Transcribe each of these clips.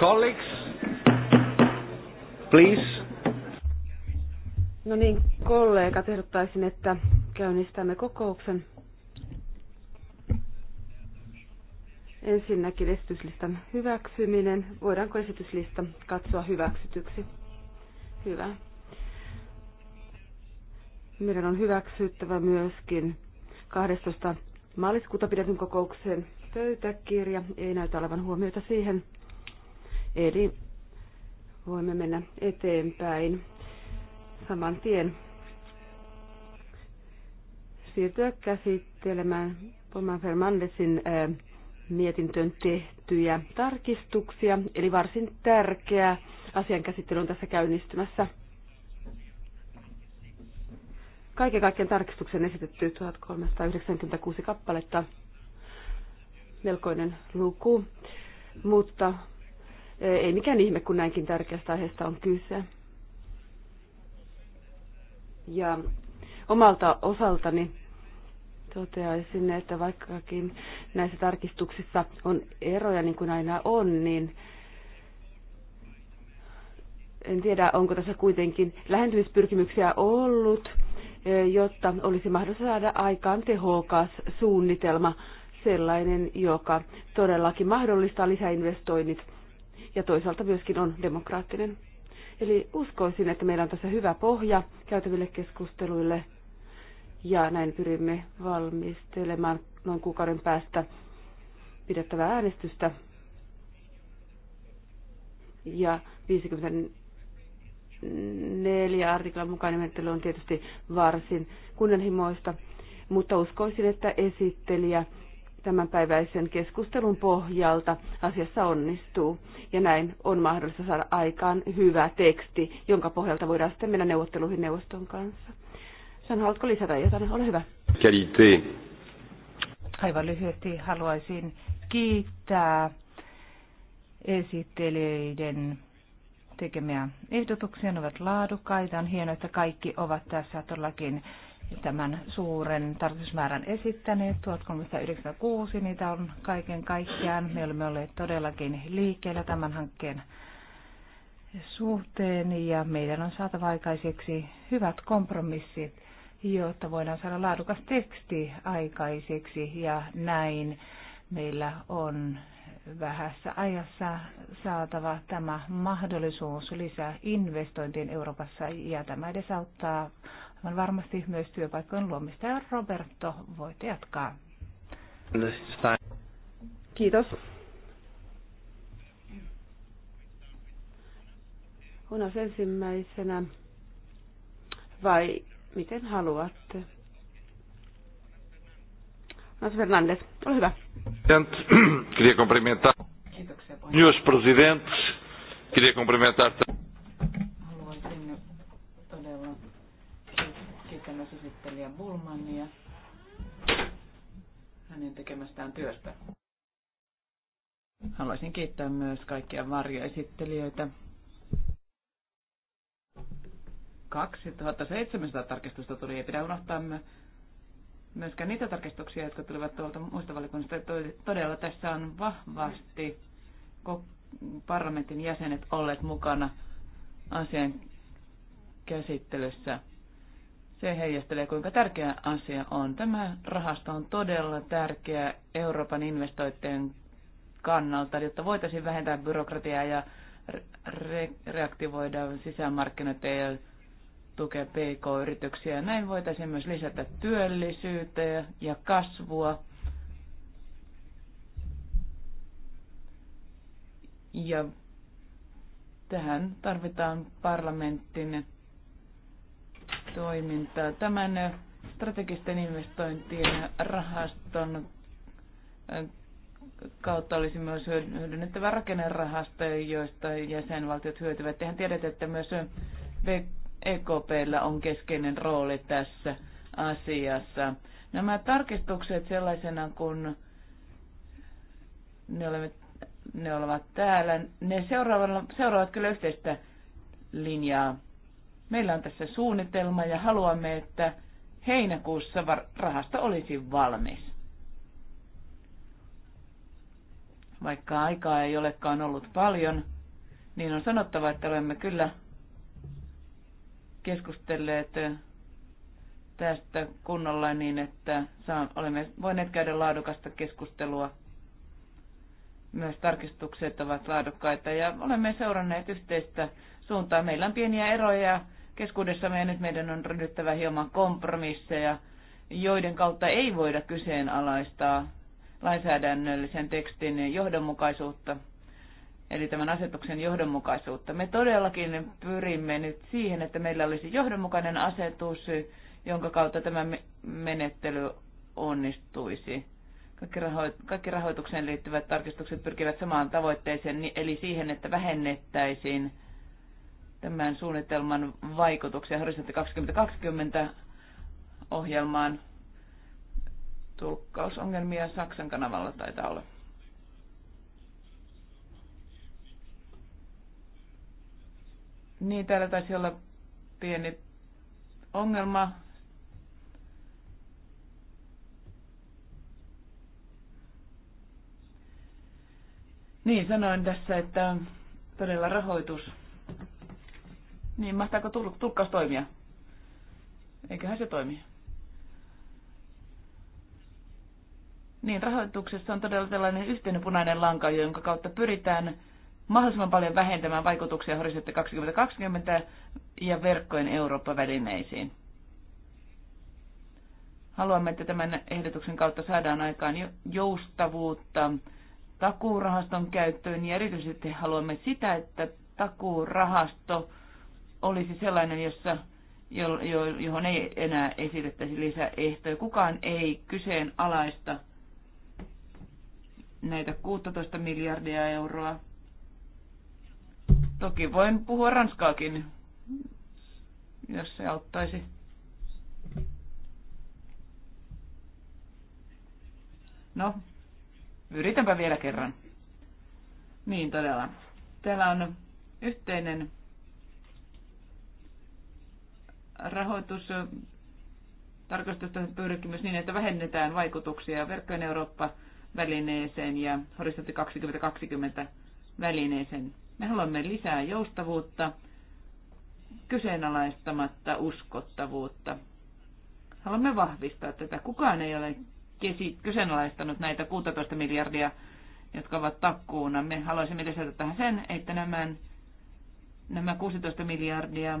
Colleagues, please. No niin, kollegat, ehdottaisin, että käynnistämme kokouksen. Ensinnäkin esityslistan hyväksyminen. Voidaanko esityslista katsoa hyväksytyksi? Hyvä. Meidän on hyväksyttävä myöskin 12. maaliskuuta pidetyn kokouksen pöytäkirja. Ei näytä olevan huomiota siihen. Eli voimme mennä eteenpäin saman tien siirtyä käsittelemään Poman Fernandesin äh, mietintöön tehtyjä tarkistuksia. Eli varsin tärkeä asian käsittely on tässä käynnistymässä. Kaiken kaikkien tarkistuksen esitetty 1396 kappaletta, melkoinen luku, mutta ei mikään ihme, kun näinkin tärkeästä aiheesta on kyse. Ja omalta osaltani toteaisin, että vaikkakin näissä tarkistuksissa on eroja, niin kuin aina on, niin en tiedä, onko tässä kuitenkin lähentymispyrkimyksiä ollut, e, jotta olisi mahdollista saada aikaan tehokas suunnitelma, sellainen, joka todellakin mahdollistaa lisäinvestoinnit ja toisaalta myöskin on demokraattinen. Eli uskoisin, että meillä on tässä hyvä pohja käytäville keskusteluille ja näin pyrimme valmistelemaan noin kuukauden päästä pidettävää äänestystä. Ja 54 artiklan mukainen menettely on tietysti varsin kunnianhimoista, mutta uskoisin, että esittelijä tämänpäiväisen keskustelun pohjalta asiassa onnistuu. Ja näin on mahdollista saada aikaan hyvä teksti, jonka pohjalta voidaan sitten mennä neuvotteluihin neuvoston kanssa. Sen haluatko lisätä jotain? Ole hyvä. Kalite. Aivan lyhyesti haluaisin kiittää esittelijöiden tekemiä ehdotuksia. Ne ovat laadukkaita. On hienoa, että kaikki ovat tässä todellakin tämän suuren tarkoitusmäärän esittäneet, 1396, niitä on kaiken kaikkiaan. Me olemme olleet todellakin liikkeellä tämän hankkeen suhteen ja meidän on saatava aikaiseksi hyvät kompromissit, jotta voidaan saada laadukas teksti aikaiseksi ja näin meillä on vähässä ajassa saatava tämä mahdollisuus lisää investointiin Euroopassa ja tämä edesauttaa on varmasti myös työpaikkojen luomista. Ja Roberto, voit jatkaa. Kiitos. Unas ensimmäisenä vai miten haluatte? Mas Fernandes, ole hyvä. Kiitoksia, cumprimentar. Kiitoksia. Meus queria cumprimentar kiittämässä esittelijä Bulmania hänen tekemästään työstä. Haluaisin kiittää myös kaikkia varjoesittelijöitä. 2700 tarkistusta tuli, ei pidä unohtaa myöskään niitä tarkistuksia, jotka tulivat tuolta muista valikunnista. Todella tässä on vahvasti parlamentin jäsenet olleet mukana asian käsittelyssä. Se heijastelee, kuinka tärkeä asia on. Tämä rahasto on todella tärkeä Euroopan investointien kannalta, jotta voitaisiin vähentää byrokratiaa ja re- reaktivoida sisämarkkinoita ja tukea PK-yrityksiä. Näin voitaisiin myös lisätä työllisyyttä ja kasvua. Ja tähän tarvitaan parlamenttinen toimintaa. Tämän strategisten investointien rahaston kautta olisi myös hyödynnettävä rakennerahasto, joista jäsenvaltiot hyötyvät. Tehän tiedät, että myös EKPllä on keskeinen rooli tässä asiassa. Nämä tarkistukset sellaisena, kun ne, olemme, ne ovat täällä, ne seuraavat, seuraavat kyllä yhteistä linjaa Meillä on tässä suunnitelma ja haluamme, että heinäkuussa rahasto olisi valmis. Vaikka aikaa ei olekaan ollut paljon, niin on sanottava, että olemme kyllä keskustelleet tästä kunnolla niin, että olemme voineet käydä laadukasta keskustelua. Myös tarkistukset ovat laadukkaita ja olemme seuranneet yhteistä suuntaa. Meillä on pieniä eroja keskuudessamme ja nyt meidän on ryhdyttävä hieman kompromisseja, joiden kautta ei voida kyseenalaistaa lainsäädännöllisen tekstin johdonmukaisuutta, eli tämän asetuksen johdonmukaisuutta. Me todellakin pyrimme nyt siihen, että meillä olisi johdonmukainen asetus, jonka kautta tämä menettely onnistuisi. Kaikki, kaikki rahoitukseen liittyvät tarkistukset pyrkivät samaan tavoitteeseen, eli siihen, että vähennettäisiin tämän suunnitelman vaikutuksia Horisontti 2020 ohjelmaan. Tulkkausongelmia Saksan kanavalla taitaa olla. Niin, täällä taisi olla pieni ongelma. Niin, sanoin tässä, että todella rahoitus niin, mahtaako tulkkaus toimia? Eiköhän se toimi. Niin, rahoituksessa on todella tällainen yhteinen punainen lanka, jonka kautta pyritään mahdollisimman paljon vähentämään vaikutuksia Horisontti 2020 ja verkkojen Eurooppa-välineisiin. Haluamme, että tämän ehdotuksen kautta saadaan aikaan joustavuutta takuurahaston käyttöön ja erityisesti haluamme sitä, että takuurahasto olisi sellainen, jossa, jo, jo, johon ei enää esitettäisi lisäehtoja. Kukaan ei kyseenalaista näitä 16 miljardia euroa. Toki voin puhua ranskaakin, jos se auttaisi. No, yritänpä vielä kerran. Niin todella. Täällä on yhteinen rahoitus tarkastusta pyrkimys niin, että vähennetään vaikutuksia verkkojen Eurooppa-välineeseen ja horisontti 2020 välineeseen. Me haluamme lisää joustavuutta, kyseenalaistamatta uskottavuutta. Haluamme vahvistaa tätä. Kukaan ei ole kyseenalaistanut näitä 16 miljardia, jotka ovat takkuuna. Me haluaisimme lisätä tähän sen, että nämä, nämä 16 miljardia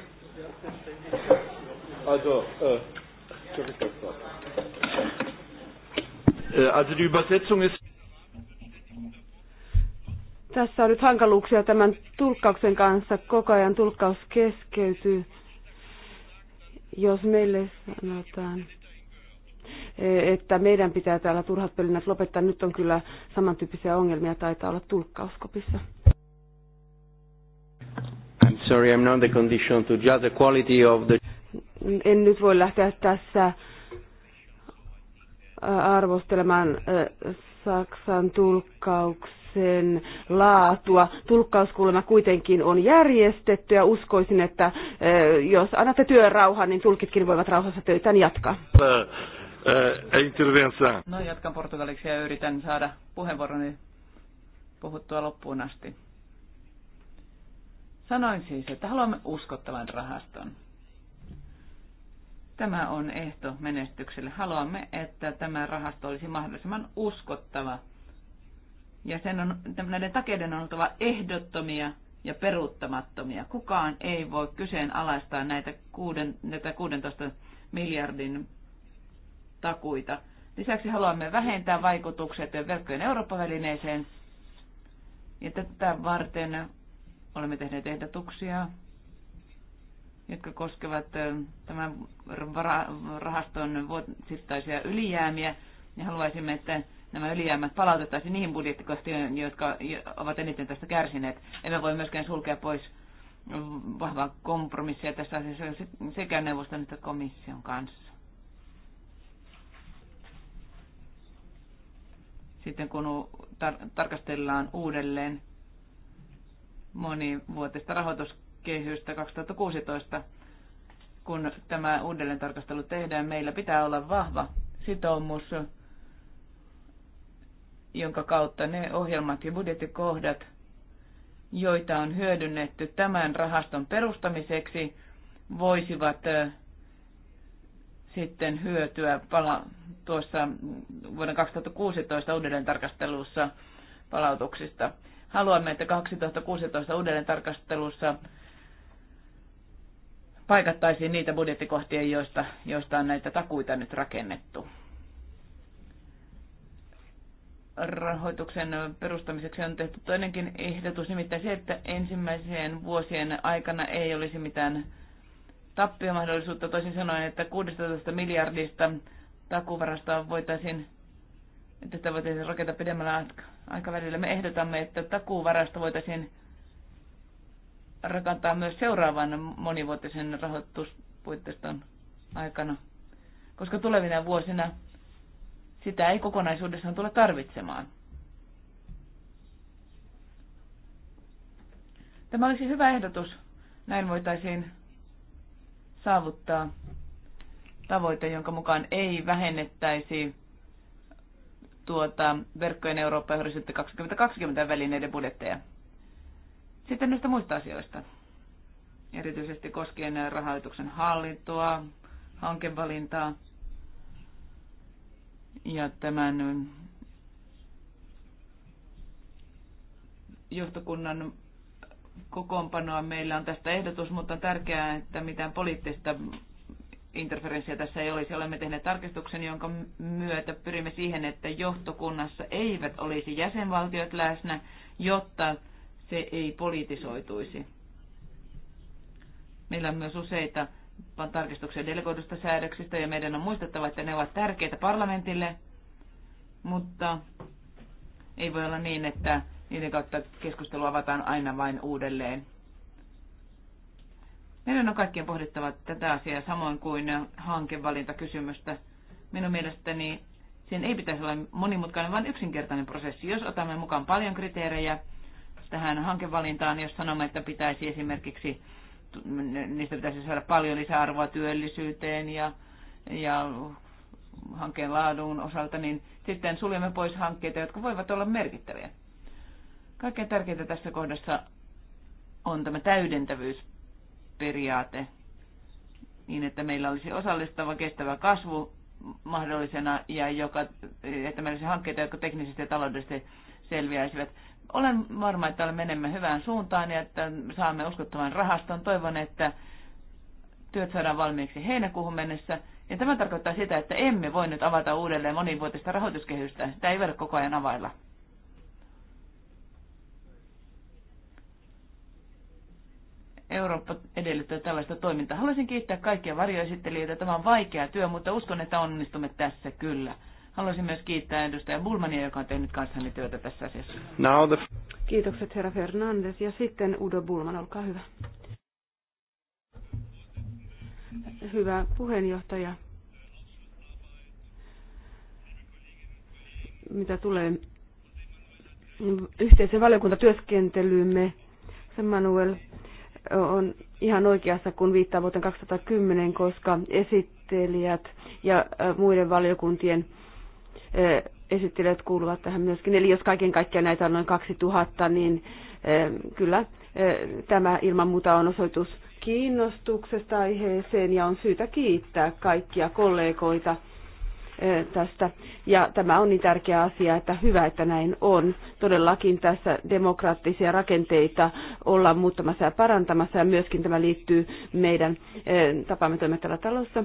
Also, äh, äh, Also die Übersetzung ist tässä on nyt hankaluuksia tämän tulkkauksen kanssa. Koko ajan tulkkaus keskeytyy. Jos meille sanotaan, e, että meidän pitää täällä turhat pölinät lopettaa, nyt on kyllä samantyyppisiä ongelmia taitaa olla tulkkauskopissa sorry, I'm not the condition to judge the quality of the... En nyt voi lähteä tässä äh, arvostelemaan äh, Saksan tulkkauksen laatua. Tulkkauskulma kuitenkin on järjestetty ja uskoisin, että äh, jos annatte rauhan, niin tulkitkin voivat rauhassa töitä jatkaa. No jatkan portugaliksi ja yritän saada puheenvuoroni puhuttua loppuun asti. Sanoin siis, että haluamme uskottavan rahaston. Tämä on ehto menestykselle. Haluamme, että tämä rahasto olisi mahdollisimman uskottava. Ja sen on, näiden takeiden on oltava ehdottomia ja peruuttamattomia. Kukaan ei voi kyseenalaistaa näitä, kuuden, näitä 16 miljardin takuita. Lisäksi haluamme vähentää vaikutukset verkkojen Eurooppa-välineeseen. Ja tätä varten Olemme tehneet ehdotuksia, jotka koskevat tämän rahaston vuosittaisia ylijäämiä. Ja haluaisimme, että nämä ylijäämät palautettaisiin niihin budjettikohtiin, jotka ovat eniten tästä kärsineet. Emme voi myöskään sulkea pois vahvaa kompromissia tässä asiassa sekä neuvoston että komission kanssa. Sitten kun tar- tarkastellaan uudelleen monivuotista rahoituskehystä 2016. Kun tämä uudelleentarkastelu tehdään, meillä pitää olla vahva sitoumus, jonka kautta ne ohjelmat ja budjettikohdat, joita on hyödynnetty tämän rahaston perustamiseksi, voisivat sitten hyötyä pala- tuossa vuoden 2016 uudelleen tarkastelussa palautuksista. Haluamme, että 2016 uudelleen tarkastelussa paikattaisiin niitä budjettikohtia, joista, joista on näitä takuita nyt rakennettu. Rahoituksen perustamiseksi on tehty toinenkin ehdotus, nimittäin se, että ensimmäisen vuosien aikana ei olisi mitään tappiomahdollisuutta. Toisin sanoen, että 16 miljardista takuvarasta voitaisiin, että sitä voitaisiin rakentaa pidemmällä aikavälillä. Me ehdotamme, että takuuvarasta voitaisiin rakentaa myös seuraavan monivuotisen rahoituspuitteiston aikana, koska tulevina vuosina sitä ei kokonaisuudessaan tule tarvitsemaan. Tämä olisi hyvä ehdotus. Näin voitaisiin saavuttaa tavoite, jonka mukaan ei vähennettäisi tuota, verkkojen Eurooppa ja horisontti 2020 välineiden budjetteja. Sitten näistä muista asioista, erityisesti koskien rahoituksen hallintoa, hankevalintaa ja tämän johtokunnan kokoonpanoa meillä on tästä ehdotus, mutta on tärkeää, että mitään poliittista interferenssiä tässä ei olisi. Olemme tehneet tarkistuksen, jonka myötä pyrimme siihen, että johtokunnassa eivät olisi jäsenvaltiot läsnä, jotta se ei politisoituisi. Meillä on myös useita tarkistuksia delegoidusta säädöksistä ja meidän on muistettava, että ne ovat tärkeitä parlamentille, mutta ei voi olla niin, että niiden kautta keskustelu avataan aina vain uudelleen. Meidän on kaikkien pohdittava tätä asiaa samoin kuin hankevalintakysymystä. Minun mielestäni sen ei pitäisi olla monimutkainen, vaan yksinkertainen prosessi. Jos otamme mukaan paljon kriteerejä tähän hankevalintaan, jos sanomme, että pitäisi esimerkiksi, niistä pitäisi saada paljon lisäarvoa työllisyyteen ja, ja hankkeen laadun osalta, niin sitten suljemme pois hankkeita, jotka voivat olla merkittäviä. Kaikkein tärkeintä tässä kohdassa on tämä täydentävyys periaate niin, että meillä olisi osallistava kestävä kasvu mahdollisena ja joka, että meillä olisi hankkeita, jotka teknisesti ja taloudellisesti selviäisivät. Olen varma, että olemme menemme hyvään suuntaan ja että saamme uskottavan rahaston. Toivon, että työt saadaan valmiiksi heinäkuuhun mennessä. Ja tämä tarkoittaa sitä, että emme voi nyt avata uudelleen monivuotista rahoituskehystä. Sitä ei voida koko ajan availla. Eurooppa edellyttää tällaista toimintaa. Haluaisin kiittää kaikkia varjoesittelijöitä. Tämä on vaikea työ, mutta uskon, että onnistumme tässä kyllä. Haluaisin myös kiittää edustaja Bulmania, joka on tehnyt kanssani työtä tässä asiassa. Now the... Kiitokset herra Fernandes. Ja sitten Udo Bulman, olkaa hyvä. Hyvä puheenjohtaja. Mitä tulee yhteisen valiokuntatyöskentelyymme, Samuel, on ihan oikeassa, kun viittaa vuoteen 2010, koska esittelijät ja muiden valiokuntien esittelijät kuuluvat tähän myöskin. Eli jos kaiken kaikkiaan näitä on noin 2000, niin kyllä tämä ilman muuta on osoitus kiinnostuksesta aiheeseen ja on syytä kiittää kaikkia kollegoita – tästä. Ja tämä on niin tärkeä asia, että hyvä, että näin on. Todellakin tässä demokraattisia rakenteita ollaan muuttamassa ja parantamassa ja myöskin tämä liittyy meidän tapaamme toimia talossa.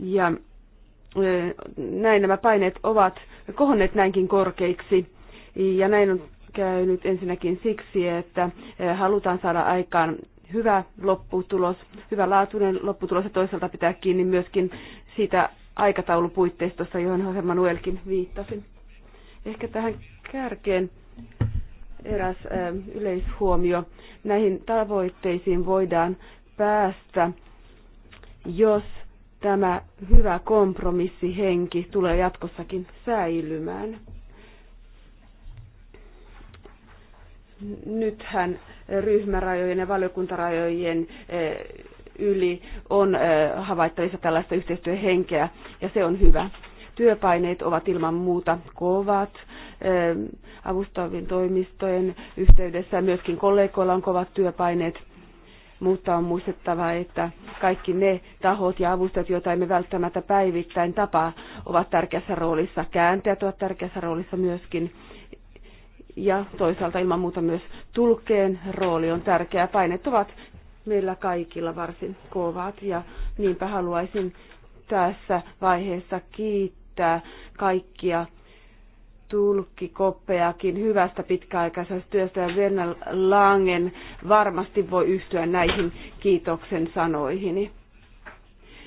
Ja näin nämä paineet ovat kohonneet näinkin korkeiksi. Ja näin on käynyt ensinnäkin siksi, että halutaan saada aikaan hyvä lopputulos, hyvä laatuinen lopputulos ja toisaalta pitää kiinni myöskin siitä aikataulupuitteistossa, johon Jose Manuelkin viittasi. Ehkä tähän kärkeen eräs yleishuomio. Näihin tavoitteisiin voidaan päästä, jos tämä hyvä kompromissihenki tulee jatkossakin säilymään. Nythän ryhmärajojen ja valiokuntarajojen eh, yli on eh, havaittavissa tällaista yhteistyöhenkeä ja se on hyvä. Työpaineet ovat ilman muuta kovat. Eh, avustavien toimistojen yhteydessä myöskin kollegoilla on kovat työpaineet mutta on muistettava, että kaikki ne tahot ja avustajat, joita emme välttämättä päivittäin tapaa, ovat tärkeässä roolissa. Kääntäjät ovat tärkeässä roolissa myöskin ja toisaalta ilman muuta myös tulkkeen rooli on tärkeä. Painet ovat meillä kaikilla varsin kovat ja niinpä haluaisin tässä vaiheessa kiittää kaikkia tulkkikoppejakin hyvästä pitkäaikaisesta työstä ja Venä Langen varmasti voi yhtyä näihin kiitoksen sanoihini.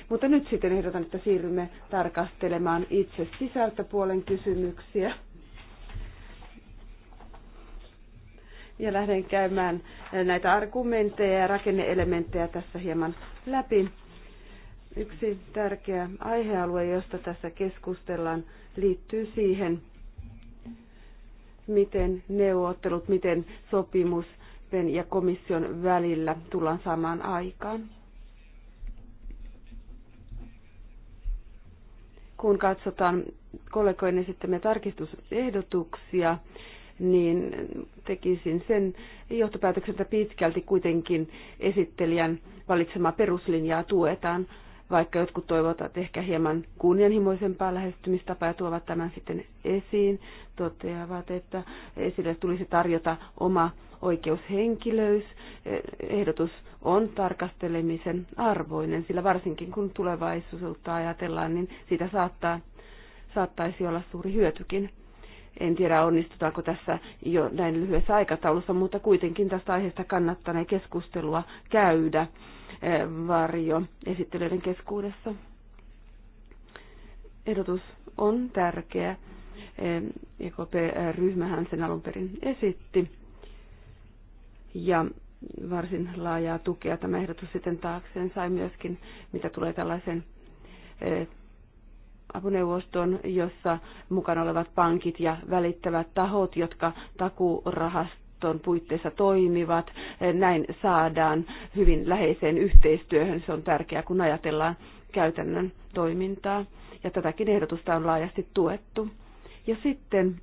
Mutta nyt sitten ehdotan, että siirrymme tarkastelemaan itse sisältöpuolen kysymyksiä. ja lähden käymään näitä argumentteja ja rakenneelementtejä tässä hieman läpi. Yksi tärkeä aihealue, josta tässä keskustellaan, liittyy siihen, miten neuvottelut, miten sopimus ja komission välillä tullaan saamaan aikaan. Kun katsotaan kollegojen esittämiä tarkistusehdotuksia, niin tekisin sen johtopäätöksen, että pitkälti kuitenkin esittelijän valitsemaa peruslinjaa tuetaan, vaikka jotkut toivovat ehkä hieman kunnianhimoisempaa lähestymistapaa ja tuovat tämän sitten esiin, toteavat, että esille tulisi tarjota oma oikeushenkilöys. Ehdotus on tarkastelemisen arvoinen, sillä varsinkin kun tulevaisuutta ajatellaan, niin siitä saattaa, saattaisi olla suuri hyötykin. En tiedä, onnistutaanko tässä jo näin lyhyessä aikataulussa, mutta kuitenkin tästä aiheesta kannattaa keskustelua käydä eh, varjo esittelyiden keskuudessa. Ehdotus on tärkeä. EKP-ryhmähän eh, e sen alun perin esitti. Ja varsin laajaa tukea tämä ehdotus sitten taakseen sai myöskin, mitä tulee tällaisen eh, apuneuvoston, jossa mukana olevat pankit ja välittävät tahot, jotka takuurahaston puitteissa toimivat. Näin saadaan hyvin läheiseen yhteistyöhön. Se on tärkeää, kun ajatellaan käytännön toimintaa. Ja tätäkin ehdotusta on laajasti tuettu. Ja sitten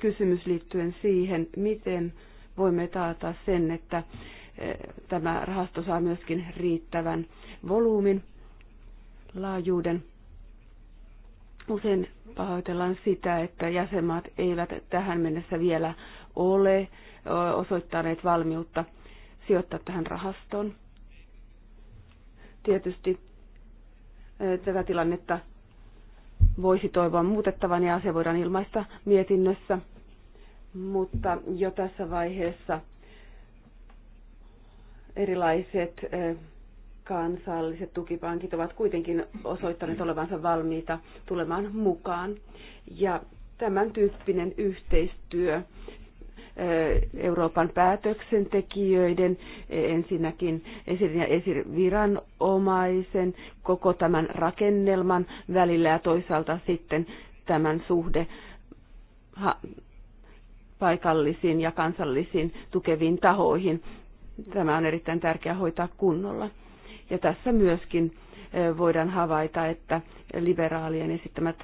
kysymys liittyen siihen, miten voimme taata sen, että eh, tämä rahasto saa myöskin riittävän volyymin, laajuuden Usein pahoitellaan sitä, että jäsenmaat eivät tähän mennessä vielä ole osoittaneet valmiutta sijoittaa tähän rahastoon. Tietysti tätä tilannetta voisi toivoa muutettavan ja se voidaan ilmaista mietinnössä, mutta jo tässä vaiheessa erilaiset kansalliset tukipankit ovat kuitenkin osoittaneet olevansa valmiita tulemaan mukaan. Ja tämän tyyppinen yhteistyö Euroopan päätöksentekijöiden, ensinnäkin esirin ja viranomaisen koko tämän rakennelman välillä ja toisaalta sitten tämän suhde paikallisiin ja kansallisiin tukeviin tahoihin. Tämä on erittäin tärkeää hoitaa kunnolla. Ja tässä myöskin voidaan havaita, että liberaalien esittämät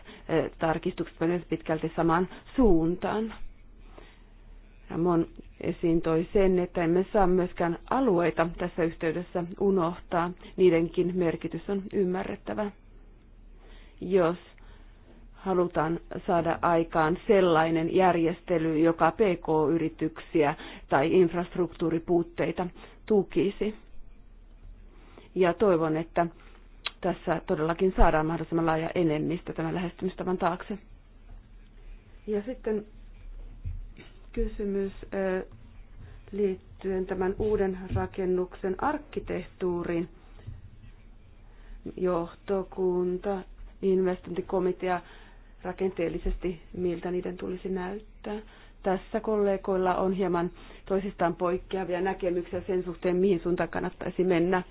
tarkistukset menevät pitkälti samaan suuntaan. Mon esiin toi sen, että emme saa myöskään alueita tässä yhteydessä unohtaa. Niidenkin merkitys on ymmärrettävä. Jos halutaan saada aikaan sellainen järjestely, joka PK-yrityksiä tai infrastruktuuripuutteita tukisi ja toivon, että tässä todellakin saadaan mahdollisimman laaja enemmistö tämän lähestymistavan taakse. Ja sitten kysymys liittyen tämän uuden rakennuksen arkkitehtuuriin. Johtokunta, investointikomitea, rakenteellisesti miltä niiden tulisi näyttää. Tässä kollegoilla on hieman toisistaan poikkeavia näkemyksiä sen suhteen, mihin suuntaan kannattaisi mennä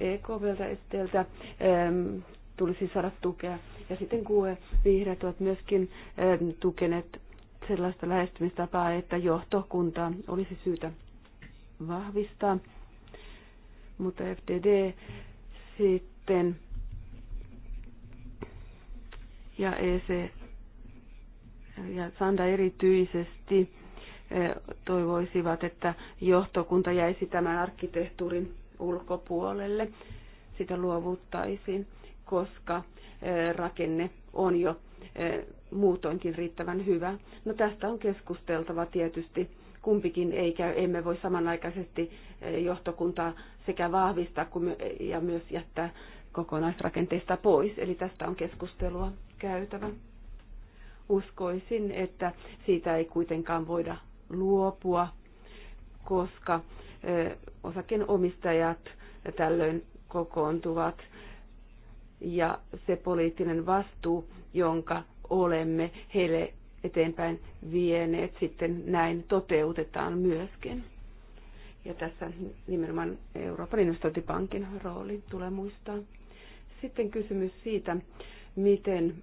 EKVltä esiteltä ähm, tulisi saada tukea. Ja sitten QE vihreät ovat myöskin ähm, tukeneet sellaista lähestymistapaa, että johtokuntaa olisi syytä vahvistaa. Mutta FDD sitten ja EC ja Sanda erityisesti äh, toivoisivat, että johtokunta jäisi tämän arkkitehtuurin ulkopuolelle, sitä luovuttaisiin, koska eh, rakenne on jo eh, muutoinkin riittävän hyvä. No tästä on keskusteltava tietysti kumpikin ei käy, emme voi samanaikaisesti eh, johtokuntaa sekä vahvistaa kuin, ja myös jättää kokonaisrakenteista pois. Eli tästä on keskustelua käytävä. Uskoisin, että siitä ei kuitenkaan voida luopua, koska osakkeenomistajat tällöin kokoontuvat ja se poliittinen vastuu, jonka olemme heille eteenpäin vieneet, sitten näin toteutetaan myöskin. Ja tässä nimenomaan Euroopan investointipankin rooli tulee muistaa. Sitten kysymys siitä, miten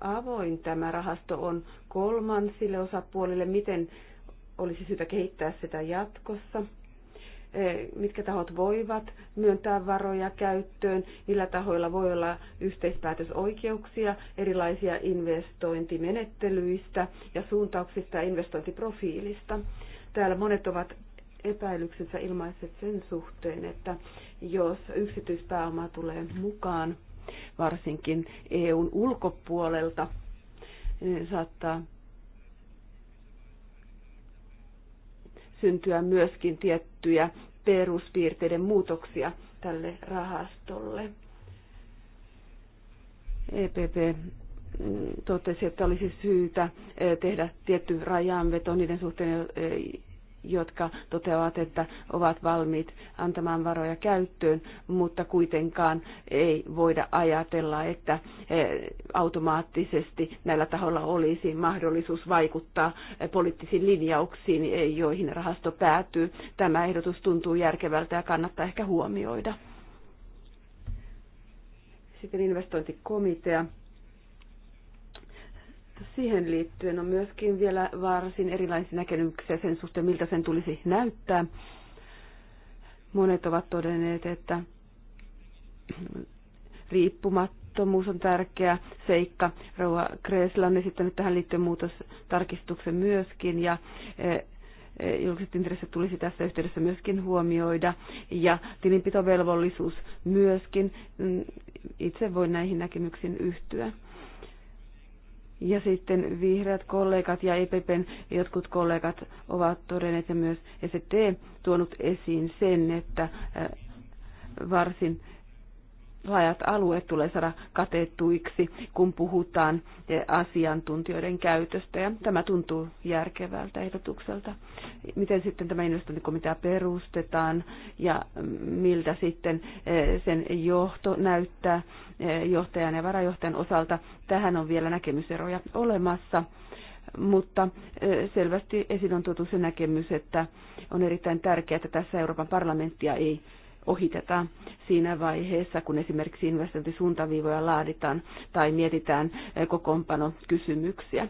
avoin tämä rahasto on kolmansille osapuolille, miten olisi syytä kehittää sitä jatkossa. E, mitkä tahot voivat myöntää varoja käyttöön, millä tahoilla voi olla yhteispäätösoikeuksia erilaisia investointimenettelyistä ja suuntauksista ja investointiprofiilista. Täällä monet ovat epäilyksensä ilmaiset sen suhteen, että jos yksityispääoma tulee mukaan, varsinkin EUn ulkopuolelta, niin saattaa syntyä myöskin tiettyjä peruspiirteiden muutoksia tälle rahastolle. EPP mm, totesi, että olisi syytä eh, tehdä tietty rajanveto niiden suhteen, eh, jotka toteavat, että ovat valmiit antamaan varoja käyttöön, mutta kuitenkaan ei voida ajatella, että eh, automaattisesti näillä tahoilla olisi mahdollisuus vaikuttaa eh, poliittisiin linjauksiin, eh, joihin rahasto päätyy. Tämä ehdotus tuntuu järkevältä ja kannattaa ehkä huomioida. Sitten investointikomitea Siihen liittyen on myöskin vielä varsin erilaisia näkemyksiä sen suhteen, miltä sen tulisi näyttää. Monet ovat todenneet, että riippumattomuus on tärkeä seikka. Rouva Kreesla on esittänyt tähän liittyen muutostarkistuksen myöskin ja e, e, julkiset intressit tulisi tässä yhteydessä myöskin huomioida ja tilinpitovelvollisuus myöskin. Mm, itse voi näihin näkemyksiin yhtyä. Ja sitten vihreät kollegat ja EPPn jotkut kollegat ovat todenneet ja myös ST tuonut esiin sen, että äh, varsin laajat alueet tulee saada katettuiksi, kun puhutaan asiantuntijoiden käytöstä. Ja tämä tuntuu järkevältä ehdotukselta. Miten sitten tämä investointikomitea perustetaan ja miltä sitten eh, sen johto näyttää eh, johtajan ja varajohtajan osalta. Tähän on vielä näkemyseroja olemassa mutta eh, selvästi esiin on tuotu se näkemys, että on erittäin tärkeää, että tässä Euroopan parlamenttia ei ohiteta siinä vaiheessa, kun esimerkiksi investointisuuntaviivoja laaditaan tai mietitään eh, kokoonpanokysymyksiä.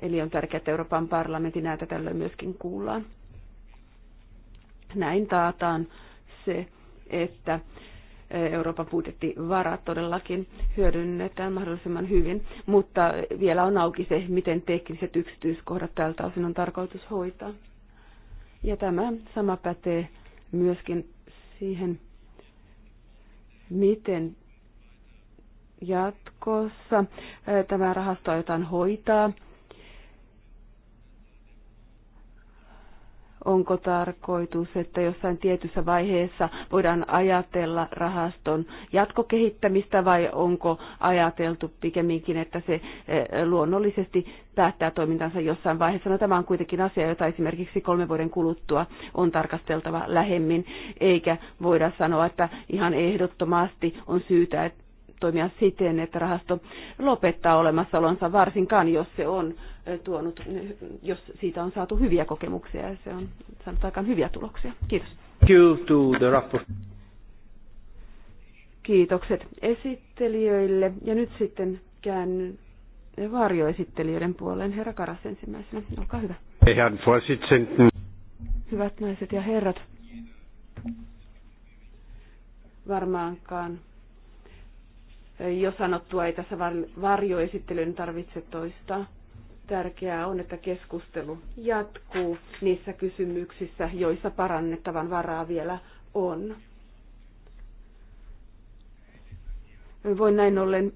Eli on tärkeää, että Euroopan parlamentin näitä tällöin myöskin kuullaan. Näin taataan se, että eh, Euroopan budjettivarat todellakin hyödynnetään mahdollisimman hyvin, mutta vielä on auki se, miten tekniset yksityiskohdat tältä osin on tarkoitus hoitaa. Ja tämä sama pätee myöskin siihen, miten jatkossa tämä rahasto aiotaan hoitaa onko tarkoitus, että jossain tietyssä vaiheessa voidaan ajatella rahaston jatkokehittämistä vai onko ajateltu pikemminkin, että se eh, luonnollisesti päättää toimintansa jossain vaiheessa. No, tämä on kuitenkin asia, jota esimerkiksi kolmen vuoden kuluttua on tarkasteltava lähemmin, eikä voida sanoa, että ihan ehdottomasti on syytä, että toimia siten, että rahasto lopettaa olemassaolonsa varsinkaan, jos se on tuonut, jos siitä on saatu hyviä kokemuksia ja se on saanut aikaan hyviä tuloksia. Kiitos. Kiitokset esittelijöille ja nyt sitten käännyn varjoesittelijöiden puoleen. Herra Karas ensimmäisenä, olkaa hyvä. Herran Hyvät naiset ja herrat, varmaankaan jo sanottua ei tässä varjoesittelyyn tarvitse toistaa. Tärkeää on, että keskustelu jatkuu niissä kysymyksissä, joissa parannettavan varaa vielä on. Voin näin ollen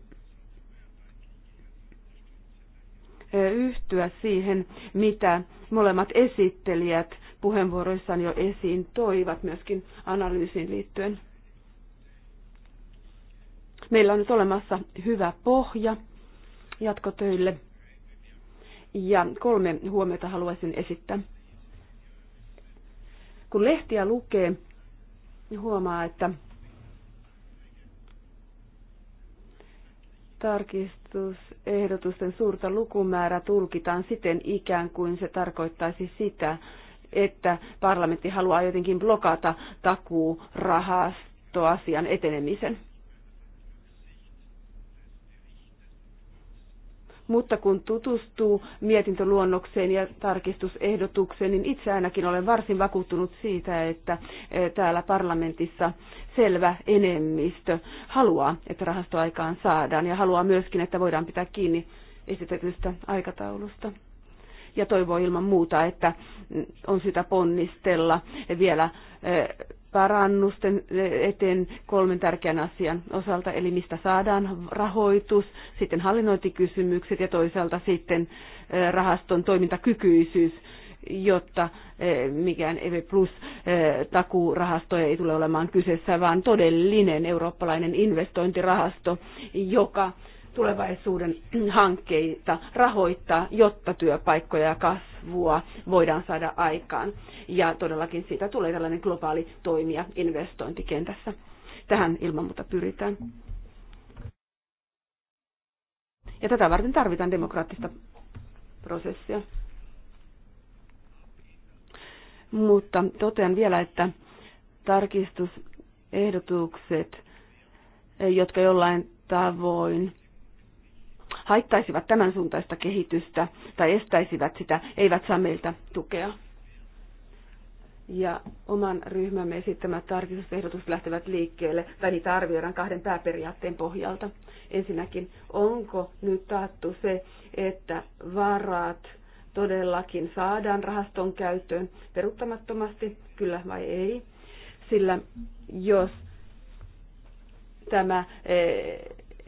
yhtyä siihen, mitä molemmat esittelijät puheenvuoroissaan jo esiin toivat myöskin analyysiin liittyen. Meillä on nyt olemassa hyvä pohja jatkotöille. Ja kolme huomiota haluaisin esittää. Kun lehtiä lukee, niin huomaa, että tarkistusehdotusten suurta lukumäärää tulkitaan siten ikään kuin se tarkoittaisi sitä, että parlamentti haluaa jotenkin blokata takuu etenemisen. mutta kun tutustuu mietintöluonnokseen ja tarkistusehdotukseen, niin itse ainakin olen varsin vakuuttunut siitä, että eh, täällä parlamentissa selvä enemmistö haluaa, että rahastoaikaan saadaan ja haluaa myöskin, että voidaan pitää kiinni esitetystä aikataulusta ja toivoo ilman muuta, että on sitä ponnistella vielä eh, parannusten eteen kolmen tärkeän asian osalta, eli mistä saadaan rahoitus, sitten hallinnointikysymykset ja toisaalta sitten rahaston toimintakykyisyys, jotta mikään EV Plus takurahasto ei tule olemaan kyseessä, vaan todellinen eurooppalainen investointirahasto, joka tulevaisuuden hankkeita rahoittaa, jotta työpaikkoja ja kasvua voidaan saada aikaan. Ja todellakin siitä tulee tällainen globaali toimija investointikentässä. Tähän ilman muuta pyritään. Ja tätä varten tarvitaan demokraattista prosessia. Mutta totean vielä, että tarkistusehdotukset, jotka jollain tavoin haittaisivat tämän suuntaista kehitystä tai estäisivät sitä, eivät saa meiltä tukea. Ja oman ryhmämme esittämät tarkistusehdotus lähtevät liikkeelle, tai niitä arvioidaan kahden pääperiaatteen pohjalta. Ensinnäkin, onko nyt taattu se, että varat todellakin saadaan rahaston käyttöön peruuttamattomasti, kyllä vai ei? Sillä jos tämä eh,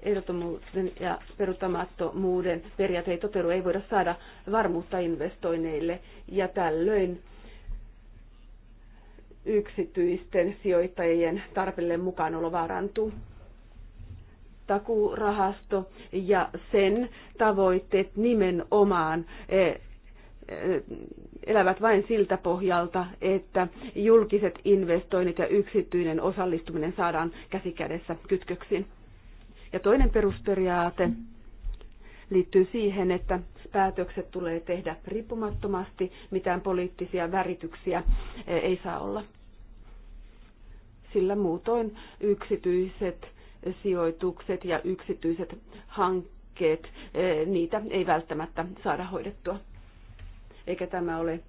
ehdottomuuden ja peruuttamattomuuden periaate ei toteudu, ei voida saada varmuutta investoinneille ja tällöin yksityisten sijoittajien tarpeelle mukaanolo vaarantuu. Takurahasto ja sen tavoitteet nimenomaan e, e, elävät vain siltä pohjalta, että julkiset investoinnit ja yksityinen osallistuminen saadaan käsikädessä kytköksiin. Ja toinen perusperiaate liittyy siihen, että päätökset tulee tehdä riippumattomasti, mitään poliittisia värityksiä eh, ei saa olla. Sillä muutoin yksityiset sijoitukset ja yksityiset hankkeet, eh, niitä ei välttämättä saada hoidettua. Eikä tämä ole eh,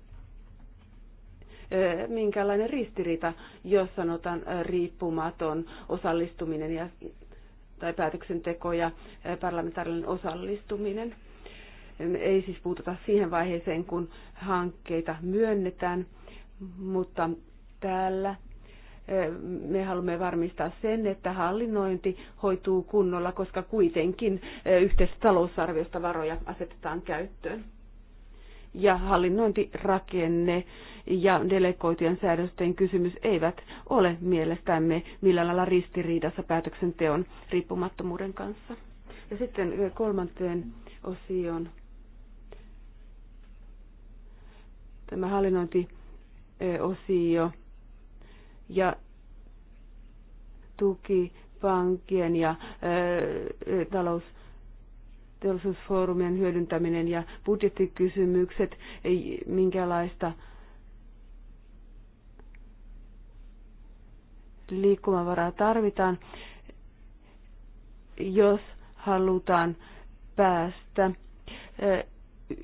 minkäänlainen ristiriita, jos sanotaan riippumaton osallistuminen ja tai päätöksenteko ja parlamentaarinen osallistuminen. Ei siis puututa siihen vaiheeseen, kun hankkeita myönnetään, mutta täällä me haluamme varmistaa sen, että hallinnointi hoituu kunnolla, koska kuitenkin yhteistä talousarviosta varoja asetetaan käyttöön ja hallinnointirakenne ja delegoitujen säädösten kysymys eivät ole mielestämme millään lailla ristiriidassa päätöksenteon riippumattomuuden kanssa. Ja sitten kolmanteen osioon tämä hallinnointiosio ja tuki ja ja talous- teollisuusfoorumien hyödyntäminen ja budjettikysymykset, ei minkälaista liikkumavaraa tarvitaan, jos halutaan päästä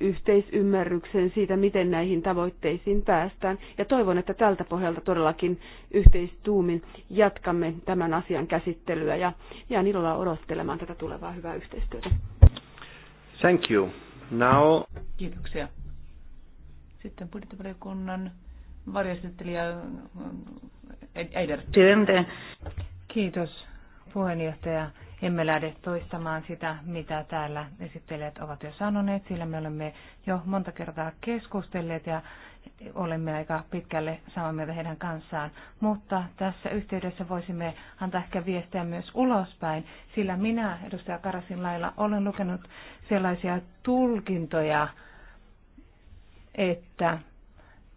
yhteisymmärrykseen siitä, miten näihin tavoitteisiin päästään. Ja toivon, että tältä pohjalta todellakin yhteistuumin jatkamme tämän asian käsittelyä ja jään ilolla odottelemaan tätä tulevaa hyvää yhteistyötä. Thank you. Now... Kiitoksia. Sitten budjettivaliokunnan varjostettelija äh, Eider. Kiitos puheenjohtaja. Emme lähde toistamaan sitä, mitä täällä esittelijät ovat jo sanoneet, sillä me olemme jo monta kertaa keskustelleet ja olemme aika pitkälle samaa mieltä heidän kanssaan. Mutta tässä yhteydessä voisimme antaa ehkä viestiä myös ulospäin, sillä minä, edustaja Karasin lailla, olen lukenut sellaisia tulkintoja, että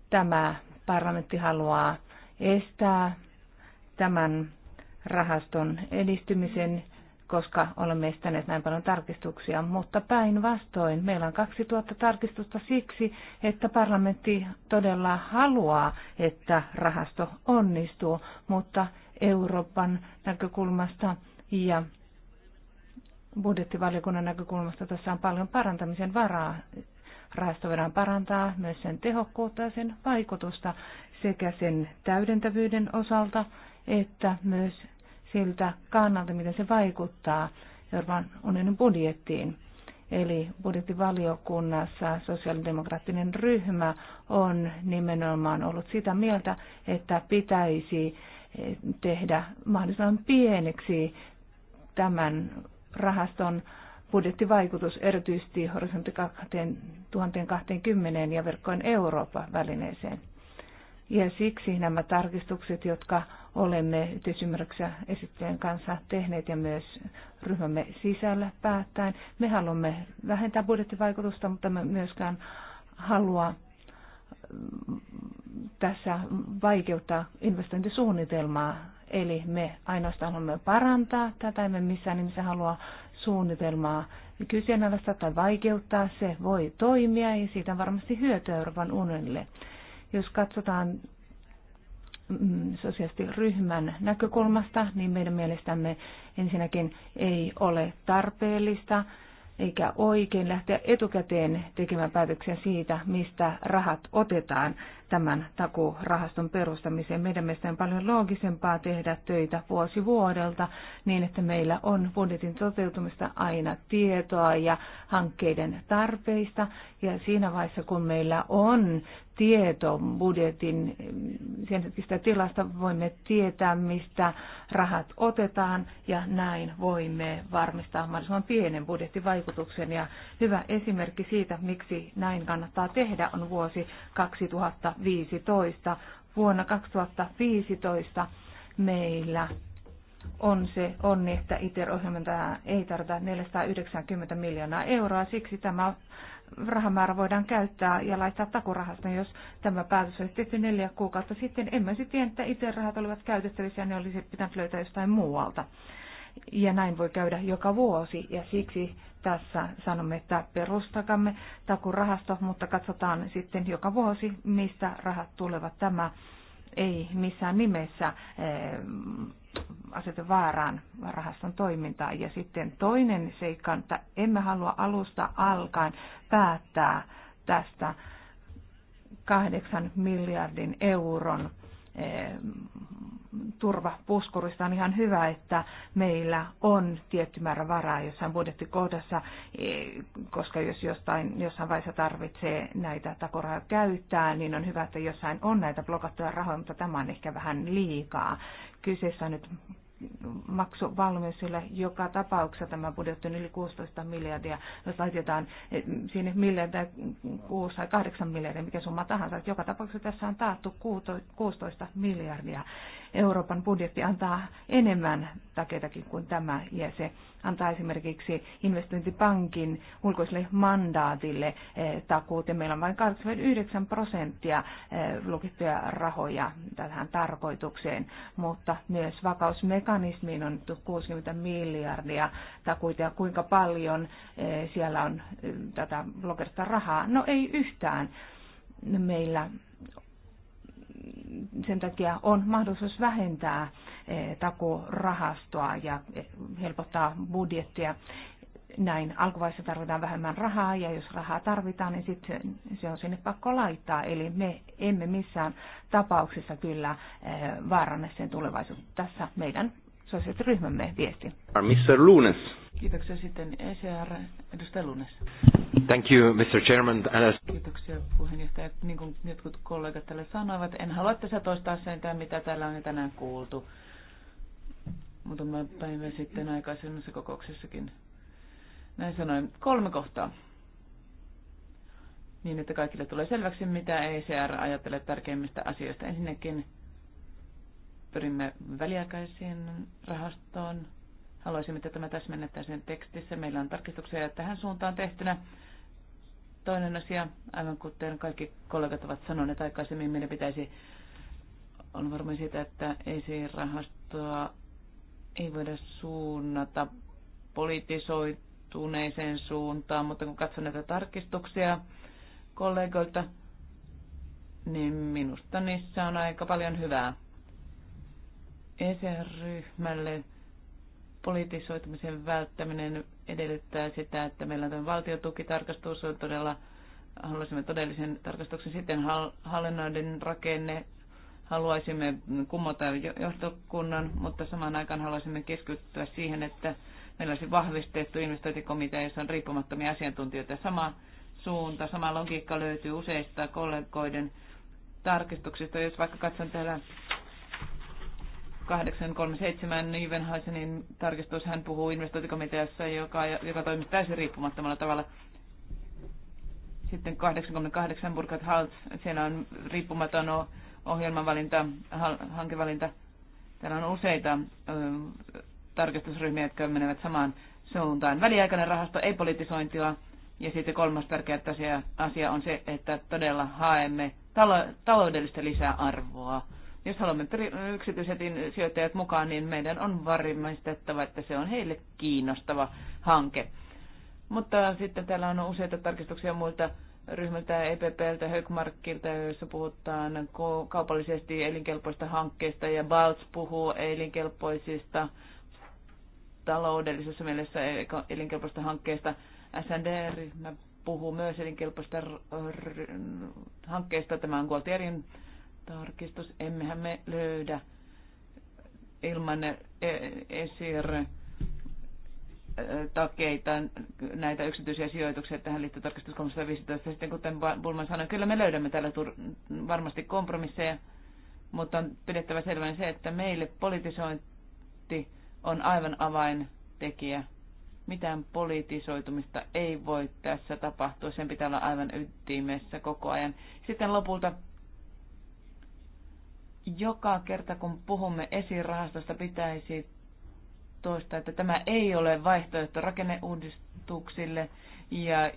tämä parlamentti haluaa estää tämän rahaston edistymisen koska olemme estäneet näin paljon tarkistuksia, mutta päinvastoin meillä on 2000 tarkistusta siksi, että parlamentti todella haluaa, että rahasto onnistuu, mutta Euroopan näkökulmasta ja budjettivaliokunnan näkökulmasta tässä on paljon parantamisen varaa. Rahasto voidaan parantaa myös sen tehokkuutta ja sen vaikutusta sekä sen täydentävyyden osalta että myös siltä kannalta, miten se vaikuttaa Euroopan unionin budjettiin. Eli budjettivaliokunnassa sosiaalidemokraattinen ryhmä on nimenomaan ollut sitä mieltä, että pitäisi eh, tehdä mahdollisimman pieneksi tämän rahaston budjettivaikutus erityisesti horisontti 2020 ja verkkojen Eurooppa-välineeseen. Ja siksi nämä tarkistukset, jotka olemme yhteisymmärryksessä esittäjän kanssa tehneet ja myös ryhmämme sisällä päättäen, me haluamme vähentää budjettivaikutusta, mutta me myöskään halua mm, tässä vaikeuttaa investointisuunnitelmaa. Eli me ainoastaan haluamme parantaa tätä, emme missään nimessä halua suunnitelmaa kyseenalaista tai vaikeuttaa. Se voi toimia ja siitä on varmasti hyötyä Euroopan unionille. Jos katsotaan mm, sosiaalisesti ryhmän näkökulmasta, niin meidän mielestämme ensinnäkin ei ole tarpeellista eikä oikein lähteä etukäteen tekemään päätöksiä siitä, mistä rahat otetaan tämän takurahaston perustamiseen. Meidän mielestä on paljon loogisempaa tehdä töitä vuosi vuodelta niin, että meillä on budjetin toteutumista aina tietoa ja hankkeiden tarpeista. Ja siinä vaiheessa, kun meillä on tieto budjetin mm, sen tilasta, voimme tietää, mistä rahat otetaan ja näin voimme varmistaa mahdollisimman pienen budjettivaikutuksen. Ja hyvä esimerkki siitä, miksi näin kannattaa tehdä, on vuosi 2000 2015. Vuonna 2015 meillä on se onni, että ITER-ohjelman ei tarvita 490 miljoonaa euroa. Siksi tämä rahamäärä voidaan käyttää ja laittaa takurahasta, jos tämä päätös olisi tehty neljä kuukautta sitten. Emme sitten tiedä, että iter rahat olivat käytettävissä ja ne olisi pitänyt löytää jostain muualta ja näin voi käydä joka vuosi ja siksi tässä sanomme, että perustakamme takurahasto, mutta katsotaan sitten joka vuosi, mistä rahat tulevat. Tämä ei missään nimessä eh, aseta vaaraan rahaston toimintaa. Ja sitten toinen seikka, että emme halua alusta alkaen päättää tästä kahdeksan miljardin euron eh, turvapuskurista on ihan hyvä, että meillä on tietty määrä varaa jossain budjettikohdassa, e, koska jos jostain, jossain vaiheessa tarvitsee näitä takorahoja käyttää, niin on hyvä, että jossain on näitä blokattuja rahoja, mutta tämä on ehkä vähän liikaa. Kyseessä on nyt maksuvalmiusille, joka tapauksessa tämä budjetti on yli 16 miljardia. Jos laitetaan e, sinne miljardia, 6 tai 8 miljardia, mikä summa tahansa, joka tapauksessa tässä on taattu 16 miljardia. Euroopan budjetti antaa enemmän takeitakin kuin tämä, ja se antaa esimerkiksi investointipankin ulkoiselle mandaatille eh, takuut, ja meillä on vain 89 prosenttia eh, lukittuja rahoja tähän tarkoitukseen, mutta myös vakausmekanismiin on 60 miljardia takuita, ja kuinka paljon eh, siellä on tätä blokerista rahaa? No ei yhtään. Meillä sen takia on mahdollisuus vähentää eh, takorahastoa ja eh, helpottaa budjettia. Näin alkuvaiheessa tarvitaan vähemmän rahaa ja jos rahaa tarvitaan, niin sitten se on sinne pakko laittaa. Eli me emme missään tapauksessa kyllä eh, vaaranna sen tulevaisuutta. Tässä meidän ryhmämme viesti. Mr. Lunes. Kiitoksia sitten ECR, edustaja Lunes. Thank you, Mr. Chairman. Kiitoksia puheenjohtaja. Niin kuin jotkut kollegat tälle sanoivat, en halua tässä toistaa sen, mitä täällä on tänään kuultu. Muutama päivä sitten aikaisemmassa kokouksessakin näin sanoin. Kolme kohtaa. Niin, että kaikille tulee selväksi, mitä ECR ajattelee tärkeimmistä asioista. Ensinnäkin pyrimme väliaikaisiin rahastoon. Haluaisimme, että tämä täsmennettäisiin tekstissä. Meillä on tarkistuksia tähän suuntaan tehtynä. Toinen asia, aivan kuten kaikki kollegat ovat sanoneet aikaisemmin, meidän pitäisi on varmaan sitä, että esirahastoa ei voida suunnata politisoituneeseen suuntaan, mutta kun katson näitä tarkistuksia kollegoilta, niin minusta niissä on aika paljon hyvää. ECR-ryhmälle politisoitumisen välttäminen edellyttää sitä, että meillä on tämä valtiotukitarkastus on todella, haluaisimme todellisen tarkastuksen sitten hallinnoiden rakenne, haluaisimme kumota johtokunnan, mutta samaan aikaan haluaisimme keskittyä siihen, että meillä olisi vahvistettu investointikomitea, jossa on riippumattomia asiantuntijoita. Sama suunta, sama logiikka löytyy useista kollegoiden tarkistuksista. Jos vaikka katson täällä 837 nyvenhaisenin tarkistus, hän puhuu investointikomiteassa, joka, joka toimii täysin riippumattomalla tavalla. Sitten 88 Burkhard Hals, siellä on riippumaton ohjelmavalinta, hankevalinta. Täällä on useita ö, tarkistusryhmiä, jotka menevät samaan suuntaan. Väliaikainen rahasto, ei politisointia. Ja sitten kolmas tärkeä asia, asia on se, että todella haemme talo, taloudellista lisäarvoa jos haluamme yksityisetin sijoittajat mukaan, niin meidän on varmistettava, että se on heille kiinnostava hanke. Mutta sitten täällä on useita tarkistuksia muilta ryhmältä EPPltä, Högmarkilta, joissa puhutaan kaupallisesti elinkelpoista hankkeista ja Balts puhuu elinkelpoisista taloudellisessa mielessä elinkelpoista hankkeista. SND-ryhmä puhuu myös elinkelpoista hankkeista. Tämä on Gualtierin tarkistus. Emmehän me löydä ilman e, e, esir e, takeita näitä yksityisiä sijoituksia tähän liittyy tarkistus 315. Sitten kuten Bulman sanoi, kyllä me löydämme täällä varmasti kompromisseja, mutta on pidettävä selvänä se, että meille politisointi on aivan avaintekijä. Mitään politisoitumista ei voi tässä tapahtua, sen pitää olla aivan ytimessä koko ajan. Sitten lopulta joka kerta kun puhumme esirahastosta, pitäisi toistaa, että tämä ei ole vaihtoehto rakenneuudistuksille ja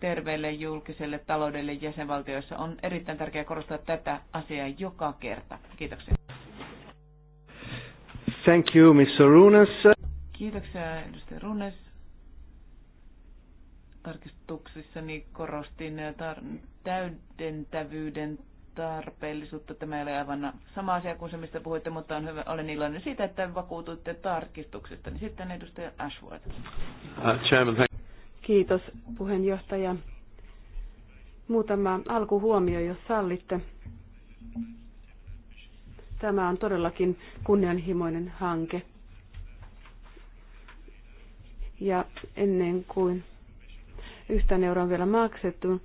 terveelle julkiselle taloudelle jäsenvaltioissa. On erittäin tärkeää korostaa tätä asiaa joka kerta. Kiitoksia. Thank you, Mr. Runes. Kiitoksia, edustaja Runes. Tarkistuksissani korostin täydentävyyden tarpeellisuutta. Tämä ei ole aivan sama asia kuin se, mistä puhuitte, mutta on hyvä, olen iloinen siitä, että vakuututte tarkistuksesta. Niin sitten edustaja Ashworth. Uh, Kiitos puheenjohtaja. Muutama alkuhuomio, jos sallitte. Tämä on todellakin kunnianhimoinen hanke. Ja ennen kuin yhtä euroa on vielä maksettu,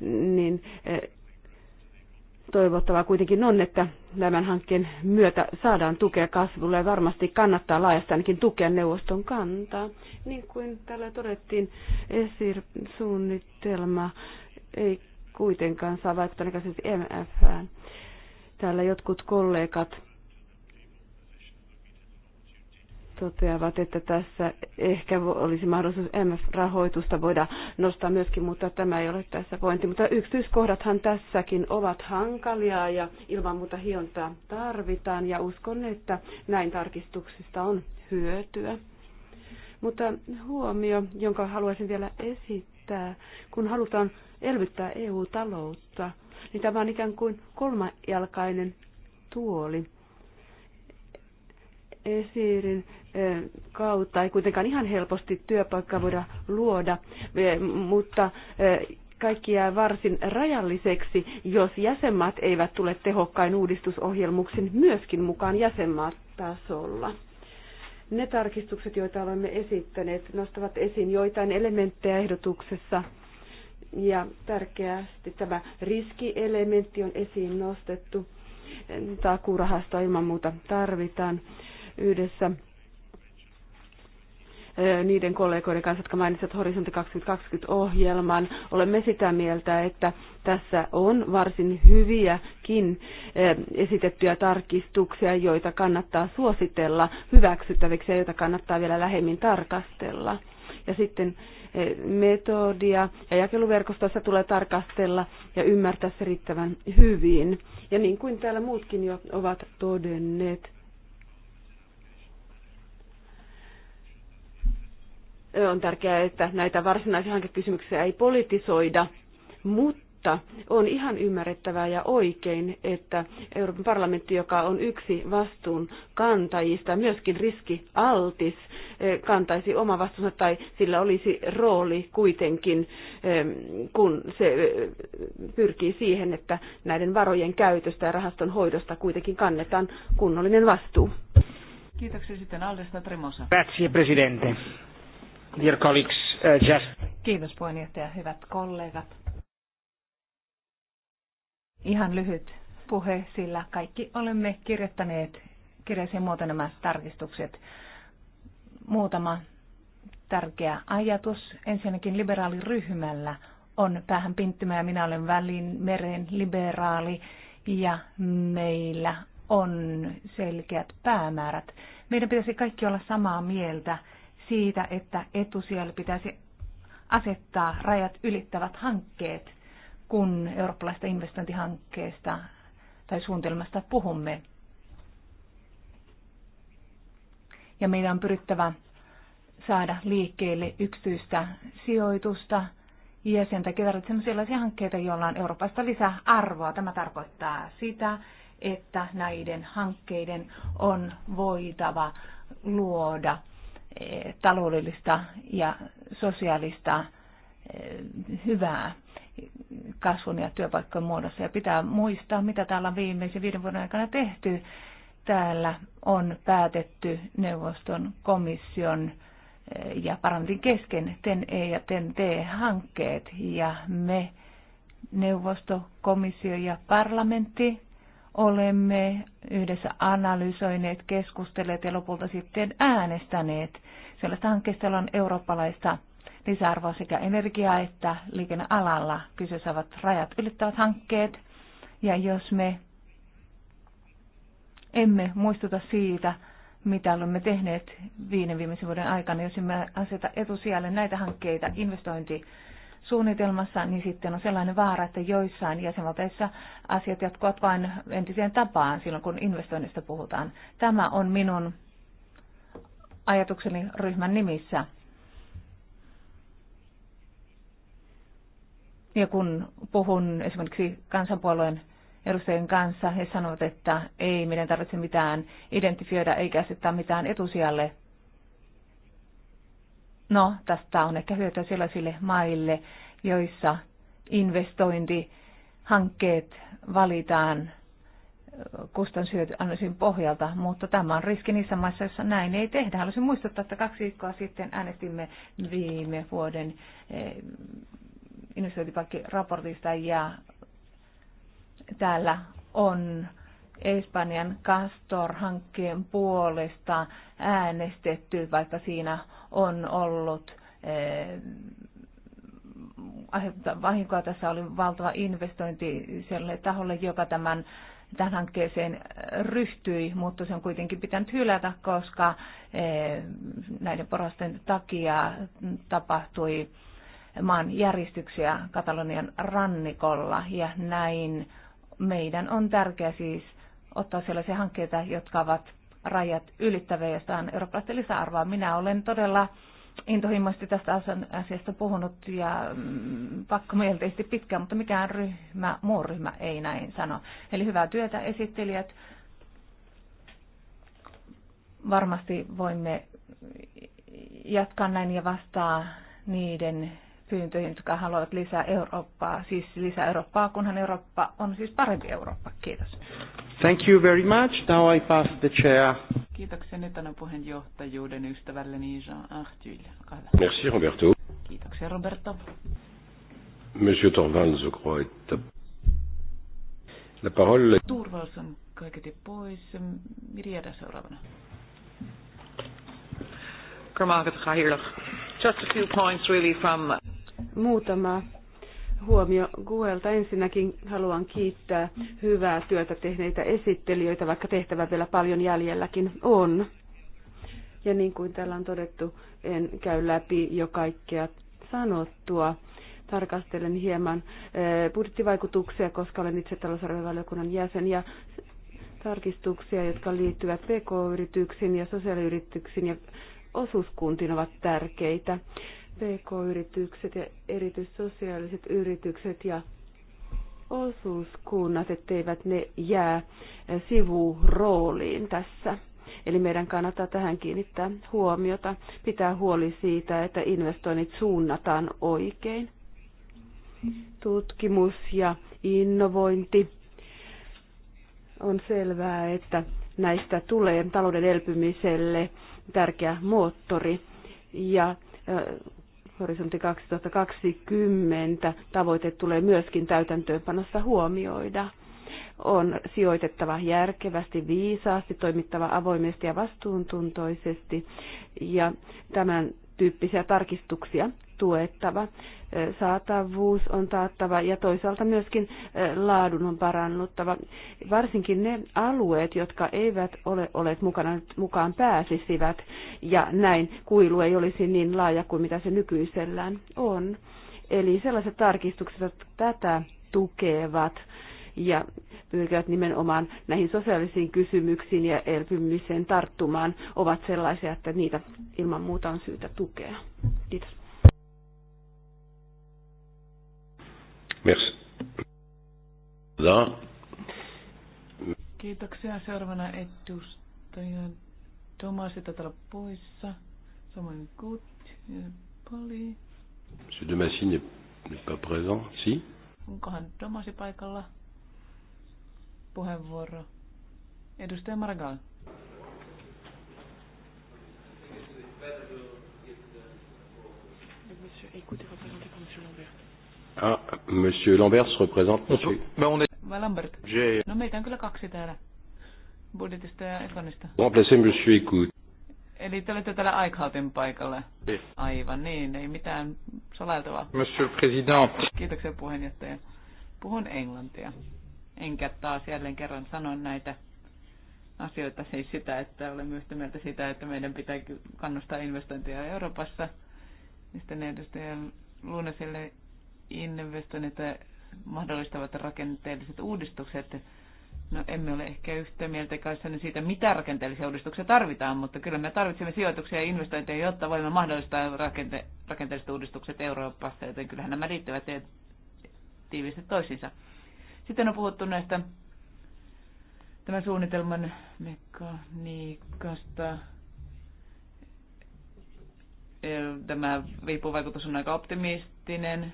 niin eh, Toivottavaa kuitenkin on, että tämän hankkeen myötä saadaan tukea kasvulle ja varmasti kannattaa laajasti ainakin tukea neuvoston kantaa. Niin kuin täällä todettiin, ESIR-suunnitelma ei kuitenkaan saa vaikuttaa näköisesti MFään. Täällä jotkut kollegat toteavat, että tässä ehkä olisi mahdollisuus MF-rahoitusta voida nostaa myöskin, mutta tämä ei ole tässä pointti. Mutta yksityiskohdathan tässäkin ovat hankalia ja ilman muuta hiontaa tarvitaan ja uskon, että näin tarkistuksista on hyötyä. Mutta huomio, jonka haluaisin vielä esittää, kun halutaan elvyttää EU-taloutta, niin tämä on ikään kuin kolmajalkainen tuoli esiirin eh, kautta ei kuitenkaan ihan helposti työpaikkaa voida luoda, eh, mutta eh, kaikki jää varsin rajalliseksi, jos jäsenmaat eivät tule tehokkain uudistusohjelmuksin myöskin mukaan jäsenmaatasolla. Ne tarkistukset, joita olemme esittäneet, nostavat esiin joitain elementtejä ehdotuksessa. Ja tärkeästi tämä riskielementti on esiin nostettu. Takuurahasto ilman muuta tarvitaan yhdessä niiden kollegoiden kanssa, jotka mainitsivat Horisontti 2020-ohjelman. Olemme sitä mieltä, että tässä on varsin hyviäkin esitettyjä tarkistuksia, joita kannattaa suositella hyväksyttäviksi ja joita kannattaa vielä lähemmin tarkastella. Ja sitten metodia ja jakeluverkostossa tulee tarkastella ja ymmärtää se riittävän hyvin. Ja niin kuin täällä muutkin jo ovat todenneet, on tärkeää, että näitä varsinaisia hankekysymyksiä ei politisoida, mutta on ihan ymmärrettävää ja oikein, että Euroopan parlamentti, joka on yksi vastuun kantajista, myöskin riskialtis, eh, kantaisi oma vastuunsa tai sillä olisi rooli kuitenkin, eh, kun se eh, pyrkii siihen, että näiden varojen käytöstä ja rahaston hoidosta kuitenkin kannetaan kunnollinen vastuu. Kiitoksia sitten Aldesta Tremosa. Grazie, Presidente. Dear colleagues, uh, just... Kiitos puheenjohtaja, hyvät kollegat. Ihan lyhyt puhe, sillä kaikki olemme kirjoittaneet kirjallisen muoto nämä tarkistukset. Muutama tärkeä ajatus. Ensinnäkin liberaaliryhmällä on päähän pinttymä ja minä olen välin meren liberaali ja meillä on selkeät päämäärät. Meidän pitäisi kaikki olla samaa mieltä siitä, että etusijalle pitäisi asettaa rajat ylittävät hankkeet, kun eurooppalaista investointihankkeesta tai suunnitelmasta puhumme. Ja meidän on pyrittävä saada liikkeelle yksityistä sijoitusta, ja sen takia tarvitsemme sellaisia hankkeita, joilla on Euroopasta lisää arvoa. Tämä tarkoittaa sitä, että näiden hankkeiden on voitava luoda Eh, taloudellista ja sosiaalista eh, hyvää kasvun ja työpaikkojen muodossa. Ja pitää muistaa, mitä täällä on viimeisen viiden vuoden aikana tehty. Täällä on päätetty neuvoston komission eh, ja parlamentin kesken TEN-E ja TEN-T-hankkeet ja me neuvosto, komissio ja parlamentti olemme yhdessä analysoineet, keskustelleet ja lopulta sitten äänestäneet sellaista hankkeesta, on eurooppalaista lisäarvoa sekä energiaa että liikennealalla. Kyseessä ovat rajat ylittävät hankkeet. Ja jos me emme muistuta siitä, mitä olemme tehneet viiden viimeisen vuoden aikana, jos emme aseta etusijalle näitä hankkeita, investointi suunnitelmassa, niin sitten on sellainen vaara, että joissain jäsenvaltioissa asiat jatkuvat vain entiseen tapaan silloin, kun investoinnista puhutaan. Tämä on minun ajatukseni ryhmän nimissä. Ja kun puhun esimerkiksi kansanpuolueen edustajien kanssa, he sanovat, että ei meidän tarvitse mitään identifioida eikä asettaa mitään etusijalle No, tästä on ehkä hyötyä sellaisille maille, joissa investointihankkeet valitaan kustannushyötyanalyysin pohjalta, mutta tämä on riski niissä maissa, joissa näin ei tehdä. Haluaisin muistuttaa, että kaksi viikkoa sitten äänestimme viime vuoden investointipankkiraportista ja täällä on Espanjan Castor-hankkeen puolesta äänestetty, vaikka siinä on ollut eh, vahinkoa. Tässä oli valtava investointi sille taholle, joka tämän tähän hankkeeseen ryhtyi, mutta se on kuitenkin pitänyt hylätä, koska eh, näiden porasten takia tapahtui maan järjestyksiä Katalonian rannikolla ja näin meidän on tärkeää siis ottaa sellaisia hankkeita, jotka ovat rajat ylittäviä, josta on eurooppalaista lisäarvoa. Minä olen todella intohimoisesti tästä asiasta puhunut ja mm, pakkomielteisesti pitkään, mutta mikään ryhmä, muu ryhmä ei näin sano. Eli hyvää työtä esittelijät. Varmasti voimme jatkaa näin ja vastaa niiden pyyntöihin, jotka haluavat lisää Eurooppaa, siis lisää Eurooppaa, kunhan Eurooppa on siis parempi Eurooppa. Kiitos. Thank you very much. Now I pass the chair. Kiitoksia nyt annan puheenjohtajuuden ystävälle Jean Ahtyille. Merci Roberto. Kiitoksia Roberto. Monsieur Torvalds, je crois, että... La parole... Turvalls on kaiketi pois. Mirjada seuraavana. Kermaagat Kahirlach. Just a few points really from... Muutama huomio Guelta. Ensinnäkin haluan kiittää hyvää työtä tehneitä esittelijöitä, vaikka tehtävä vielä paljon jäljelläkin on. Ja niin kuin täällä on todettu, en käy läpi jo kaikkea sanottua. Tarkastelen hieman eh, budjettivaikutuksia, koska olen itse talousarvovaliokunnan jäsen ja tarkistuksia, jotka liittyvät pk-yrityksiin ja sosiaaliyrityksiin ja osuuskuntiin ovat tärkeitä. PK-yritykset ja erityisesti sosiaaliset yritykset ja osuuskunnat, etteivät ne jää sivurooliin tässä. Eli meidän kannattaa tähän kiinnittää huomiota, pitää huoli siitä, että investoinnit suunnataan oikein. Tutkimus ja innovointi. On selvää, että näistä tulee talouden elpymiselle tärkeä moottori ja Horisontti 2020 tavoite tulee myöskin täytäntöönpanossa huomioida. On sijoitettava järkevästi, viisaasti, toimittava avoimesti ja vastuuntuntoisesti ja tämän tyyppisiä tarkistuksia tuettava. Saatavuus on taattava ja toisaalta myöskin laadun on parannuttava. Varsinkin ne alueet, jotka eivät ole olleet mukana, mukaan pääsisivät ja näin kuilu ei olisi niin laaja kuin mitä se nykyisellään on. Eli sellaiset tarkistukset, tätä tukevat ja pyrkivät nimenomaan näihin sosiaalisiin kysymyksiin ja elpymiseen tarttumaan, ovat sellaisia, että niitä ilman muuta on syytä tukea. Kiitos. Merci. Da. Kiitoksia. Seuraavana edustaja Tomas täällä poissa. Samoin Kut ja Poli. Monsieur de Massy n'est pas présent, si? Onkohan Tomasi paikalla? Puheenvuoro. Edustaja Margal. Ah, Monsieur Lamberts représente Monsieur. Ben on est... Vai Lambert. No meitä on kyllä kaksi täällä. Budjetista ja Ekonista. Remplacez Monsieur Écoute. Eli te olette täällä Eichhautin paikalla. Aivan niin, ei mitään salailtavaa. Monsieur le Président. Kiitoksia puheenjohtaja. Puhun englantia. Enkä taas jälleen kerran sano näitä asioita, siis sitä, että olemme yhtä mieltä sitä, että meidän pitää kannustaa investointeja Euroopassa. Mistä ne edustajan Luunasille investoinnit mahdollistavat rakenteelliset uudistukset. No emme ole ehkä yhtä mieltä kanssanne siitä, mitä rakenteellisia uudistuksia tarvitaan, mutta kyllä me tarvitsemme sijoituksia ja investointeja, jotta voimme mahdollistaa rakente- rakenteelliset uudistukset Euroopassa, joten kyllähän nämä liittyvät tiiviisti toisiinsa. Sitten on puhuttu näistä tämän suunnitelman mekaniikasta. Tämä viipuvaikutus on aika optimistinen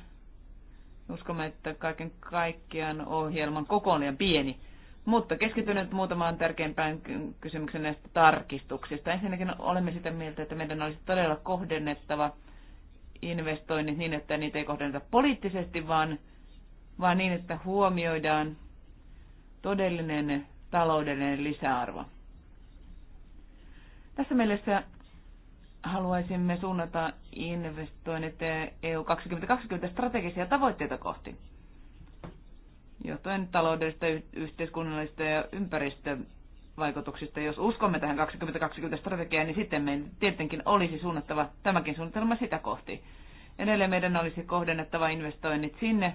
Uskomme, että kaiken kaikkiaan ohjelman koko on liian pieni. Mutta keskityn nyt muutamaan tärkeimpään kysymykseen näistä tarkistuksista. Ensinnäkin olemme sitä mieltä, että meidän olisi todella kohdennettava investoinnit niin, että niitä ei kohdenneta poliittisesti, vaan, vaan niin, että huomioidaan todellinen taloudellinen lisäarvo. Tässä mielessä haluaisimme suunnata investoinnit EU 2020 strategisia tavoitteita kohti, johtuen taloudellista, yhteiskunnallista ja ympäristövaikutuksista. Jos uskomme tähän 2020-strategiaan, niin sitten meidän tietenkin olisi suunnattava tämäkin suunnitelma sitä kohti. Edelleen meidän olisi kohdennettava investoinnit sinne,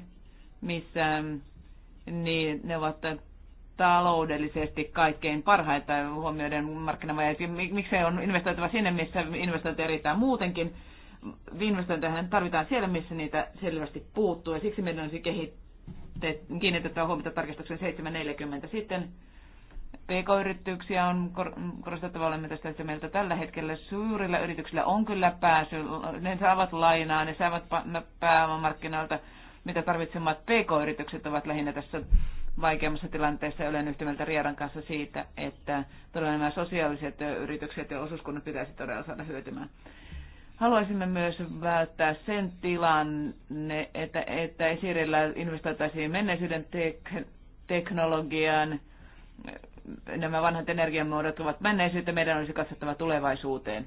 missä mm, niin ne ovat taloudellisesti kaikkein parhaita huomioiden markkinavajeet. Miksei on investoitava sinne, missä investointeja riittää muutenkin. Investointeja tarvitaan siellä, missä niitä selvästi puuttuu. Ja siksi meidän olisi kiinnitettävä huomiota tarkistuksen 740. Sitten PK-yrityksiä on korostettava, olemme tästä että meiltä tällä hetkellä. Suurilla yrityksillä on kyllä pääsy, ne saavat lainaa, ne saavat pääomamarkkinoilta, mitä tarvitsemat PK-yritykset ovat lähinnä tässä vaikeammassa tilanteessa. Olen yhtä mieltä kanssa siitä, että todella nämä sosiaaliset yritykset ja osuuskunnat pitäisi todella saada hyötymään. Haluaisimme myös välttää sen tilanne, että, että esirillä investoitaisiin menneisyyden tek- teknologiaan. Nämä vanhat energiamuodot ovat menneisyyttä, meidän olisi katsottava tulevaisuuteen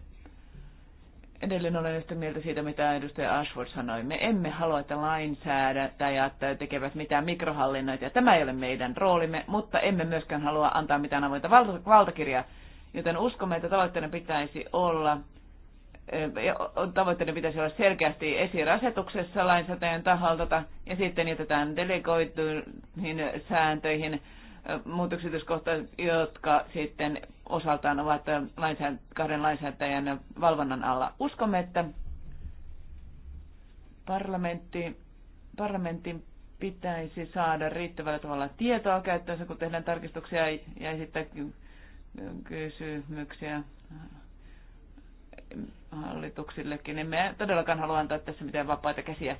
edelleen olen yhtä mieltä siitä, mitä edustaja Ashford sanoi. Me emme halua, että lainsäädäntäjät tekevät mitään mikrohallinnoita. Tämä ei ole meidän roolimme, mutta emme myöskään halua antaa mitään avointa valtakirjaa. Joten uskomme, että tavoitteena pitäisi olla eh, tavoitteena pitäisi olla selkeästi esirasetuksessa lainsäätäjän taholta ja sitten jätetään delegoituihin sääntöihin eh, muut jotka sitten osaltaan ovat kahden lainsäätäjän valvonnan alla. Uskomme, että parlamentti, parlamentin pitäisi saada riittävällä tavalla tietoa käyttöönsä, kun tehdään tarkistuksia ja esittää kysymyksiä hallituksillekin. Emme todellakaan halua antaa tässä mitään vapaita käsiä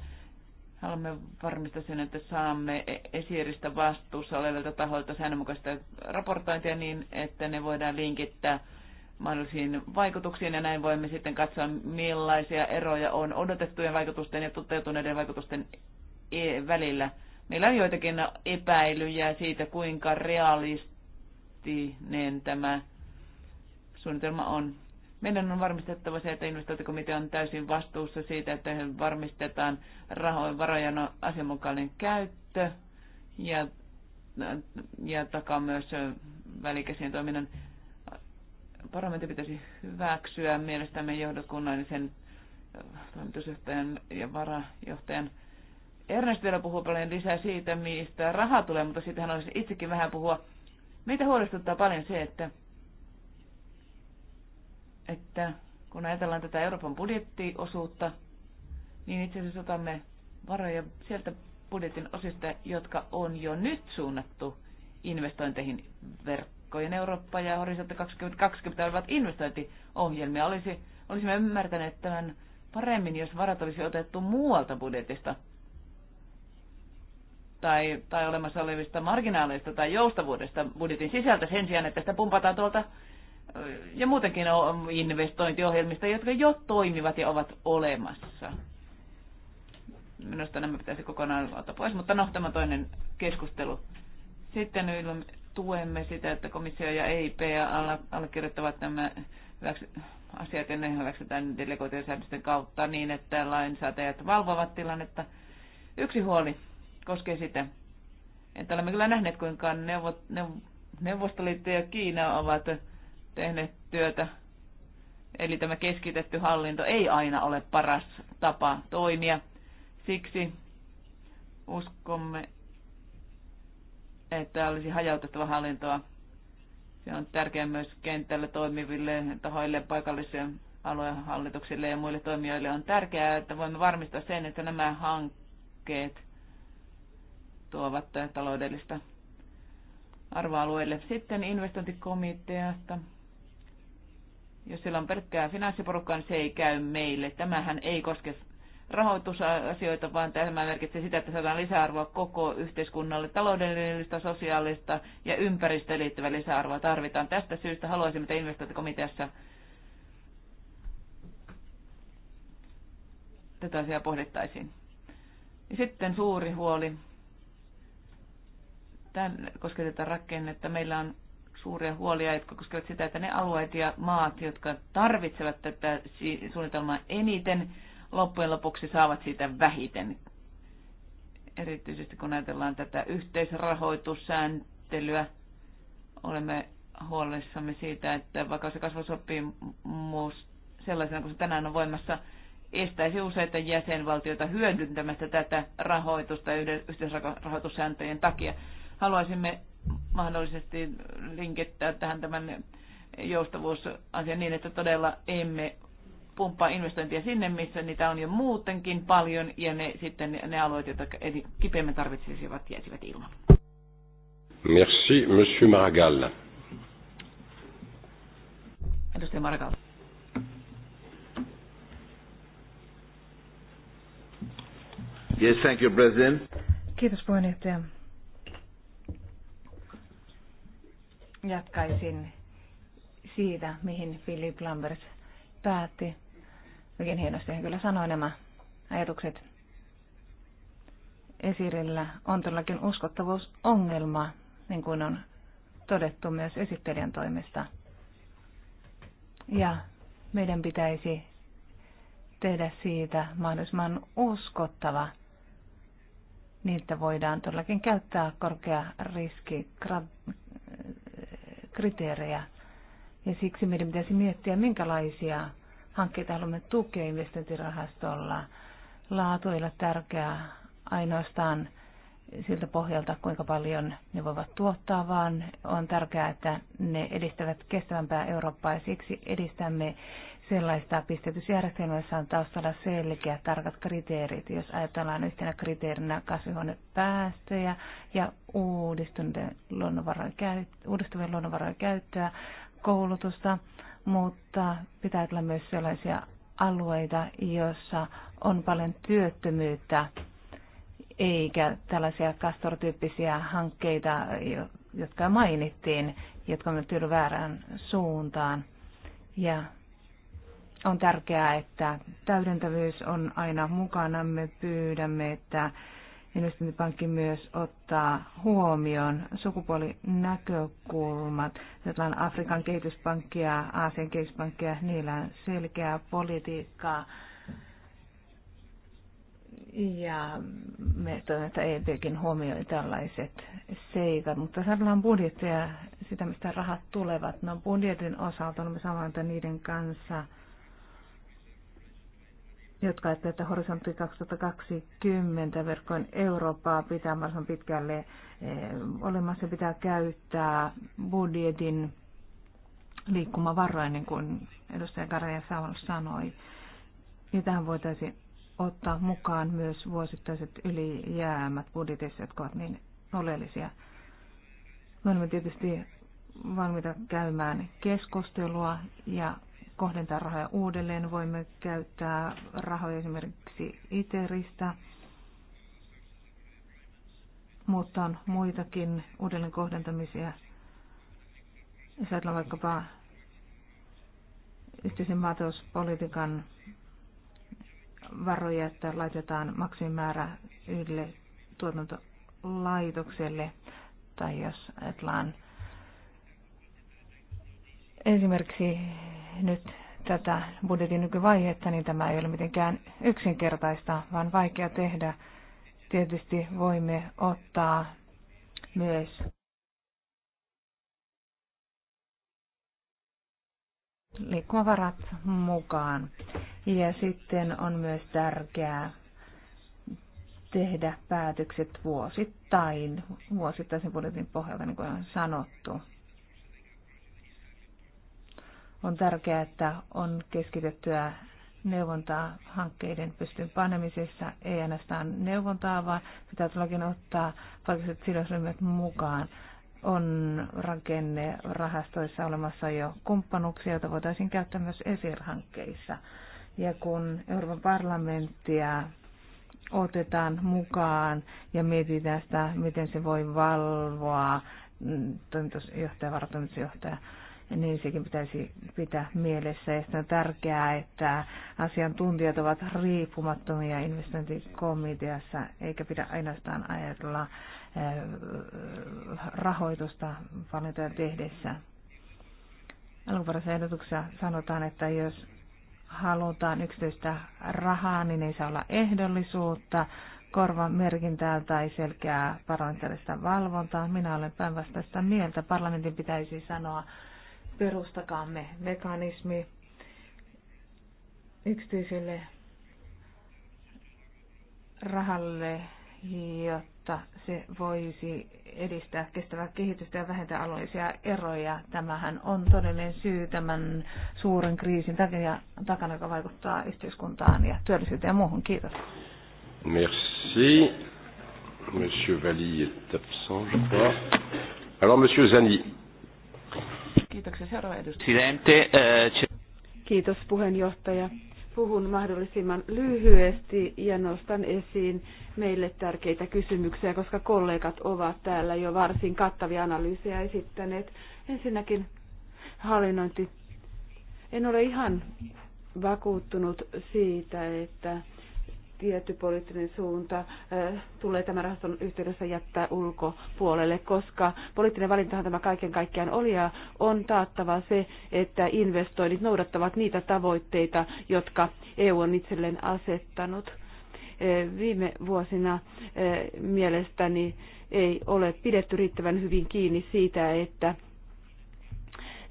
Haluamme varmistaa sen, että saamme esieristä vastuussa olevilta tahoilta säännönmukaista raportointia niin, että ne voidaan linkittää mahdollisiin vaikutuksiin ja näin voimme sitten katsoa, millaisia eroja on odotettujen vaikutusten ja toteutuneiden vaikutusten e- välillä. Meillä on joitakin epäilyjä siitä, kuinka realistinen tämä suunnitelma on. Meidän on varmistettava se, että investointikomitea on täysin vastuussa siitä, että varmistetaan rahojen varojen asianmukainen käyttö ja, ja takaa myös välikäsien toiminnan. Parlamentti pitäisi hyväksyä mielestämme sen toimitusjohtajan ja varajohtajan Ernest vielä puhuu paljon lisää siitä, mistä raha tulee, mutta siitähän olisi itsekin vähän puhua. Meitä huolestuttaa paljon se, että että kun ajatellaan tätä Euroopan budjettiosuutta, niin itse asiassa otamme varoja sieltä budjetin osista, jotka on jo nyt suunnattu investointeihin. Verkkojen Eurooppa ja Horisontti 2020 ovat investointiohjelmia. Olisi, olisimme ymmärtäneet tämän paremmin, jos varat olisi otettu muualta budjetista tai, tai olemassa olevista marginaaleista tai joustavuudesta budjetin sisältä sen sijaan, että sitä pumpataan tuolta ja muutenkin on investointiohjelmista, jotka jo toimivat ja ovat olemassa. Minusta nämä pitäisi kokonaan ottaa pois, mutta no, tämä toinen keskustelu. Sitten tuemme sitä, että komissio ja EIP allekirjoittavat nämä asiat ja ne hyväksytään delegoitujen kautta niin, että lainsäätäjät valvovat tilannetta. Yksi huoli koskee sitä, että olemme kyllä nähneet, kuinka neuvot, neuv, Neuvostoliitto ja Kiina ovat tehneet työtä. Eli tämä keskitetty hallinto ei aina ole paras tapa toimia. Siksi uskomme, että olisi hajautettava hallintoa. Se on tärkeää myös kentällä toimiville tahoille, paikallisille aluehallituksille ja muille toimijoille. On tärkeää, että voimme varmistaa sen, että nämä hankkeet tuovat taloudellista arvoalueelle. Sitten investointikomiteasta. Jos sillä on pelkkää finanssiporukkaa, niin se ei käy meille. Tämähän ei koske rahoitusasioita, vaan tämä merkitsee sitä, että saadaan lisäarvoa koko yhteiskunnalle. Taloudellista, sosiaalista ja ympäristöön liittyvää lisäarvoa tarvitaan. Tästä syystä haluaisimme, että investointikomiteassa tätä asiaa pohdittaisiin. Ja sitten suuri huoli, Tämän, kosketetaan tätä rakennetta meillä on suuria huolia, jotka koskevat sitä, että ne alueet ja maat, jotka tarvitsevat tätä suunnitelmaa eniten, loppujen lopuksi saavat siitä vähiten. Erityisesti kun ajatellaan tätä yhteisrahoitussääntelyä, olemme huolissamme siitä, että vaikka se kasvusopimus sellaisena kuin se tänään on voimassa, estäisi useita jäsenvaltioita hyödyntämästä tätä rahoitusta yhteisrahoitussääntöjen takia. Haluaisimme mahdollisesti linkittää tähän tämän joustavuusasian niin, että todella emme pumppaa investointia sinne, missä niitä on jo muutenkin paljon, ja ne, sitten ne alueet, joita kipeämmin tarvitsisivat, jäisivät ilman. Merci, Monsieur Maragall. Edustaja Maragall. Yes, thank you, President. Kiitos puheenjohtaja. jatkaisin siitä, mihin Philip Lambert päätti. Oikein hienosti hän kyllä sanoi nämä ajatukset. Esirillä on todellakin uskottavuusongelma, niin kuin on todettu myös esittelijän toimesta. Ja meidän pitäisi tehdä siitä mahdollisimman uskottava, niin että voidaan todellakin käyttää korkea riski kriteerejä. Ja siksi meidän pitäisi miettiä, minkälaisia hankkeita haluamme tukea investointirahastolla. Laatu ei ole tärkeää ainoastaan siltä pohjalta, kuinka paljon ne voivat tuottaa, vaan on tärkeää, että ne edistävät kestävämpää Eurooppaa ja siksi edistämme sellaista pistetysjärjestelmää, jossa on taustalla selkeät, tarkat kriteerit. Jos ajatellaan yhtenä kriteerinä kasvihuonepäästöjä ja uudistuvien luonnonvarojen, uudistuvien käyttöä, koulutusta, mutta pitää olla myös sellaisia alueita, joissa on paljon työttömyyttä eikä tällaisia kastortyyppisiä hankkeita, jotka mainittiin, jotka on tyydy väärään suuntaan. Ja on tärkeää, että täydentävyys on aina mukana. Me pyydämme, että investointipankki myös ottaa huomioon sukupuolinäkökulmat. Jotta on Afrikan kehityspankkia, Aasian kehityspankkia, niillä on selkeää politiikkaa ja me toivon, että EPkin huomioi tällaiset seikat, mutta saadaan budjettia sitä, mistä rahat tulevat. No budjetin osalta olemme samaa mieltä niiden kanssa, jotka ajattelee, että horisontti 2020 verkkojen Eurooppaa pitää varsin pitkälle eh, olemassa, pitää käyttää budjetin liikkumavaroja, niin kuin edustaja Karja Saulos sanoi. Ja niin tähän voitaisiin ottaa mukaan myös vuosittaiset ylijäämät budjetissa, jotka ovat niin oleellisia. Me olemme tietysti valmiita käymään keskustelua ja kohdentaa rahoja uudelleen. Voimme käyttää rahoja esimerkiksi ITERistä, mutta on muitakin uudelleen kohdentamisia. Jos ajatellaan vaikkapa yhteisen maatalouspolitiikan varoja, että laitetaan maksimimäärä yhdelle tuotantolaitokselle, tai jos ajatellaan esimerkiksi nyt tätä budjetin nykyvaihetta, niin tämä ei ole mitenkään yksinkertaista, vaan vaikea tehdä. Tietysti voimme ottaa myös liikkumavarat mukaan. Ja sitten on myös tärkeää tehdä päätökset vuosittain, vuosittaisen budjetin pohjalta, niin kuin on sanottu. On tärkeää, että on keskitettyä neuvontaa hankkeiden pystyn panemisessa, ei ainoastaan neuvontaa, vaan sitä todellakin ottaa paikalliset sidosryhmät mukaan on rakennerahastoissa olemassa jo kumppanuuksia, joita voitaisiin käyttää myös esirhankkeissa. Ja kun Euroopan parlamenttia otetaan mukaan ja mietitään sitä, miten se voi valvoa toimitusjohtaja, varatoimitusjohtaja, niin sekin pitäisi pitää mielessä. Ja on tärkeää, että asiantuntijat ovat riippumattomia investointikomiteassa, eikä pidä ainoastaan ajatella rahoitusta valintoja tehdessä. Alkuperäisessä ehdotuksessa sanotaan, että jos halutaan yksityistä rahaa, niin ei saa olla ehdollisuutta, korvan merkintää tai selkeää parlamentaarista valvontaa. Minä olen päinvastaista mieltä. Parlamentin pitäisi sanoa, perustakaamme mekanismi yksityiselle rahalle, jotta jotta se voisi edistää kestävää kehitystä ja vähentää alueellisia eroja. Tämähän on todellinen syy tämän suuren kriisin takia, takana, joka vaikuttaa yhteiskuntaan ja työllisyyteen ja muuhun. Kiitos. Merci. Monsieur Valli est absent, je crois. Alors, Monsieur Zani. Kiitoksia. Seuraava edustaja. Eh, Kiitos puheenjohtaja puhun mahdollisimman lyhyesti ja nostan esiin meille tärkeitä kysymyksiä, koska kollegat ovat täällä jo varsin kattavia analyysejä esittäneet. Ensinnäkin hallinnointi. En ole ihan vakuuttunut siitä, että tietty poliittinen suunta tulee tämän rahaston yhteydessä jättää ulkopuolelle, koska poliittinen valintahan tämä kaiken kaikkiaan oli ja on taattava se, että investoinnit noudattavat niitä tavoitteita, jotka EU on itselleen asettanut. Viime vuosina mielestäni ei ole pidetty riittävän hyvin kiinni siitä, että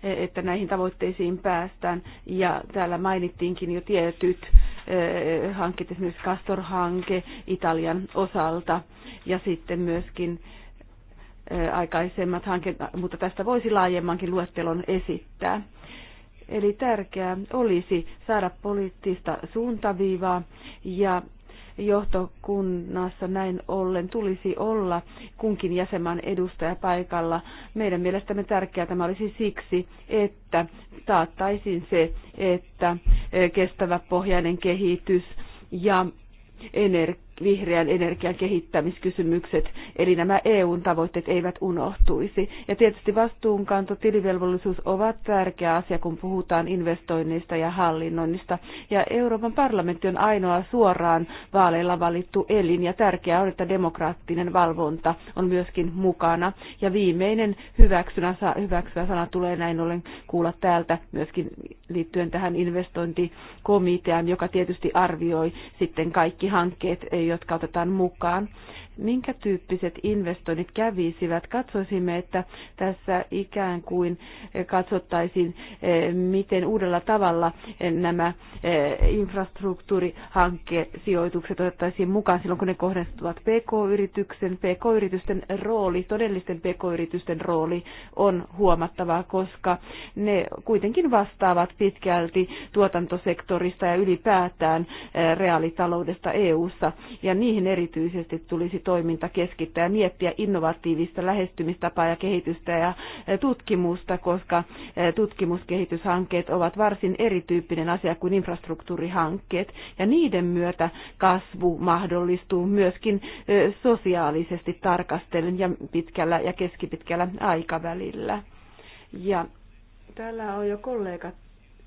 että näihin tavoitteisiin päästään. Ja täällä mainittiinkin jo tietyt Eh, hankkeet, esimerkiksi Castor-hanke Italian osalta ja sitten myöskin eh, aikaisemmat hankkeet, mutta tästä voisi laajemmankin luettelon esittää. Eli tärkeää olisi saada poliittista suuntaviivaa ja johtokunnassa näin ollen tulisi olla kunkin jäsenmaan edustaja paikalla. Meidän mielestämme tärkeää tämä olisi siksi, että taattaisiin se, että eh, kestävä pohjainen kehitys ja energia vihreän energian kehittämiskysymykset, eli nämä EUn tavoitteet eivät unohtuisi. Ja tietysti vastuunkanto, tilivelvollisuus ovat tärkeä asia, kun puhutaan investoinneista ja hallinnoinnista. Ja Euroopan parlamentti on ainoa suoraan vaaleilla valittu elin, ja tärkeää on, että demokraattinen valvonta on myöskin mukana. Ja viimeinen hyväksynä, hyväksyvä sana tulee näin ollen kuulla täältä myöskin liittyen tähän investointikomiteaan, joka tietysti arvioi sitten kaikki hankkeet, jotka otetaan mukaan minkä tyyppiset investoinnit kävisivät. Katsoisimme, että tässä ikään kuin katsottaisiin, eh, miten uudella tavalla eh, nämä eh, sijoitukset otettaisiin mukaan silloin, kun ne kohdistuvat PK-yrityksen. PK-yritysten rooli, todellisten PK-yritysten rooli on huomattavaa, koska ne kuitenkin vastaavat pitkälti tuotantosektorista ja ylipäätään reaalitaloudesta EU-ssa, ja niihin erityisesti tulisi toiminta keskittää ja miettiä innovatiivista lähestymistapaa ja kehitystä ja eh, tutkimusta, koska eh, tutkimuskehityshankkeet ovat varsin erityyppinen asia kuin infrastruktuurihankkeet. Ja niiden myötä kasvu mahdollistuu myöskin eh, sosiaalisesti tarkastellen ja pitkällä ja keskipitkällä aikavälillä. Ja täällä on jo kollegat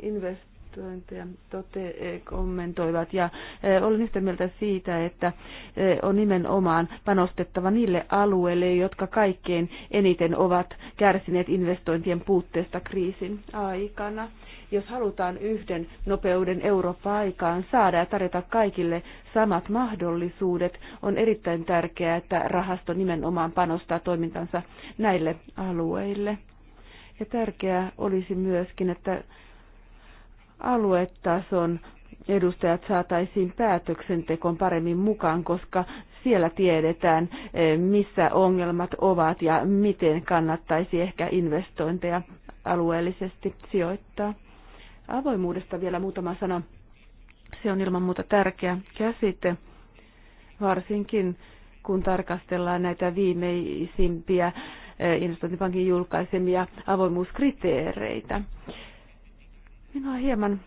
invest kommentointeja tote, eh, kommentoivat ja eh, olen yhtä mieltä siitä, että eh, on nimenomaan panostettava niille alueille, jotka kaikkein eniten ovat kärsineet investointien puutteesta kriisin aikana. Jos halutaan yhden nopeuden Eurooppa aikaan saada ja tarjota kaikille samat mahdollisuudet, on erittäin tärkeää, että rahasto nimenomaan panostaa toimintansa näille alueille. Ja tärkeää olisi myöskin, että aluetason edustajat saataisiin päätöksentekoon paremmin mukaan, koska siellä tiedetään, eh, missä ongelmat ovat ja miten kannattaisi ehkä investointeja alueellisesti sijoittaa. Avoimuudesta vielä muutama sana. Se on ilman muuta tärkeä käsite, varsinkin kun tarkastellaan näitä viimeisimpiä eh, investointipankin julkaisemia avoimuuskriteereitä. Minua hieman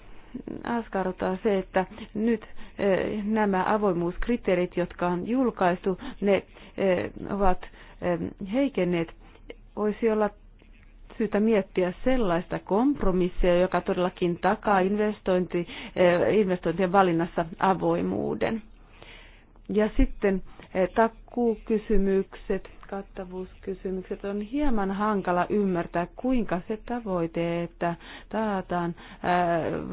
askarruttaa se, että nyt e, nämä avoimuuskriteerit, jotka on julkaistu, ne e, ovat e, heikenneet. Voisi olla syytä miettiä sellaista kompromissia, joka todellakin takaa investointi, investointien valinnassa avoimuuden. Ja sitten takuukysymykset kattavuuskysymykset on hieman hankala ymmärtää, kuinka se tavoite, että taataan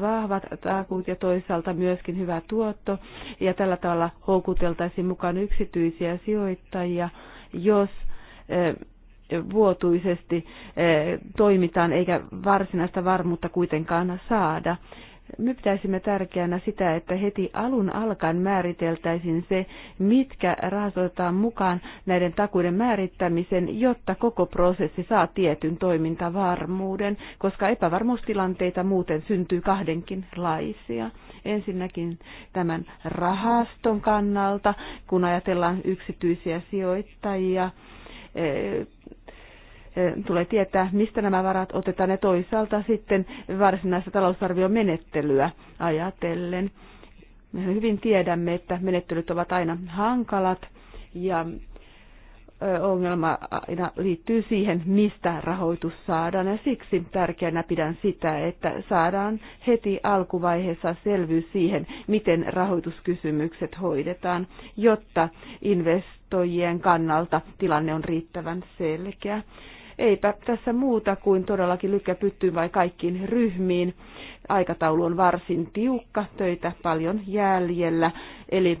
vahvat takuut ja toisaalta myöskin hyvä tuotto ja tällä tavalla houkuteltaisiin mukaan yksityisiä sijoittajia, jos vuotuisesti toimitaan eikä varsinaista varmuutta kuitenkaan saada me pitäisimme tärkeänä sitä, että heti alun alkaen määriteltäisiin se, mitkä rahastoitetaan mukaan näiden takuiden määrittämisen, jotta koko prosessi saa tietyn toimintavarmuuden, koska epävarmuustilanteita muuten syntyy kahdenkin laisia. Ensinnäkin tämän rahaston kannalta, kun ajatellaan yksityisiä sijoittajia, tulee tietää, mistä nämä varat otetaan ja toisaalta sitten varsinaista talousarviomenettelyä ajatellen. Me hyvin tiedämme, että menettelyt ovat aina hankalat ja ongelma aina liittyy siihen, mistä rahoitus saadaan. Ja siksi tärkeänä pidän sitä, että saadaan heti alkuvaiheessa selvyys siihen, miten rahoituskysymykset hoidetaan, jotta investoijien kannalta tilanne on riittävän selkeä. Eipä tässä muuta kuin todellakin lykkä pyttyyn vai kaikkiin ryhmiin. Aikataulu on varsin tiukka, töitä paljon jäljellä, eli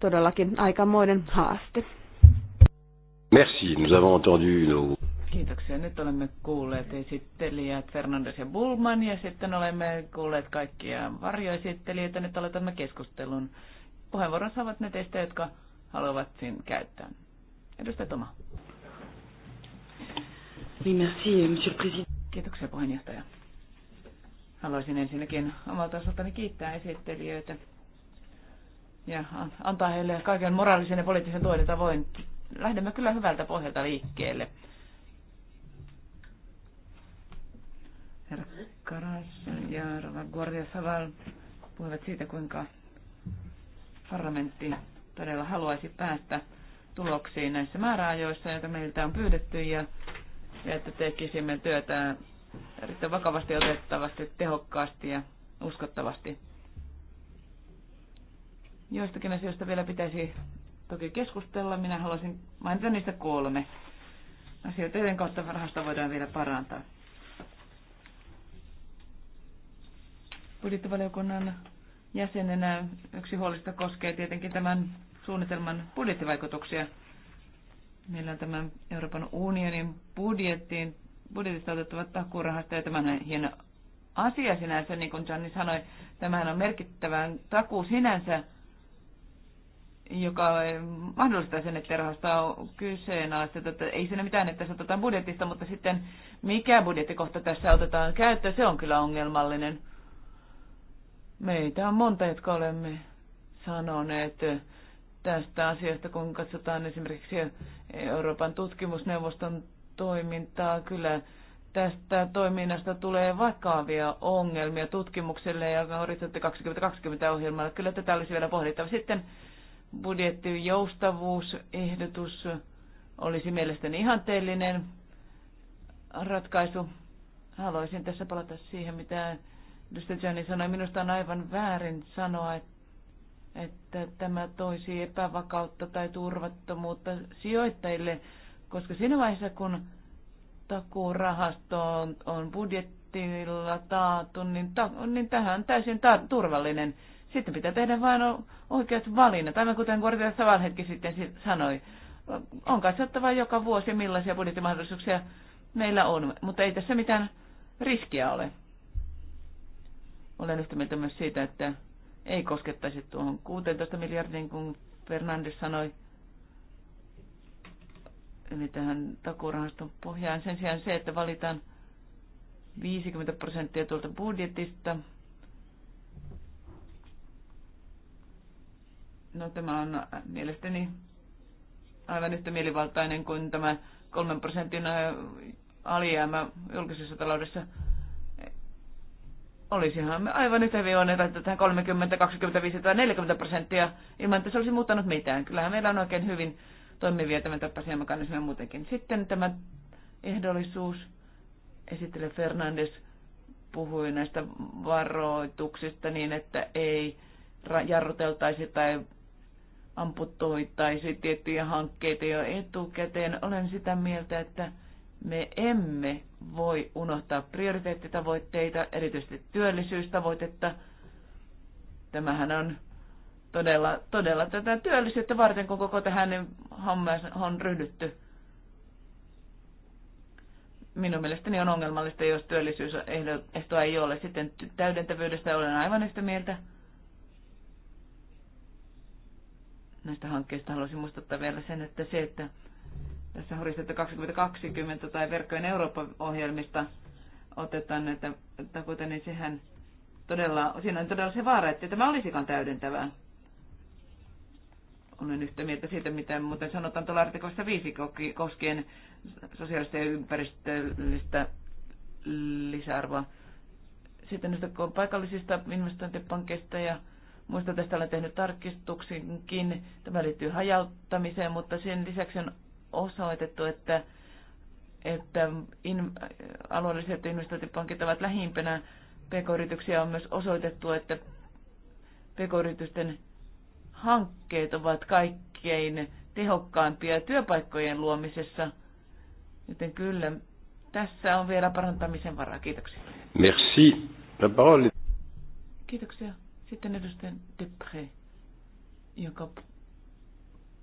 todellakin aikamoinen haaste. Merci, nous avons entendu nos... Kiitoksia. Nyt olemme kuulleet esittelijät Fernandes ja Bulman ja sitten olemme kuulleet kaikkia varjoesittelijöitä. Nyt aloitamme keskustelun. Puheenvuoron saavat ne teistä, jotka haluavat sen käyttää. Edustaja Toma merci, monsieur le président. Kiitoksia puheenjohtaja. Haluaisin ensinnäkin omalta osaltani kiittää esittelijöitä ja antaa heille kaiken moraalisen ja poliittisen tuen, tavoin. Lähdemme kyllä hyvältä pohjalta liikkeelle. Herra Karas ja Rava Guardia Saval puhuivat siitä, kuinka parlamentti todella haluaisi päästä tuloksiin näissä määräajoissa, joita meiltä on pyydetty, ja että tekisimme työtä erittäin vakavasti otettavasti, tehokkaasti ja uskottavasti. Joistakin asioista vielä pitäisi toki keskustella. Minä haluaisin mainita niistä kolme asioita, joiden kautta rahasta voidaan vielä parantaa. Budjettivaliokunnan jäsenenä yksi huolista koskee tietenkin tämän suunnitelman budjettivaikutuksia – Meillä on tämän Euroopan unionin budjettiin, budjetista otettavat takuurahasta ja tämähän hieno asia sinänsä, niin kuin Gianni sanoi, tämähän on merkittävä takuu sinänsä, joka mahdollistaa sen, että rahasta on kyseenalaista. Että ei siinä mitään, että se otetaan budjetista, mutta sitten mikä budjettikohta tässä otetaan käyttöön, se on kyllä ongelmallinen. Meitä on monta, jotka olemme sanoneet, tästä asiasta, kun katsotaan esimerkiksi Euroopan tutkimusneuvoston toimintaa. Kyllä tästä toiminnasta tulee vakavia ongelmia tutkimukselle ja Horisontti 2020-ohjelmalle. Kyllä tätä olisi vielä pohdittava. Sitten budjettijoustavuusehdotus olisi mielestäni ihanteellinen ratkaisu. Haluaisin tässä palata siihen, mitä Jani sanoi. Minusta on aivan väärin sanoa, että että tämä toisi epävakautta tai turvattomuutta sijoittajille, koska siinä vaiheessa, kun takuurahasto on, on budjettilla taattu, niin, ta, niin tähän on täysin ta- turvallinen. Sitten pitää tehdä vain oikeat valinnat, aivan kuten Gordias Savalhetki sitten sanoi. On katsottava joka vuosi, millaisia budjettimahdollisuuksia meillä on, mutta ei tässä mitään riskiä ole. Olen yhtä mieltä myös siitä, että ei koskettaisi tuohon 16 miljardiin, kun Fernandes sanoi, eli tähän takurahaston pohjaan. Sen sijaan se, että valitaan 50 prosenttia tuolta budjetista, No tämä on mielestäni aivan yhtä mielivaltainen kuin tämä kolmen prosentin alijäämä julkisessa taloudessa Olisihan me aivan yhtä hyvin että tähän 30, 25 tai 40 prosenttia ilman, että se olisi muuttanut mitään. Kyllähän meillä on oikein hyvin toimivia tämän tapaisia mekanismeja muutenkin. Sitten tämä ehdollisuus. Esittely Fernandes puhui näistä varoituksista niin, että ei jarruteltaisi tai amputoitaisi tiettyjä hankkeita jo etukäteen. Olen sitä mieltä, että me emme voi unohtaa prioriteettitavoitteita, erityisesti työllisyystavoitetta. Tämähän on todella, todella tätä työllisyyttä varten, kun koko tähän niin on ryhdytty. Minun mielestäni on ongelmallista, jos työllisyysehtoa ei ole. Sitten täydentävyydestä olen aivan yhtä mieltä. Näistä hankkeista haluaisin muistuttaa vielä sen, että se, että tässä horisetta 2020 tai Verkkojen Euroopan ohjelmista otetaan näitä takuita, niin sehän todella, siinä on todella se vaara, että tämä olisikaan täydentävää. Olen yhtä mieltä siitä, mitä muuten sanotaan tuolla artikossa viisi koskien sosiaalista ja ympäristöllistä lisäarvoa. Sitten näistä paikallisista investointipankkeista ja muista tästä olen tehnyt tarkistuksinkin. Tämä liittyy hajauttamiseen, mutta sen lisäksi on osoitettu, että, että in, alueelliset investointipankit ovat lähimpänä pk-yrityksiä. On myös osoitettu, että pk-yritysten hankkeet ovat kaikkein tehokkaimpia työpaikkojen luomisessa. Joten kyllä, tässä on vielä parantamisen varaa. Kiitoksia. Merci. La parole. Kiitoksia. Sitten edustaja Depré, joka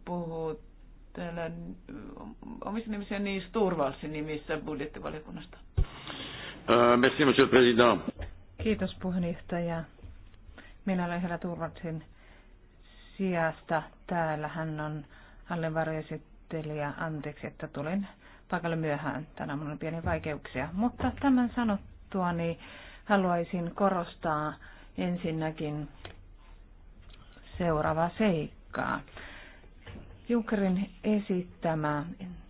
puhuu täällä omissa nimissä niin Sturvalsin nimissä budjettivaliokunnasta. Merci, monsieur président. Kiitos puheenjohtaja. Minä olen Hela Turvalsin sijasta. Täällä hän on allevarjoesittelijä. Anteeksi, että tulin paikalle myöhään. Tänään minulla on pieniä vaikeuksia. Mutta tämän sanottua niin haluaisin korostaa ensinnäkin seuraavaa seikkaa. Junckerin esittämä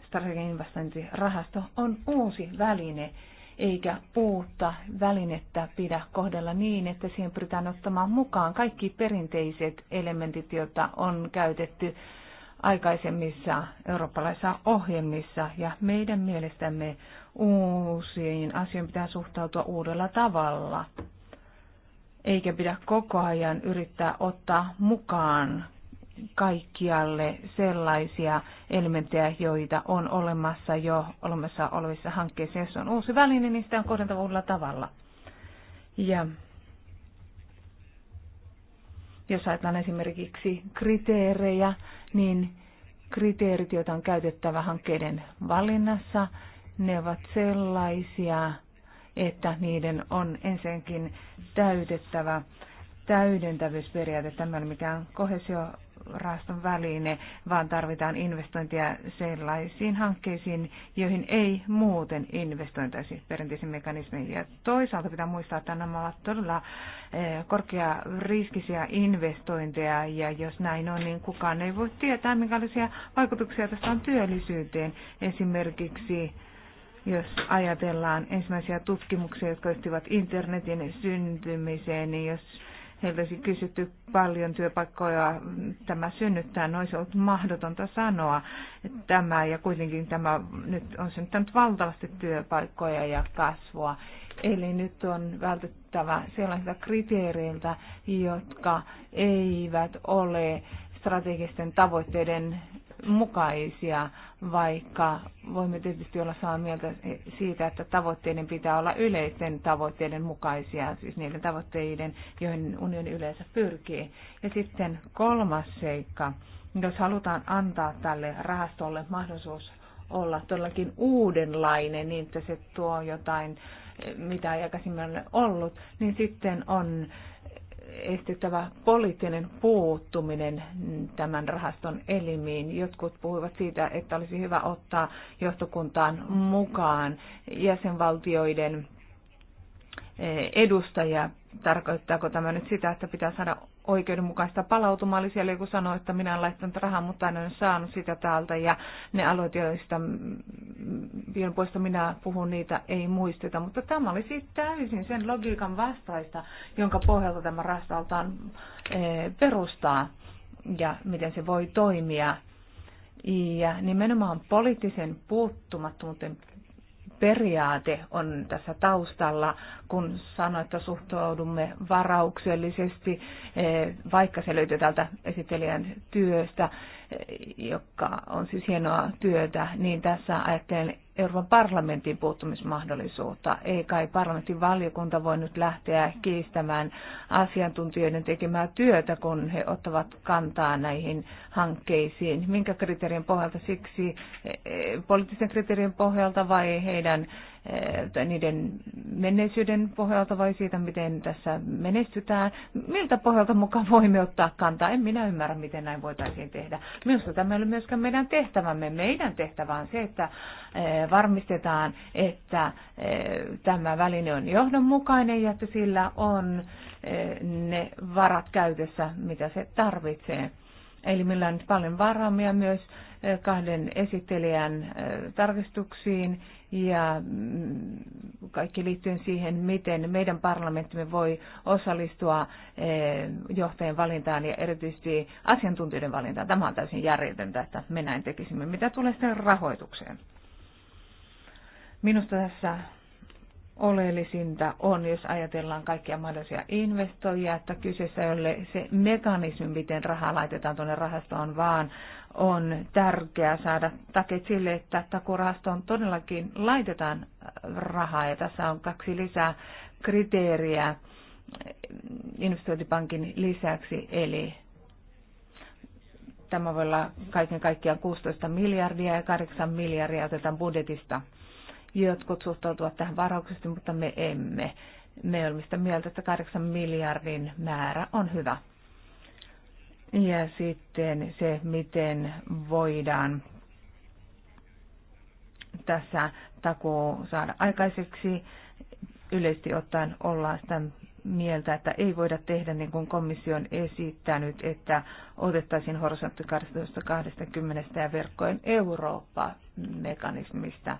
strategian investointirahasto on uusi väline, eikä uutta välinettä pidä kohdella niin, että siihen pyritään ottamaan mukaan kaikki perinteiset elementit, joita on käytetty aikaisemmissa eurooppalaisissa ohjelmissa. Ja meidän mielestämme uusiin asioihin pitää suhtautua uudella tavalla, eikä pidä koko ajan yrittää ottaa mukaan kaikkialle sellaisia elementtejä, joita on olemassa jo olemassa olevissa hankkeissa. Jos on uusi väline, niin sitä on kohdentava uudella tavalla. Ja jos ajatellaan esimerkiksi kriteerejä, niin kriteerit, joita on käytettävä hankkeiden valinnassa, ne ovat sellaisia, että niiden on ensinnäkin täytettävä täydentävyysperiaate. Tämä ei ole mikään kohesiorahaston väline, vaan tarvitaan investointia sellaisiin hankkeisiin, joihin ei muuten investointaisi perinteisen mekanismin. Ja toisaalta pitää muistaa, että nämä ovat todella eh, korkeariskisiä investointeja, ja jos näin on, niin kukaan ei voi tietää, minkälaisia vaikutuksia tästä on työllisyyteen. Esimerkiksi jos ajatellaan ensimmäisiä tutkimuksia, jotka liittyvät internetin syntymiseen, niin jos heiltä olisi kysytty paljon työpaikkoja, tämä synnyttää, no olisi ollut mahdotonta sanoa että tämä, ja kuitenkin tämä nyt on synnyttänyt valtavasti työpaikkoja ja kasvua. Eli nyt on vältettävä sellaisilta kriteereiltä, jotka eivät ole strategisten tavoitteiden mukaisia vaikka voimme tietysti olla samaa mieltä siitä, että tavoitteiden pitää olla yleisten tavoitteiden mukaisia, siis niiden tavoitteiden, joihin unioni yleensä pyrkii. Ja sitten kolmas seikka, jos halutaan antaa tälle rahastolle mahdollisuus olla todellakin uudenlainen, niin että se tuo jotain, mitä ei aikaisemmin ole ollut, niin sitten on estettävä poliittinen puuttuminen tämän rahaston elimiin. Jotkut puhuivat siitä, että olisi hyvä ottaa johtokuntaan mukaan jäsenvaltioiden eh, edustajia. Tarkoittaako tämä nyt sitä, että pitää saada oikeudenmukaista palautumaa. Eli siellä joku sanoi, että minä olen laittanut rahaa, mutta en ole saanut sitä täältä. Ja ne aloit, joista mm, puolesta minä puhun, niitä ei muisteta. Mutta tämä oli sitten siis täysin sen logiikan vastaista, jonka pohjalta tämä rastaltaan eh, perustaa ja miten se voi toimia. Ja nimenomaan poliittisen puuttumattomuuden periaate on tässä taustalla, kun sanoit, että suhtaudumme varauksellisesti, eh, vaikka se löytyy täältä esittelijän työstä, eh, joka on siis hienoa työtä, niin tässä ajattelen Euroopan parlamentin puuttumismahdollisuutta. Ei kai parlamentin valiokunta voi nyt lähteä kiistämään asiantuntijoiden tekemää työtä, kun he ottavat kantaa näihin hankkeisiin. Minkä kriteerien pohjalta siksi, eh, poliittisen kriteerien pohjalta vai heidän tai niiden menneisyyden pohjalta vai siitä, miten tässä menestytään? Miltä pohjalta mukaan voimme ottaa kantaa? En minä ymmärrä, miten näin voitaisiin tehdä. Minusta tämä ei ole myöskään meidän tehtävämme. Meidän tehtävä on se, että eh, varmistetaan, että eh, tämä väline on johdonmukainen ja että sillä on eh, ne varat käytössä, mitä se tarvitsee. Eli meillä on paljon varaamia myös kahden esittelijän tarkistuksiin ja mm, kaikki liittyen siihen, miten meidän parlamenttimme voi osallistua eh, johtajien valintaan ja erityisesti asiantuntijoiden valintaan. Tämä on täysin järjetöntä, että me näin tekisimme. Mitä tulee sitten rahoitukseen? Minusta tässä oleellisinta on, jos ajatellaan kaikkia mahdollisia investoijia, että kyseessä ei ole se mekanismi, miten rahaa laitetaan tuonne rahastoon, vaan on tärkeää saada takeet sille, että takurahastoon todellakin laitetaan rahaa. Ja tässä on kaksi lisää kriteeriä investointipankin lisäksi, eli tämä voi olla kaiken kaikkiaan 16 miljardia ja 8 miljardia otetaan budjetista. Jotkut suhtautuvat tähän varauksesti, mutta me emme. Me olemme sitä mieltä, että 8 miljardin määrä on hyvä. Ja sitten se, miten voidaan tässä takuu saada aikaiseksi. Yleisesti ottaen ollaan sitä mieltä, että ei voida tehdä niin kuin komissio on esittänyt, että otettaisiin horisontti 12.20 ja verkkojen Eurooppa-mekanismista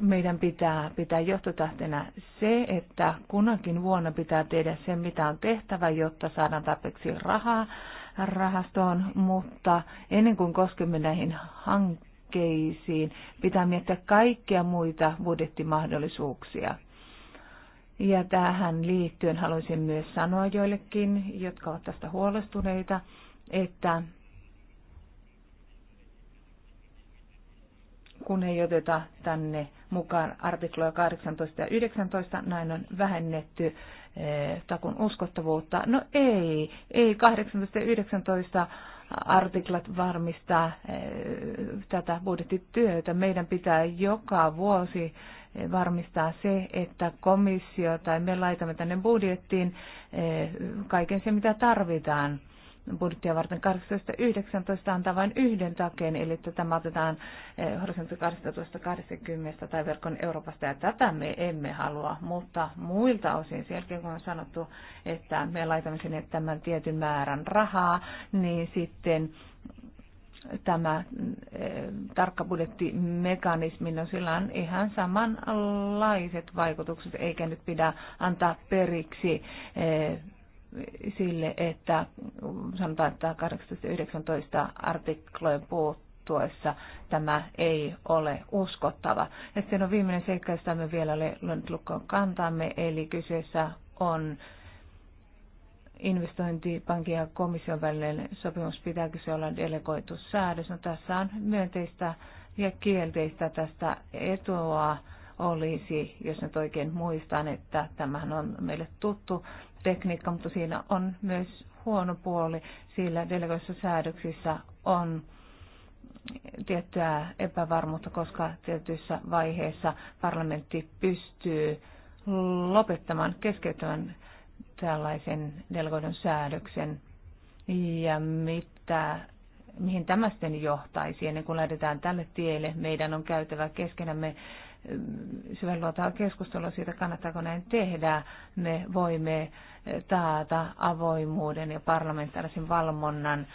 meidän pitää pitää johtotähtenä se, että kunnakin vuonna pitää tehdä se, mitä on tehtävä, jotta saadaan tarpeeksi rahaa rahastoon, mutta ennen kuin koskemme näihin hankkeisiin, pitää miettiä kaikkia muita budjettimahdollisuuksia. Ja tähän liittyen haluaisin myös sanoa joillekin, jotka ovat tästä huolestuneita, että kun ei oteta tänne mukaan artikloja 18 ja 19, näin on vähennetty eh, takun uskottavuutta. No ei, ei 18 ja 19 artiklat varmistaa eh, tätä budjettityötä. Meidän pitää joka vuosi eh, varmistaa se, että komissio tai me laitamme tänne budjettiin kaiken se, mitä tarvitaan budjettia varten 1819 antaa vain yhden takeen, eli tätä tämä otetaan eh, horisontti 1820 tai verkon Euroopasta, ja tätä me emme halua, mutta muilta osin, sen kun on sanottu, että me laitamme sinne tämän tietyn määrän rahaa, niin sitten tämä eh, tarkka budjettimekanismi, no sillä on ihan samanlaiset vaikutukset, eikä nyt pidä antaa periksi eh, sille, että sanotaan, että 1819 artiklojen puuttuessa tämä ei ole uskottava. Ja sitten on viimeinen seikka, josta me vielä ole lukkoon kantamme, eli kyseessä on investointipankin ja komission välinen sopimus, pitääkö se olla delegoitu säädös. No, tässä on myönteistä ja kielteistä tästä etua olisi, jos nyt oikein muistan, että tämähän on meille tuttu tekniikka, mutta siinä on myös huono puoli, sillä delegoissa säädöksissä on tiettyä epävarmuutta, koska tietyissä vaiheissa parlamentti pystyy lopettamaan, keskeyttämään tällaisen delegoidun säädöksen ja mitä, mihin tämä sitten johtaisi. Ennen kuin lähdetään tälle tielle, meidän on käytävä keskenämme syvänluotaa keskustelua siitä, kannattaako näin tehdä. Me voimme taata avoimuuden ja parlamentaarisen valmonnan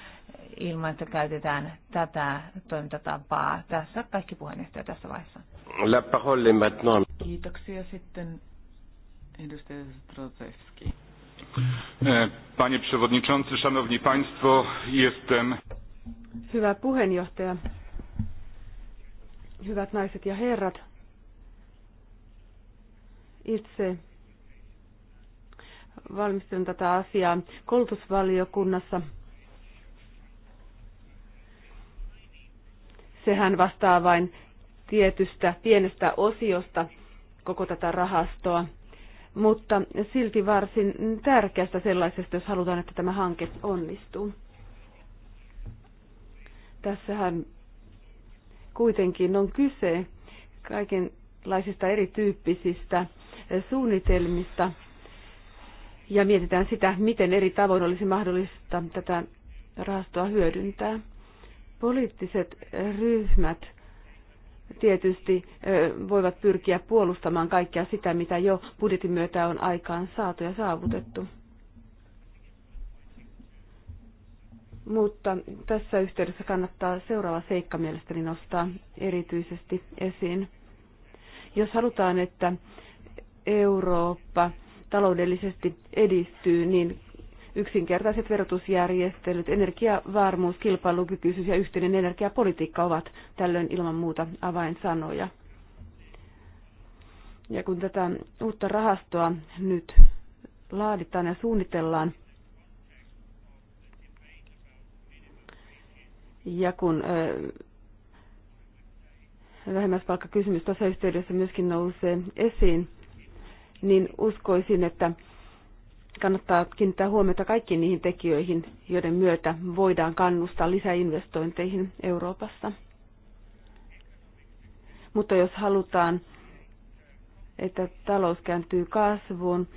ilman, että käytetään tätä toimintatapaa. Tässä kaikki puheenjohtaja tässä vaiheessa. La parole maintenant. Kiitoksia sitten edustaja Zdrozewski. Panie Przewodniczący, Szanowni Państwo, jestem... Hyvä puheenjohtaja, hyvät naiset ja herrat itse valmistelen tätä asiaa koulutusvaliokunnassa. Sehän vastaa vain tietystä pienestä osiosta koko tätä rahastoa, mutta silti varsin tärkeästä sellaisesta, jos halutaan, että tämä hanke onnistuu. Tässähän kuitenkin on kyse kaiken erilaisista erityyppisistä suunnitelmista ja mietitään sitä, miten eri tavoin olisi mahdollista tätä rahastoa hyödyntää. Poliittiset ryhmät tietysti voivat pyrkiä puolustamaan kaikkea sitä, mitä jo budjetin myötä on aikaan saatu ja saavutettu. Mutta tässä yhteydessä kannattaa seuraava seikka mielestäni nostaa erityisesti esiin. Jos halutaan, että Eurooppa taloudellisesti edistyy, niin yksinkertaiset verotusjärjestelyt, energiavarmuus, kilpailukykyisyys ja yhteinen energiapolitiikka ovat tällöin ilman muuta avainsanoja. Ja kun tätä uutta rahastoa nyt laaditaan ja suunnitellaan, ja kun vähemmäispalkkakysymys tässä yhteydessä myöskin nousee esiin, niin uskoisin, että kannattaa kiinnittää huomiota kaikkiin niihin tekijöihin, joiden myötä voidaan kannustaa lisäinvestointeihin Euroopassa. Mutta jos halutaan, että talous kääntyy kasvuun,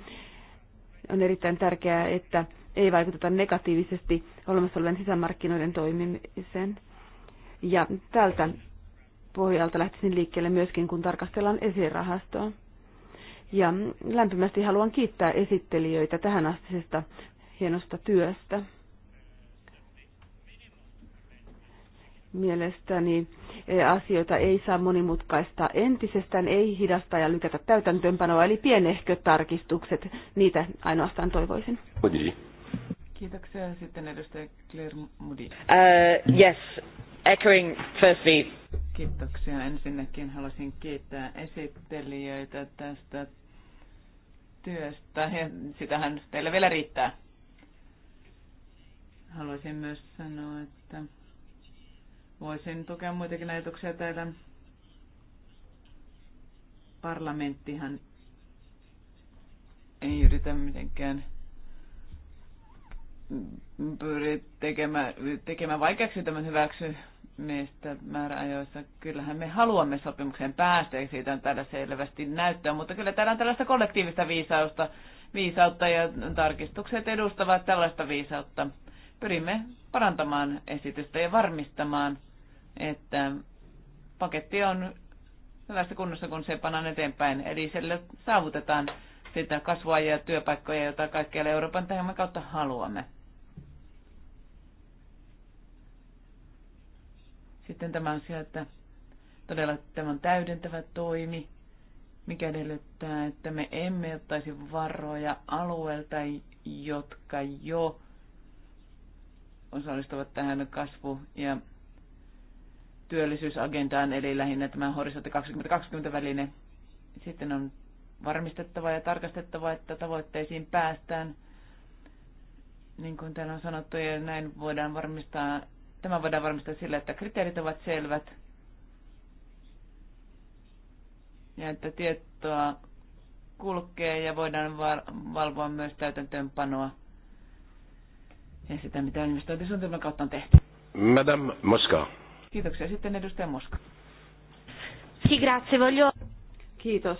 on erittäin tärkeää, että ei vaikuteta negatiivisesti olemassa olevien sisämarkkinoiden toimimiseen. Ja tältä pohjalta lähtisin liikkeelle myöskin, kun tarkastellaan esirahastoa. Ja lämpimästi haluan kiittää esittelijöitä tähän astisesta hienosta työstä. Mielestäni e, asioita ei saa monimutkaistaa entisestään, ei hidasta ja lykätä täytäntöönpanoa, eli pienehköt tarkistukset, niitä ainoastaan toivoisin. Kiitoksia. Sitten edustaja Claire Moody. Uh, yes, echoing firstly Kiitoksia. Ensinnäkin haluaisin kiittää esittelijöitä tästä työstä. Ja sitähän teille vielä riittää. Haluaisin myös sanoa, että voisin tukea muitakin ajatuksia täällä. Parlamenttihan ei yritä mitenkään pyri tekemään, tekemään vaikeaksi tämän hyväksy, Meistä määräajoissa. Kyllähän me haluamme sopimukseen päästä, ja siitä on täällä selvästi näyttöä, mutta kyllä täällä on tällaista kollektiivista viisausta, viisautta ja tarkistukset edustavat tällaista viisautta. Pyrimme parantamaan esitystä ja varmistamaan, että paketti on hyvässä kunnossa, kun se panan eteenpäin. Eli sille saavutetaan sitä kasvua ja työpaikkoja, joita kaikkialla Euroopan tähän kautta haluamme. Sitten tämä asia, että todella tämä on täydentävä toimi, mikä edellyttää, että me emme ottaisi varoja alueelta, jotka jo osallistuvat tähän kasvu- ja työllisyysagendaan, eli lähinnä tämä horisontti 2020 väline. Sitten on varmistettava ja tarkastettava, että tavoitteisiin päästään, niin kuin täällä on sanottu, ja näin voidaan varmistaa Tämä voidaan varmistaa sillä, että kriteerit ovat selvät ja että tietoa kulkee ja voidaan valvoa myös täytäntöönpanoa ja sitä, mitä investointisuunnitelman kautta on tehty. Madame Moska. Kiitoksia. Sitten edustaja Moska. Kiitos.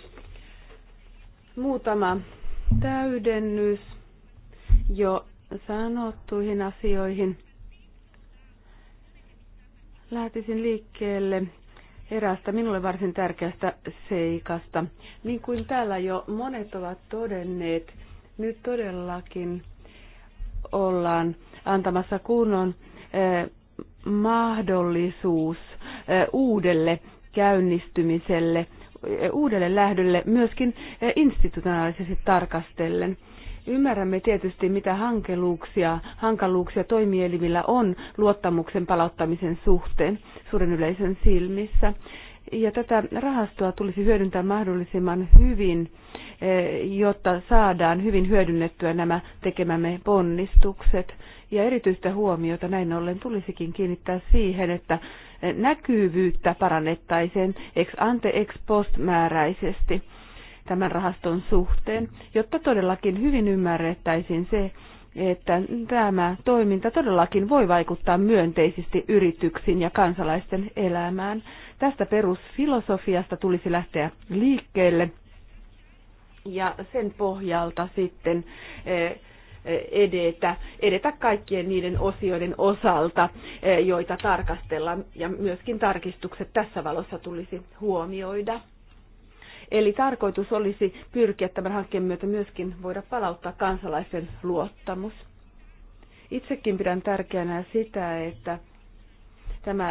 Muutama täydennys jo sanottuihin asioihin lähtisin liikkeelle eräästä minulle varsin tärkeästä seikasta. Niin kuin täällä jo monet ovat todenneet, nyt todellakin ollaan antamassa kunnon eh, mahdollisuus eh, uudelle käynnistymiselle, eh, uudelle lähdölle myöskin institutionaalisesti tarkastellen – Ymmärrämme tietysti, mitä hankaluuksia, hankaluuksia toimielimillä on luottamuksen palauttamisen suhteen suuren yleisön silmissä. Ja tätä rahastoa tulisi hyödyntää mahdollisimman hyvin, eh, jotta saadaan hyvin hyödynnettyä nämä tekemämme ponnistukset. Ja erityistä huomiota näin ollen tulisikin kiinnittää siihen, että eh, näkyvyyttä parannettaisiin ex ante ex post määräisesti tämän rahaston suhteen, jotta todellakin hyvin ymmärrettäisiin se, että tämä toiminta todellakin voi vaikuttaa myönteisesti yrityksiin ja kansalaisten elämään. Tästä perusfilosofiasta tulisi lähteä liikkeelle ja sen pohjalta sitten eh, edetä, edetä kaikkien niiden osioiden osalta, eh, joita tarkastellaan ja myöskin tarkistukset tässä valossa tulisi huomioida. Eli tarkoitus olisi pyrkiä tämän hankkeen myötä myöskin voida palauttaa kansalaisen luottamus. Itsekin pidän tärkeänä sitä, että tämä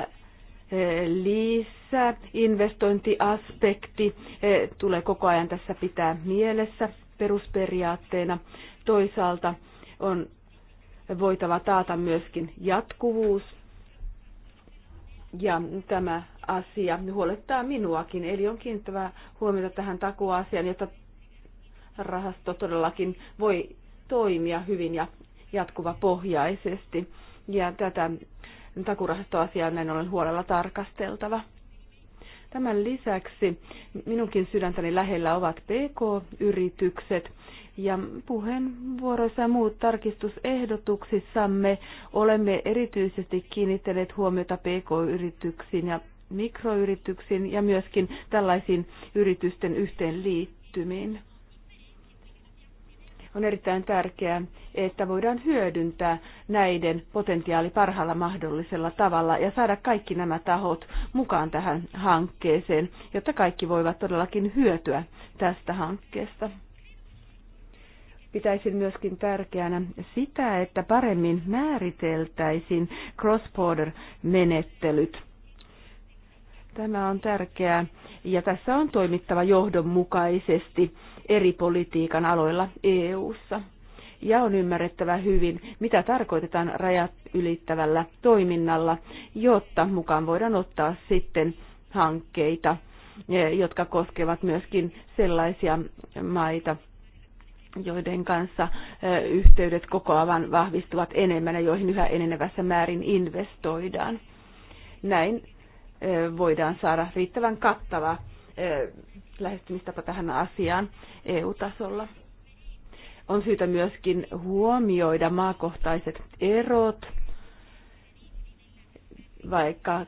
eh, lisää investointiaspekti eh, tulee koko ajan tässä pitää mielessä perusperiaatteena. Toisaalta on voitava taata myöskin jatkuvuus ja tämä asia huolettaa minuakin, eli on kiinnittävää huomiota tähän takuasiaan, jotta rahasto todellakin voi toimia hyvin ja jatkuvapohjaisesti. Ja tätä takurahastoasiaa näin ollen huolella tarkasteltava. Tämän lisäksi minunkin sydäntäni lähellä ovat PK-yritykset ja puheenvuoroissa ja muut tarkistusehdotuksissamme olemme erityisesti kiinnittäneet huomiota PK-yrityksiin ja mikroyrityksiin ja myöskin tällaisiin yritysten yhteenliittymiin. On erittäin tärkeää, että voidaan hyödyntää näiden potentiaali parhaalla mahdollisella tavalla ja saada kaikki nämä tahot mukaan tähän hankkeeseen, jotta kaikki voivat todellakin hyötyä tästä hankkeesta pitäisin myöskin tärkeänä sitä, että paremmin määriteltäisiin cross-border-menettelyt Tämä on tärkeää ja tässä on toimittava johdonmukaisesti eri politiikan aloilla EU:ssa. Ja on ymmärrettävä hyvin, mitä tarkoitetaan rajat ylittävällä toiminnalla, jotta mukaan voidaan ottaa sitten hankkeita, e, jotka koskevat myöskin sellaisia maita, joiden kanssa e, yhteydet koko ajan vahvistuvat enemmän ja joihin yhä enenevässä määrin investoidaan. Näin voidaan saada riittävän kattava lähestymistapa tähän asiaan EU-tasolla. On syytä myöskin huomioida maakohtaiset erot, vaikka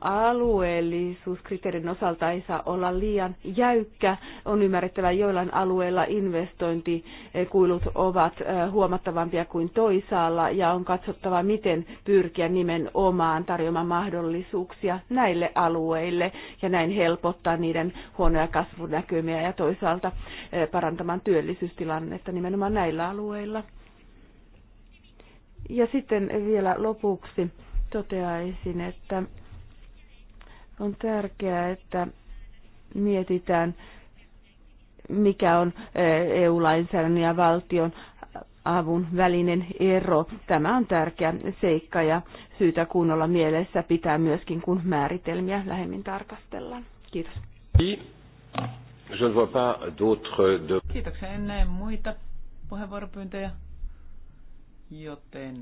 alueellisuuskriteerin osalta ei saa olla liian jäykkä. On ymmärrettävä, joillain alueilla investointikuilut ovat huomattavampia kuin toisaalla ja on katsottava, miten pyrkiä nimenomaan tarjoamaan mahdollisuuksia näille alueille ja näin helpottaa niiden huonoja kasvunäkymiä ja toisaalta parantamaan työllisyystilannetta nimenomaan näillä alueilla. Ja sitten vielä lopuksi toteaisin, että on tärkeää, että mietitään, mikä on eh, EU-lainsäädännön ja valtion avun välinen ero. Tämä on tärkeä seikka ja syytä kunnolla mielessä pitää myöskin, kun määritelmiä lähemmin tarkastellaan. Kiitos. Kiitoksia. En näe muita puheenvuoropyyntöjä, joten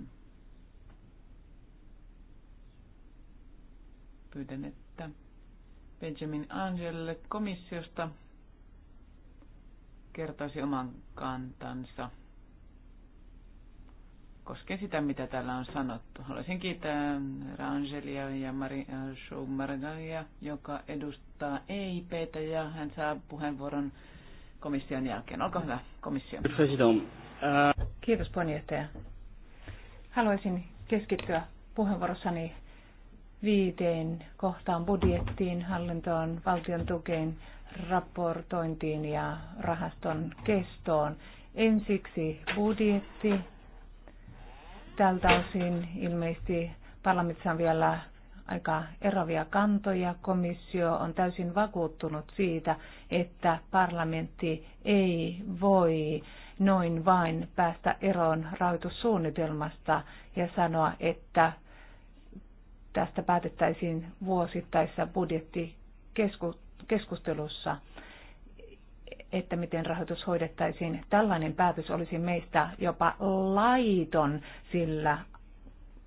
pyydän, että Benjamin Angelille komissiosta kertoisi oman kantansa koskee sitä, mitä täällä on sanottu. Haluaisin kiittää Rangelia ja Maria Schumargalia, äh, joka edustaa EIPtä ja hän saa puheenvuoron komission jälkeen. Olkaa hyvä, komissio. Äh, Kiitos puheenjohtaja. Haluaisin keskittyä puheenvuorossani viiteen kohtaan budjettiin, hallintoon, valtion tukeen, raportointiin ja rahaston kestoon. Ensiksi budjetti. Tältä osin ilmeisesti parlamentissa on vielä aika eroavia kantoja. Komissio on täysin vakuuttunut siitä, että parlamentti ei voi noin vain päästä eroon rahoitussuunnitelmasta ja sanoa, että tästä päätettäisiin vuosittaisessa budjettikeskustelussa, että miten rahoitus hoidettaisiin. Tällainen päätös olisi meistä jopa laiton, sillä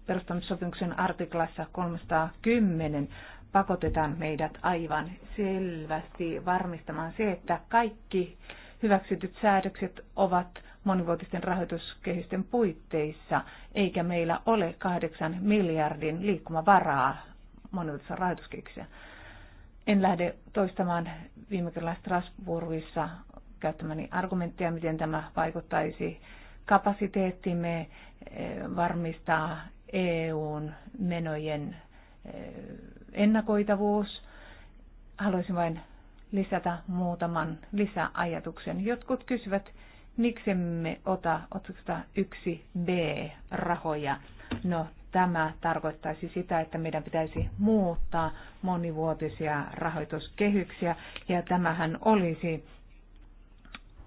perustamissopimuksen artiklassa 310 pakotetaan meidät aivan selvästi varmistamaan se, että kaikki hyväksytyt säädökset ovat monivuotisten rahoituskehysten puitteissa, eikä meillä ole kahdeksan miljardin liikkumavaraa monivuotisessa rahoituskehyksessä. En lähde toistamaan viime kerralla Strasbourgissa käyttämäni argumentteja, miten tämä vaikuttaisi kapasiteettimme eh, varmistaa EUn menojen eh, ennakoitavuus. Haluaisin vain lisätä muutaman lisäajatuksen. Jotkut kysyvät, me ota otsusta 1b-rahoja. No, tämä tarkoittaisi sitä, että meidän pitäisi muuttaa monivuotisia rahoituskehyksiä, ja tämähän olisi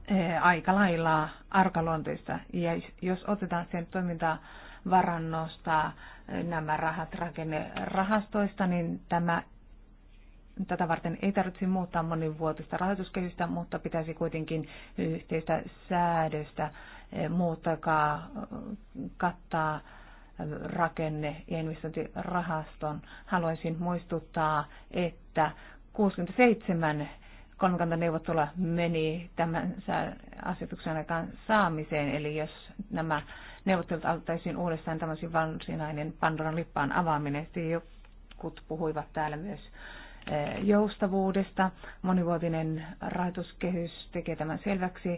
eh, aika lailla arkaluonteista. Ja jos otetaan sen toiminta varannosta eh, nämä rahat rakennerahastoista, niin tämä Tätä varten ei tarvitse muuttaa monivuotista rahoituskehystä, mutta pitäisi kuitenkin yhteistä säädöstä eh, muuttakaa kattaa rakenne- ja investointirahaston. Haluaisin muistuttaa, että 67 kolmikantaneuvottelua meni tämän asetuksen aikaan saamiseen, eli jos nämä neuvottelut aloittaisiin uudestaan, tämä olisi varsinainen Pandoran lippaan avaaminen. jotkut puhuivat täällä myös Eh, joustavuudesta. Monivuotinen rahoituskehys tekee tämän selväksi.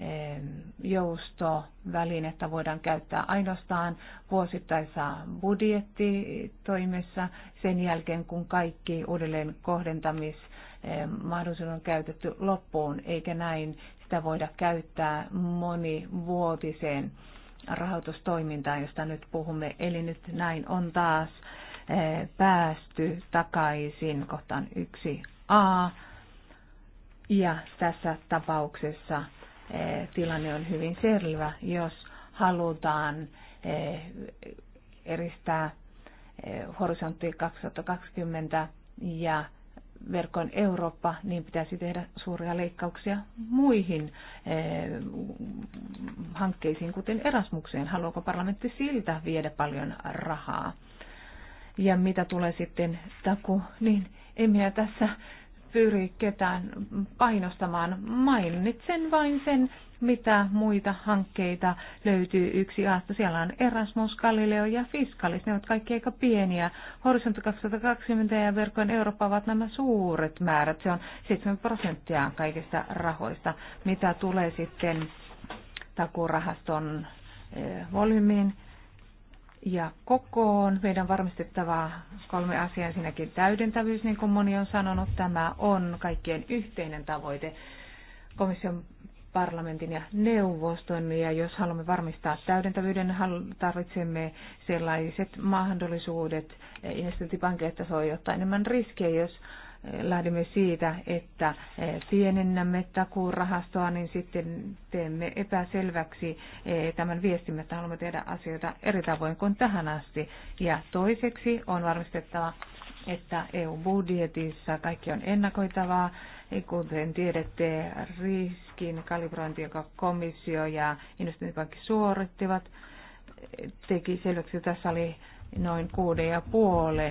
Eh, joustovälinettä voidaan käyttää ainoastaan vuosittaisessa budjettitoimessa sen jälkeen, kun kaikki uudelleen kohdentamis eh, mahdollisuus on käytetty loppuun, eikä näin sitä voida käyttää monivuotiseen rahoitustoimintaan, josta nyt puhumme. Eli nyt näin on taas päästy takaisin kohtaan 1a. Ja tässä tapauksessa eh, tilanne on hyvin selvä, jos halutaan eh, eristää eh, horisontti 2020 ja verkon Eurooppa, niin pitäisi tehdä suuria leikkauksia muihin hankkeisiin, kuten Erasmukseen. Haluaako parlamentti siltä viedä paljon rahaa? Ja mitä tulee sitten taku, niin en minä tässä pyri ketään painostamaan. Mainitsen vain sen, mitä muita hankkeita löytyy yksi aasta. Siellä on Erasmus, Galileo ja Fiskalis. Ne ovat kaikki aika pieniä. Horisontti 2020 ja verkkojen Eurooppa ovat nämä suuret määrät. Se on 7 prosenttia kaikista rahoista. Mitä tulee sitten takurahaston eh, volyymiin, ja kokoon. Meidän on varmistettava kolme asiaa. Ensinnäkin täydentävyys, niin kuin moni on sanonut, tämä on kaikkien yhteinen tavoite komission parlamentin ja neuvoston, ja jos haluamme varmistaa täydentävyyden, tarvitsemme sellaiset mahdollisuudet investointipankille, että se on jotain enemmän riskejä, jos lähdemme siitä, että eh, pienennämme takuurahastoa, niin sitten teemme epäselväksi eh, tämän viestimme, että haluamme tehdä asioita eri tavoin kuin tähän asti. Ja toiseksi on varmistettava, että EU-budjetissa kaikki on ennakoitavaa, kuten tiedätte, riskin kalibrointi, joka komissio ja investointipankki suorittivat, teki selväksi, että tässä oli noin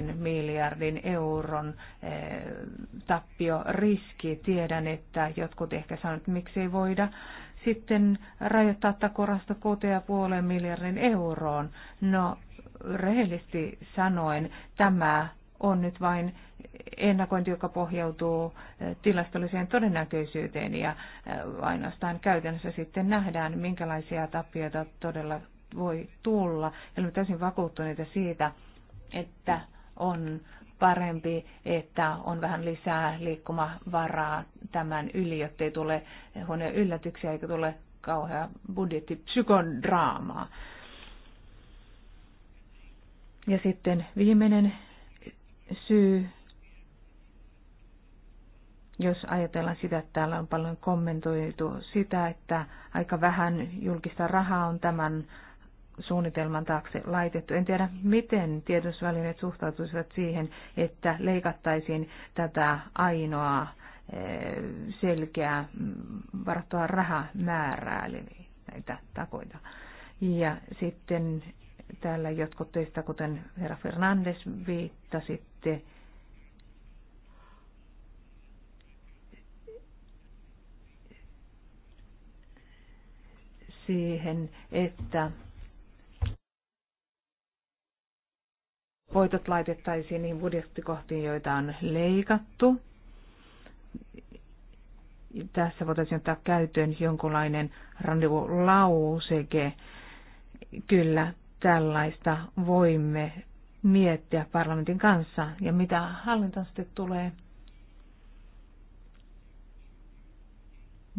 6,5 miljardin euron eh, tappioriski. Tiedän, että jotkut ehkä sanovat, että miksi ei voida sitten rajoittaa takorasta 6,5 miljardin euroon. No, rehellisesti sanoen tämä on nyt vain ennakointi, joka pohjautuu eh, tilastolliseen todennäköisyyteen ja eh, ainoastaan käytännössä sitten nähdään, minkälaisia tappioita todella voi tulla. Ja olemme täysin vakuuttuneita siitä, että on parempi, että on vähän lisää liikkumavaraa tämän yli, ei tule huoneen yllätyksiä eikä tule kauhea budjettipsykodraamaa. Ja sitten viimeinen syy, jos ajatellaan sitä, että täällä on paljon kommentoitu sitä, että aika vähän julkista rahaa on tämän suunnitelman taakse laitettu. En tiedä, miten tiedotusvälineet suhtautuisivat siihen, että leikattaisiin tätä ainoaa eh, selkeää mm, varattua rahamäärää, eli näitä takoita. Ja sitten täällä jotkut teistä, kuten herra Fernandes, viittasitte siihen, että voitot laitettaisiin niihin budjettikohtiin, joita on leikattu. Tässä voitaisiin ottaa käyttöön jonkunlainen rendezvous-lauseke. Kyllä, tällaista voimme miettiä parlamentin kanssa. Ja mitä hallintaan sitten tulee,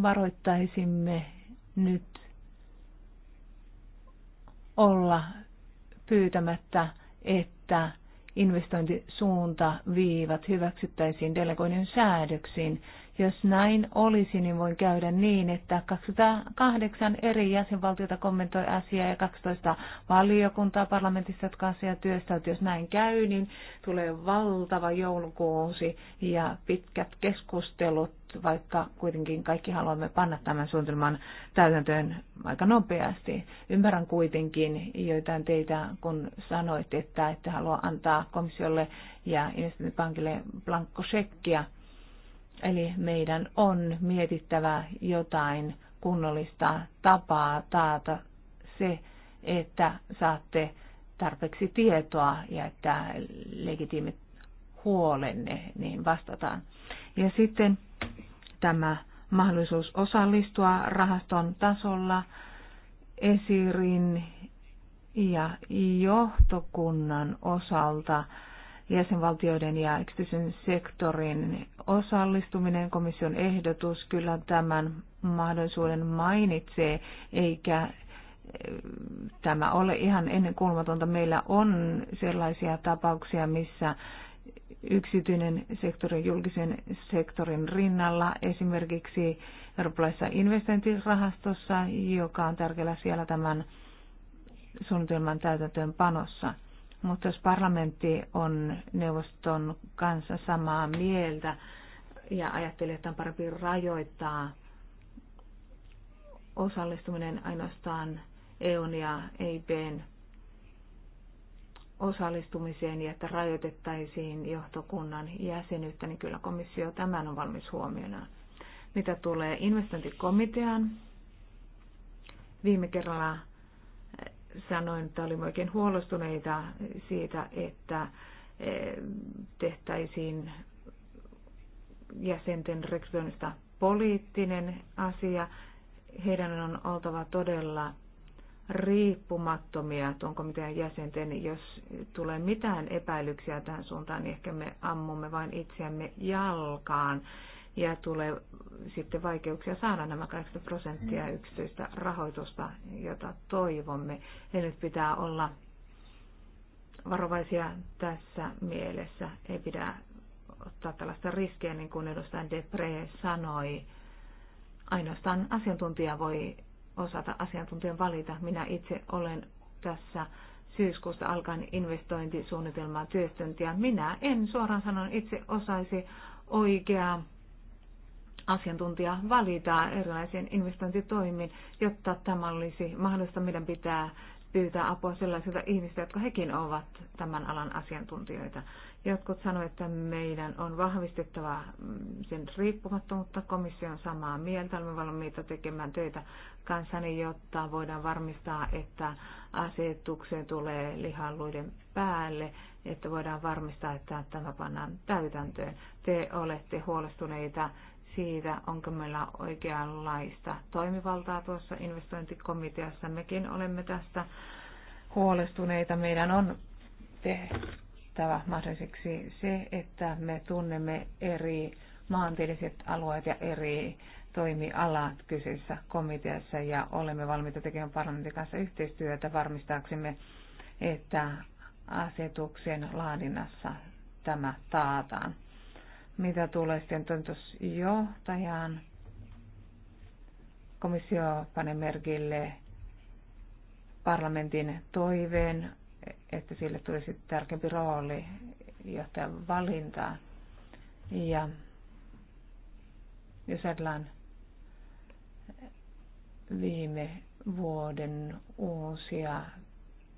varoittaisimme nyt olla pyytämättä, että että viivat hyväksyttäisiin delegoinnin säädöksiin jos näin olisi, niin voin käydä niin, että 208 eri jäsenvaltiota kommentoi asiaa ja 12 valiokuntaa parlamentissa, jotka asiaa työstävät. Jos näin käy, niin tulee valtava joulukuusi ja pitkät keskustelut, vaikka kuitenkin kaikki haluamme panna tämän suunnitelman täytäntöön aika nopeasti. Ymmärrän kuitenkin joitain teitä, kun sanoit, että ette halua antaa komissiolle ja investointipankille blankkosekkiä Eli meidän on mietittävä jotain kunnollista tapaa taata se, että saatte tarpeeksi tietoa ja että legitiimit huolenne, niin vastataan. Ja sitten tämä mahdollisuus osallistua rahaston tasolla esirin ja johtokunnan osalta jäsenvaltioiden ja yksityisen sektorin osallistuminen, komission ehdotus kyllä tämän mahdollisuuden mainitsee, eikä eh, tämä ole ihan ennenkuulmatonta. Meillä on sellaisia tapauksia, missä yksityinen sektori julkisen sektorin rinnalla, esimerkiksi eurooppalaisessa investointirahastossa, joka on tärkeällä siellä tämän suunnitelman täytäntöön panossa – mutta jos parlamentti on neuvoston kanssa samaa mieltä ja ajattelee, että on parempi rajoittaa osallistuminen ainoastaan EUn ja EIPn osallistumiseen ja että rajoitettaisiin johtokunnan jäsenyyttä, niin kyllä komissio tämän on valmis huomioimaan. Mitä tulee investointikomiteaan, viime kerralla sanoin, että olimme oikein huolestuneita siitä, että eh, tehtäisiin jäsenten rekrytoinnista poliittinen asia. Heidän on oltava todella riippumattomia onko mitään jäsenten, jos tulee mitään epäilyksiä tähän suuntaan, niin ehkä me ammumme vain itseämme jalkaan ja tulee sitten vaikeuksia saada nämä 80 prosenttia yksityistä rahoitusta, jota toivomme. Ja nyt pitää olla varovaisia tässä mielessä. Ei pidä ottaa tällaista riskiä, niin kuin edustaja Depre sanoi. Ainoastaan asiantuntija voi osata asiantuntijan valita. Minä itse olen tässä syyskuusta alkaen investointisuunnitelmaa työstöntiä. Minä en suoraan sanon itse osaisi oikeaa asiantuntija valitaan erilaisiin investointitoimiin, jotta tämä olisi mahdollista. Meidän pitää pyytää apua sellaisilta ihmisiltä, jotka hekin ovat tämän alan asiantuntijoita. Jotkut sanoivat, että meidän on vahvistettava mm, sen riippumattomuutta. Komissio on samaa mieltä. Olemme valmiita tekemään töitä kanssani, jotta voidaan varmistaa, että asetukseen tulee lihalluiden päälle, että voidaan varmistaa, että tämä pannaan täytäntöön. Te olette huolestuneita siitä, onko meillä oikeanlaista toimivaltaa tuossa investointikomiteassa. Mekin olemme tästä huolestuneita. Meidän on tehtävä mahdolliseksi se, että me tunnemme eri maantieteelliset alueet ja eri toimialat kyseisessä komiteassa ja olemme valmiita tekemään parlamentin kanssa yhteistyötä varmistaaksemme, että asetuksen laadinnassa tämä taataan. Mitä tulee sitten toimitusjohtajaan, komissio panee merkille parlamentin toiveen, että sille tulisi tärkeämpi rooli johtajan valintaa Ja jos ajatellaan viime vuoden uusia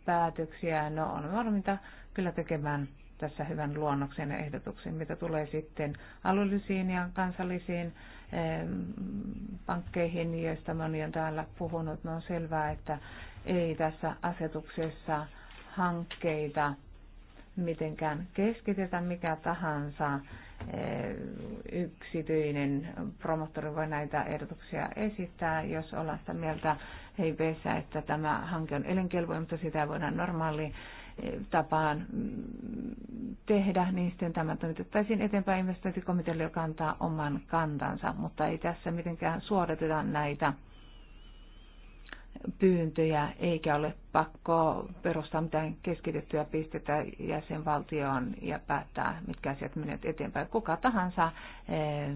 päätöksiä, no on varminta kyllä tekemään tässä hyvän luonnoksen ja ehdotuksen, mitä tulee sitten alueellisiin ja kansallisiin pankkeihin, joista moni on täällä puhunut. No on selvää, että ei tässä asetuksessa hankkeita mitenkään keskitetä mikä tahansa yksityinen promottori voi näitä ehdotuksia esittää, jos ollaan sitä mieltä heipeissä, että tämä hanke on elinkelpoinen, mutta sitä voidaan normaali tapaan tehdä, niin sitten tämä toimitettaisiin eteenpäin investointikomitealle, joka antaa oman kantansa, mutta ei tässä mitenkään suodateta näitä pyyntöjä, eikä ole pakko perustaa mitään keskitettyä pistettä jäsenvaltioon ja päättää, mitkä asiat menevät eteenpäin. Kuka tahansa eh,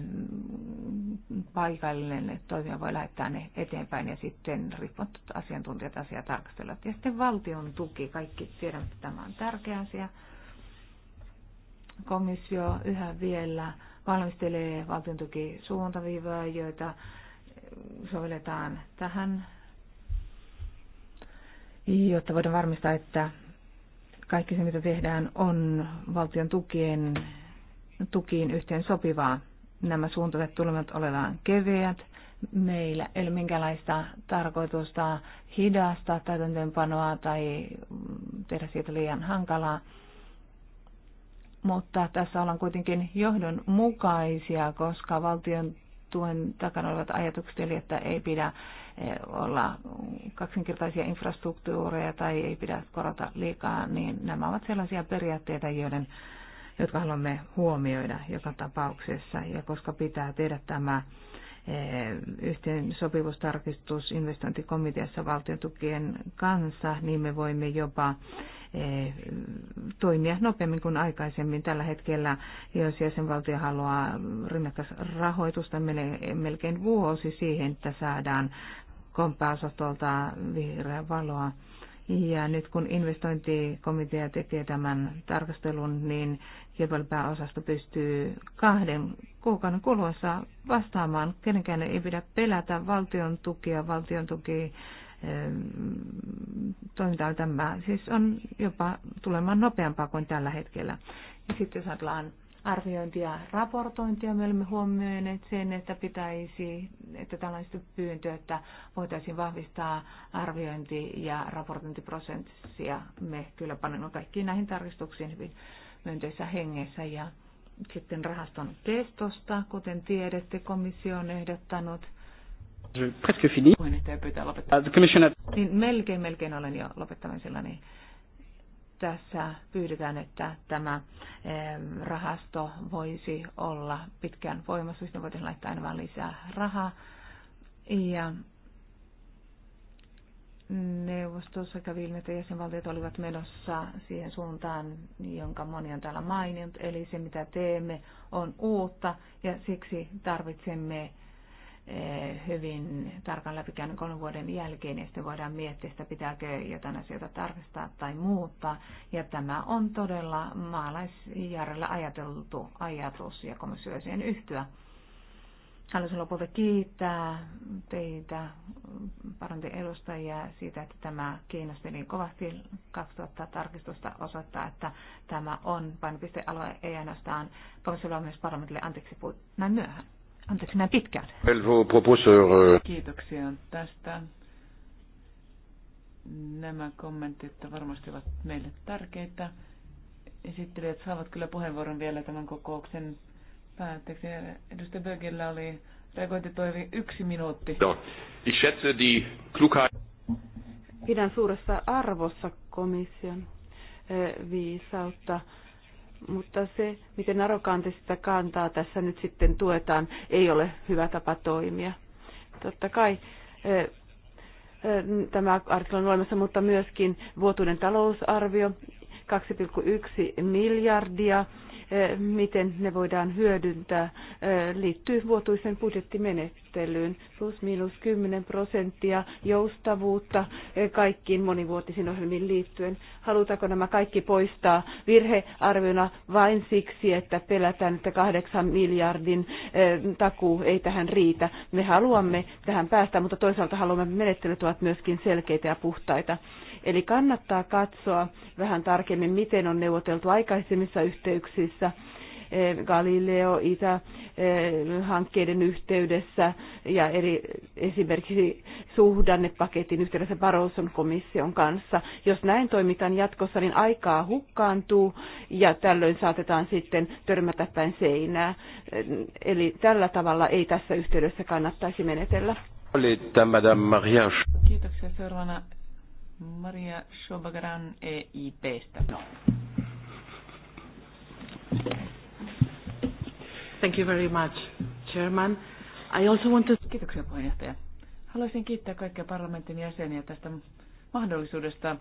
paikallinen toimija voi lähettää ne eteenpäin ja sitten riippuvat asiantuntijat asiaa tarkastella. Ja sitten valtion tuki, kaikki tiedämme, että tämä on tärkeä asia. Komissio yhä vielä valmistelee valtion tukisuuntaviivoja, joita sovelletaan tähän jotta voidaan varmistaa, että kaikki se, mitä tehdään, on valtion tukien, tukiin yhteen sopivaa. Nämä suuntaiset tulemat olemaan keveät. Meillä ei ole minkäänlaista tarkoitusta hidastaa täytäntöönpanoa tai tehdä siitä liian hankalaa. Mutta tässä ollaan kuitenkin johdonmukaisia, koska valtion tuen takana olevat ajatukset, eli että ei pidä olla kaksinkertaisia infrastruktuureja tai ei pidä korota liikaa, niin nämä ovat sellaisia periaatteita, joiden, jotka haluamme huomioida joka tapauksessa. Ja koska pitää tehdä tämä e, yhteen sopivuustarkistus investointikomiteassa valtiotukien kanssa, niin me voimme jopa e, toimia nopeammin kuin aikaisemmin. Tällä hetkellä, jos jäsenvaltio haluaa rinnakkaisrahoitusta, menee melkein vuosi siihen, että saadaan kompaansa tuolta vihreää valoa. Ja nyt kun investointikomitea tekee tämän tarkastelun, niin kilpailupääosasto pystyy kahden kuukauden kuluessa vastaamaan. Kenenkään ei pidä pelätä valtion tukia, valtion tuki ähm, toimintaa tämä siis on jopa tulemaan nopeampaa kuin tällä hetkellä. Ja sitten jos ajatellaan arviointia ja raportointia. Me olemme huomioineet sen, että pitäisi, että tällaista pyyntöä, että voitaisiin vahvistaa arviointi- ja raportointiprosenttia. Me kyllä panemme kaikkiin näihin tarkistuksiin hyvin myönteisessä hengessä ja sitten rahaston kestosta, kuten tiedätte, komissio on ehdottanut presque fini. pyytää lopettaa. Uh, niin melkein, melkein olen jo lopettamaan sillä, niin tässä pyydetään, että tämä eh, rahasto voisi olla pitkään voimassa, sitten voitaisiin laittaa aina vain lisää rahaa. Ja neuvostossa kävi ilmi, että jäsenvaltiot olivat menossa siihen suuntaan, jonka moni on täällä maininnut. Eli se, mitä teemme, on uutta ja siksi tarvitsemme Eh, hyvin tarkan läpikäynnin kolmen vuoden jälkeen ja sitten voidaan miettiä, että pitääkö jotain asioita tarkistaa tai muuttaa. Ja tämä on todella maalaisjärjellä ajateltu ajatus ja komissio siihen yhtyä. Haluaisin lopulta kiittää teitä parantin edustajia siitä, että tämä kiinnosti niin kovasti. 2000 tarkistusta osoittaa, että tämä on painopistealue, ei ainoastaan komissiolla myös parlamentille anteeksi näin myöhään anteeksi näin pitkään. Euh, Kiitoksia tästä. Nämä kommentit varmasti ovat meille tärkeitä. Esittelijät saavat kyllä puheenvuoron vielä tämän kokouksen päätteeksi. Edustaja Bögellä oli reagointitoivi yksi minuutti. No. Ich schätze die Klugheit. Pidän suuressa arvossa komission eh, viisautta mutta se, miten arrogantista kantaa tässä nyt sitten tuetaan, ei ole hyvä tapa toimia. Totta kai eh, eh, tämä artikla on olemassa, mutta myöskin vuotuinen talousarvio 2,1 miljardia Eh, miten ne voidaan hyödyntää, eh, liittyy vuotuisen budjettimenettelyyn. Plus miinus 10 prosenttia joustavuutta eh, kaikkiin monivuotisiin ohjelmiin liittyen. Halutaanko nämä kaikki poistaa virhearviona vain siksi, että pelätään, että kahdeksan miljardin takuu ei tähän riitä. Me haluamme tähän päästä, mutta toisaalta haluamme menettelyt ovat myöskin selkeitä ja puhtaita. Eli kannattaa katsoa vähän tarkemmin, miten on neuvoteltu aikaisemmissa yhteyksissä. Eh, Galileo Itä-hankkeiden eh, yhteydessä ja eri, esimerkiksi suhdannepaketin yhteydessä Barroson komission kanssa. Jos näin toimitaan jatkossa, niin aikaa hukkaantuu ja tällöin saatetaan sitten törmätä päin seinää. Eh, eli tällä tavalla ei tässä yhteydessä kannattaisi menetellä. Kiitoksia. Seuraavana Maria Shobagran EIPstä. No. Thank you very much, Chairman. I also want to... Kiitoksia puheenjohtaja. Haluaisin kiittää kaikkia parlamentin jäseniä tästä mahdollisuudesta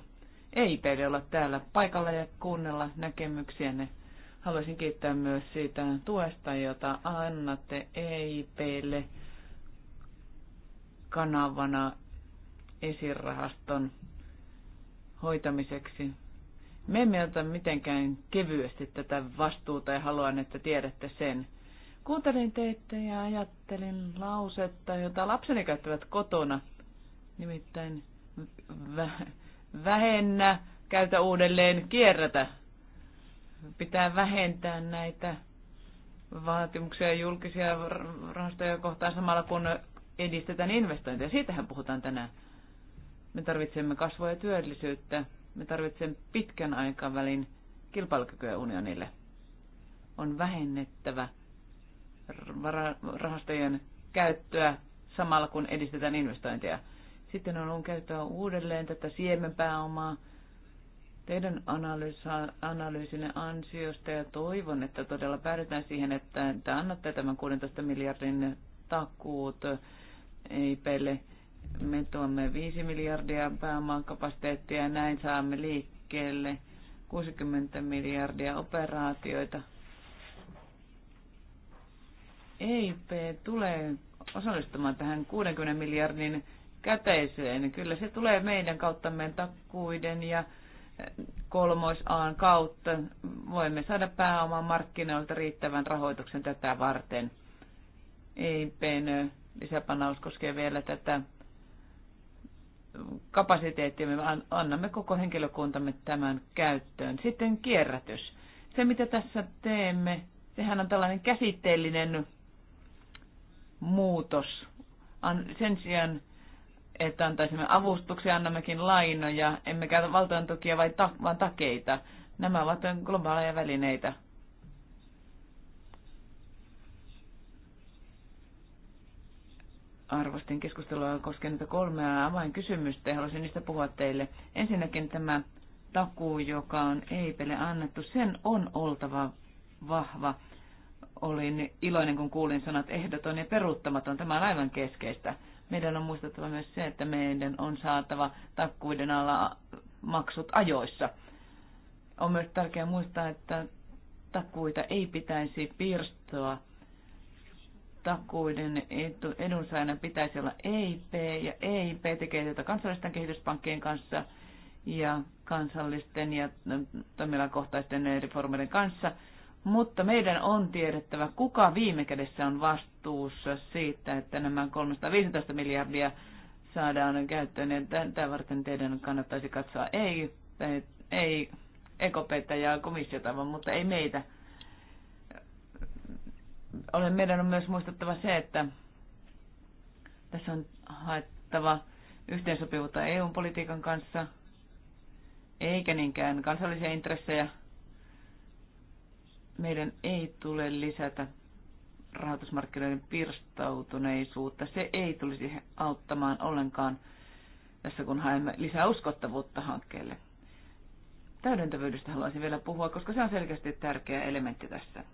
EIPD olla täällä paikalla ja kuunnella näkemyksiänne. Haluaisin kiittää myös siitä tuesta, jota annatte EIPlle kanavana esirahaston hoitamiseksi. Me emme ota mitenkään kevyesti tätä vastuuta ja haluan, että tiedätte sen. Kuuntelin teitä ja ajattelin lausetta, jota lapseni käyttävät kotona. Nimittäin vä- vähennä, käytä uudelleen, kierrätä. Pitää vähentää näitä vaatimuksia ja julkisia rahastoja kohtaan samalla kun edistetään investointeja. Siitähän puhutaan tänään. Me tarvitsemme kasvua ja työllisyyttä. Me tarvitsemme pitkän aikavälin kilpailukykyä unionille. On vähennettävä rahastojen käyttöä samalla kun edistetään investointeja. Sitten on ollut käyttöä uudelleen tätä siemenpääomaa teidän analyysinne ansiosta ja toivon, että todella päädytään siihen, että te annatte tämän 16 miljardin takuut EIPlle me tuomme 5 miljardia pääoman kapasiteettia ja näin saamme liikkeelle 60 miljardia operaatioita. EIP tulee osallistumaan tähän 60 miljardin käteiseen. Kyllä se tulee meidän kautta meidän takkuiden ja eh, kolmoisaan kautta. Voimme saada pääoman markkinoilta riittävän rahoituksen tätä varten. EIPn eh, lisäpanaus koskee vielä tätä kapasiteettia, me annamme koko henkilökuntamme tämän käyttöön. Sitten kierrätys. Se, mitä tässä teemme, sehän on tällainen käsitteellinen muutos. Sen sijaan, että antaisimme avustuksia, annammekin lainoja, emme käytä valtion tukia vai ta- vaan takeita. Nämä ovat globaaleja välineitä. arvostin keskustelua koskien näitä kolmea avainkysymystä ja haluaisin niistä puhua teille. Ensinnäkin tämä takuu, joka on EIPelle annettu, sen on oltava vahva. Olin iloinen, kun kuulin sanat ehdoton ja peruuttamaton. Tämä on aivan keskeistä. Meidän on muistettava myös se, että meidän on saatava takkuiden alla maksut ajoissa. On myös tärkeää muistaa, että takuita ei pitäisi pirstoa takuiden edunsaajana pitäisi olla EIP, ja EIP tekee tätä kansallisten kehityspankkien kanssa ja kansallisten ja mm, toimialakohtaisten reformien kanssa, mutta meidän on tiedettävä, kuka viime kädessä on vastuussa siitä, että nämä 315 miljardia saadaan käyttöön, ja tätä varten teidän kannattaisi katsoa ei, ei ekopeita ja komissiota, mutta ei meitä olen, meidän on myös muistettava se, että tässä on haettava yhteensopivuutta EU-politiikan kanssa, eikä niinkään kansallisia intressejä. Meidän ei tule lisätä rahoitusmarkkinoiden pirstautuneisuutta. Se ei tulisi auttamaan ollenkaan tässä, kun haemme lisää uskottavuutta hankkeelle. Täydentävyydestä haluaisin vielä puhua, koska se on selkeästi tärkeä elementti tässä.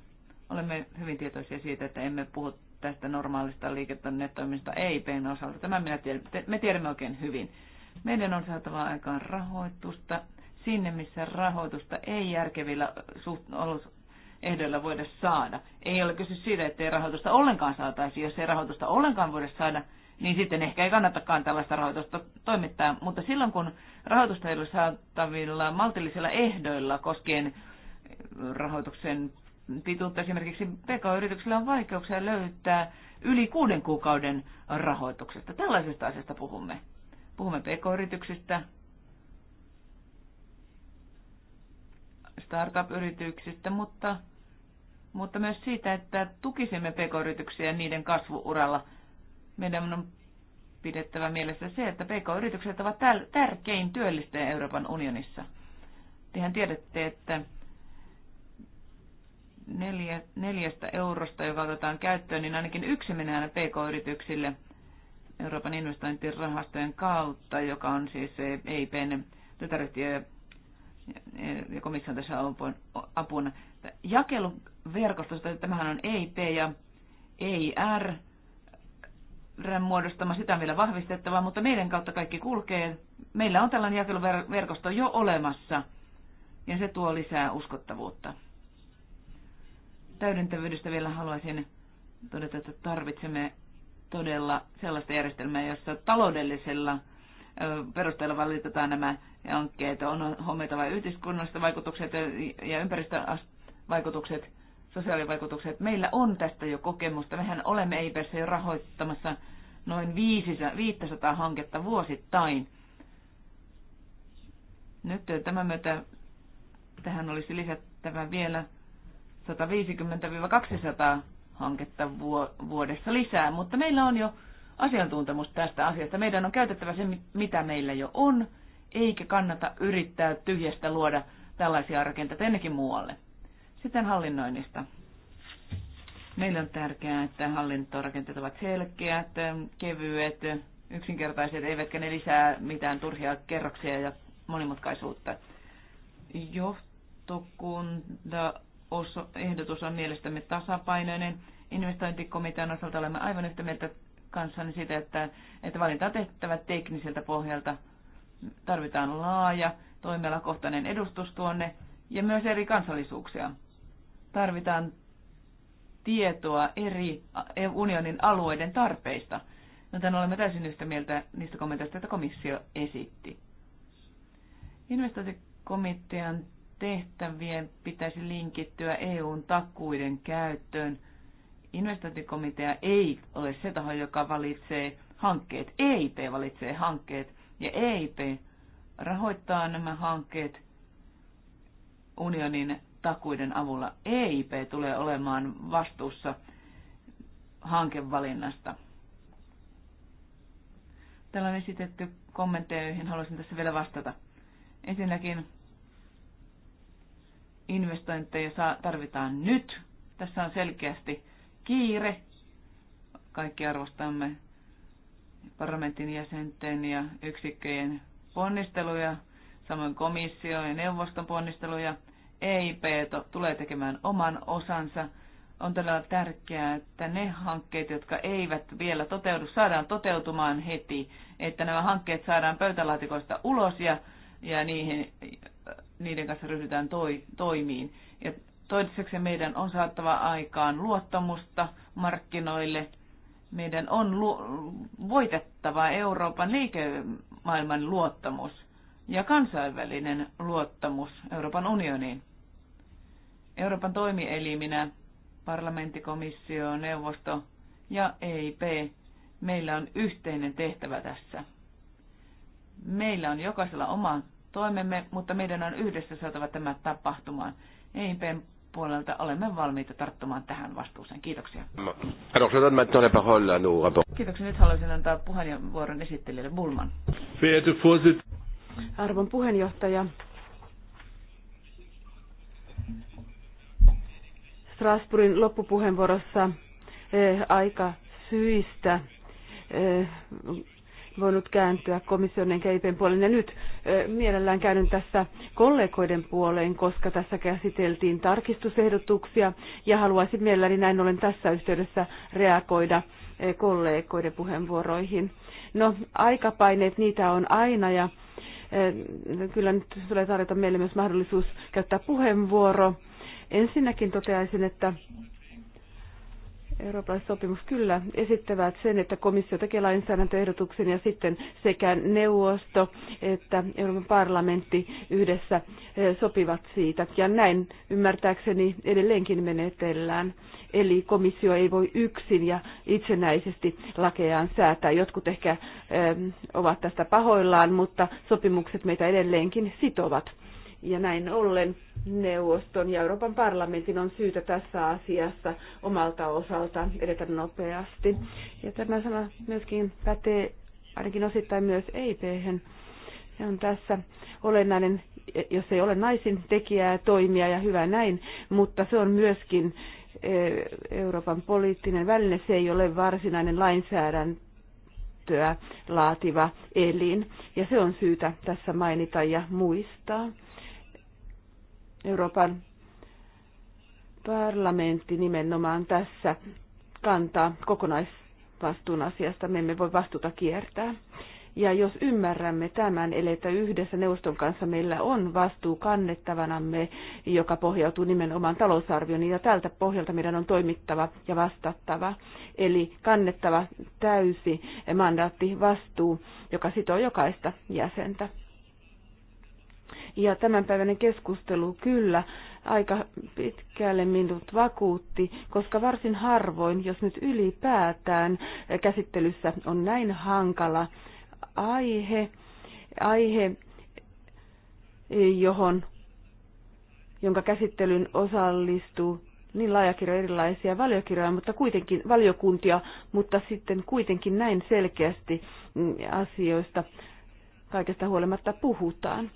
Olemme hyvin tietoisia siitä, että emme puhu tästä normaalista liiketoiminnasta EIPn osalta. Tämä minä tiedän, me tiedämme oikein hyvin. Meidän on saatava aikaan rahoitusta sinne, missä rahoitusta ei järkevillä suht- ehdoilla voida saada. Ei ole kysy siitä, ei rahoitusta ollenkaan saataisi. Jos ei rahoitusta ollenkaan voida saada, niin sitten ehkä ei kannatakaan tällaista rahoitusta toimittaa. Mutta silloin, kun rahoitusta ei ole saatavilla maltillisilla ehdoilla koskien rahoituksen pituutta esimerkiksi PK-yrityksillä on vaikeuksia löytää yli kuuden kuukauden rahoituksesta. Tällaisesta asiasta puhumme. Puhumme PK-yrityksistä, startup-yrityksistä, mutta, mutta myös siitä, että tukisimme PK-yrityksiä niiden kasvuuralla. Meidän on pidettävä mielessä se, että PK-yritykset ovat tärkein työllistäjä Euroopan unionissa. Tehän tiedätte, että neljä, neljästä eurosta, joka otetaan käyttöön, niin ainakin yksi menee aina pk-yrityksille Euroopan investointirahastojen kautta, joka on siis EIPn e tytäryhtiö ja komission tässä apuna. Jakeluverkostosta, tämähän on EIP ja EIR muodostama, sitä on vielä vahvistettava, mutta meidän kautta kaikki kulkee. Meillä on tällainen jakeluverkosto jo olemassa ja se tuo lisää uskottavuutta täydentävyydestä vielä haluaisin todeta, että tarvitsemme todella sellaista järjestelmää, jossa taloudellisella perusteella valitetaan nämä hankkeet. On hommioitava yhteiskunnallista vaikutukset ja ympäristövaikutukset, sosiaalivaikutukset. Meillä on tästä jo kokemusta. Mehän olemme EIPssä jo rahoittamassa noin 500 hanketta vuosittain. Nyt tämän myötä tähän olisi lisättävä vielä 150-200 hanketta vuodessa lisää, mutta meillä on jo asiantuntemus tästä asiasta. Meidän on käytettävä se, mitä meillä jo on, eikä kannata yrittää tyhjästä luoda tällaisia rakenteita ennenkin muualle. Sitten hallinnoinnista. Meillä on tärkeää, että hallintorakenteet ovat selkeät, kevyet, yksinkertaiset, eivätkä ne lisää mitään turhia kerroksia ja monimutkaisuutta. Johtokunta ehdotus on mielestämme tasapainoinen. Investointikomitean osalta olemme aivan yhtä mieltä kanssani siitä, että, että valinta on tehtävä tekniseltä pohjalta. Tarvitaan laaja toimialakohtainen edustus tuonne ja myös eri kansallisuuksia. Tarvitaan tietoa eri e- unionin alueiden tarpeista. Joten olemme täysin yhtä mieltä niistä kommenteista, joita komissio esitti. Investointikomitean tehtävien pitäisi linkittyä EUn takuiden käyttöön. Investointikomitea ei ole se taho, joka valitsee hankkeet. EIP valitsee hankkeet ja EIP rahoittaa nämä hankkeet unionin takuiden avulla. EIP tulee olemaan vastuussa hankevalinnasta. Täällä on esitetty kommentteja, joihin haluaisin tässä vielä vastata. Ensinnäkin Investointeja tarvitaan nyt. Tässä on selkeästi kiire. Kaikki arvostamme parlamentin jäsenten ja yksikköjen ponnisteluja, samoin komission ja neuvoston ponnisteluja. EIP tulee tekemään oman osansa. On todella tärkeää, että ne hankkeet, jotka eivät vielä toteudu, saadaan toteutumaan heti, että nämä hankkeet saadaan pöytälaatikoista ulos ja ja niihin, niiden kanssa ryhdytään toi, toimiin. Ja toiseksi meidän on saattava aikaan luottamusta markkinoille. Meidän on lu- voitettava Euroopan liikemaailman luottamus ja kansainvälinen luottamus Euroopan unioniin. Euroopan toimieliminä parlamenttikomissio, neuvosto ja EIP. Meillä on yhteinen tehtävä tässä. Meillä on jokaisella oma toimemme, mutta meidän on yhdessä saatava tämä tapahtumaan. EIPn puolelta olemme valmiita tarttumaan tähän vastuuseen. Kiitoksia. Alors, je donne maintenant la parole à Kiitoksia. Nyt haluaisin antaa puheenvuoron esittelijälle Bulman. Arvon puheenjohtaja, Strasbourgin loppupuheenvuorossa eh, aika syistä eh, voinut kääntyä komission enkä IPn puoleen. Ja nyt mielellään käyn tässä kollegoiden puoleen, koska tässä käsiteltiin tarkistusehdotuksia ja haluaisin mielelläni näin ollen tässä yhteydessä reagoida kollegoiden puheenvuoroihin. No, aikapaineet, niitä on aina ja kyllä nyt tulee tarjota meille myös mahdollisuus käyttää puheenvuoro. Ensinnäkin toteaisin, että eurooppalaiset sopimus kyllä esittävät sen, että komissio tekee lainsäädäntöehdotuksen ja sitten sekä neuvosto että Euroopan parlamentti yhdessä eh, sopivat siitä. Ja näin ymmärtääkseni edelleenkin menetellään. Eli komissio ei voi yksin ja itsenäisesti lakejaan säätää. Jotkut ehkä eh, ovat tästä pahoillaan, mutta sopimukset meitä edelleenkin sitovat. Ja näin ollen neuvoston ja Euroopan parlamentin on syytä tässä asiassa omalta osalta edetä nopeasti. Ja tämä sama myöskin pätee ainakin osittain myös eip -hän. Se on tässä olennainen, jos ei ole naisin tekijää, toimia ja hyvä näin, mutta se on myöskin e, Euroopan poliittinen väline, se ei ole varsinainen lainsäädäntöä laativa elin. Ja se on syytä tässä mainita ja muistaa. Euroopan parlamentti nimenomaan tässä kantaa kokonaisvastuun asiasta. Me emme voi vastuuta kiertää. Ja jos ymmärrämme tämän, eli että yhdessä neuvoston kanssa meillä on vastuu kannettavanamme, joka pohjautuu nimenomaan talousarvioon, niin ja tältä pohjalta meidän on toimittava ja vastattava. Eli kannettava täysi mandaatti vastuu, joka sitoo jokaista jäsentä. Ja tämänpäiväinen keskustelu kyllä aika pitkälle minut vakuutti, koska varsin harvoin, jos nyt ylipäätään käsittelyssä on näin hankala aihe, aihe johon, jonka käsittelyn osallistuu niin laajakirja erilaisia valiokirjoja, mutta kuitenkin valiokuntia, mutta sitten kuitenkin näin selkeästi mm, asioista kaikesta huolimatta puhutaan.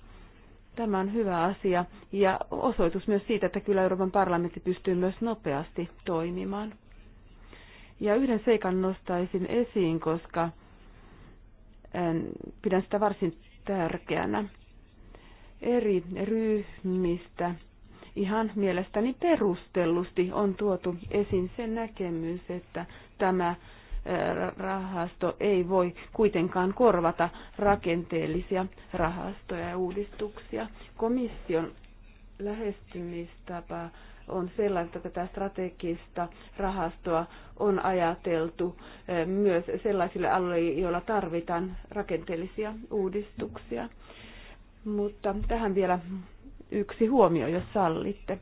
Tämä on hyvä asia ja osoitus myös siitä, että kyllä Euroopan parlamentti pystyy myös nopeasti toimimaan. Ja yhden seikan nostaisin esiin, koska pidän sitä varsin tärkeänä. Eri ryhmistä ihan mielestäni perustellusti on tuotu esiin se näkemys, että tämä rahasto ei voi kuitenkaan korvata rakenteellisia rahastoja ja uudistuksia. Komission lähestymistapa on sellaista, että tätä strategista rahastoa on ajateltu eh, myös sellaisille alueille, joilla tarvitaan rakenteellisia uudistuksia. Mutta tähän vielä yksi huomio, jos sallitte.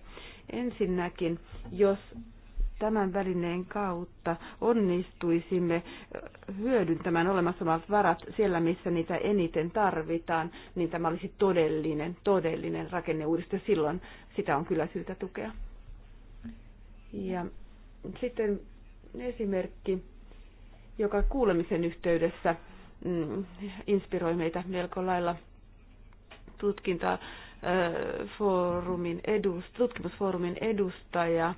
Ensinnäkin, jos tämän välineen kautta onnistuisimme hyödyntämään olemassa olevat varat siellä, missä niitä eniten tarvitaan, niin tämä olisi todellinen, todellinen rakenneuudistus. Silloin sitä on kyllä syytä tukea. Ja sitten esimerkki, joka kuulemisen yhteydessä mm, inspiroi meitä melko lailla tutkintaa foorumin edust, tutkimusfoorumin edustaja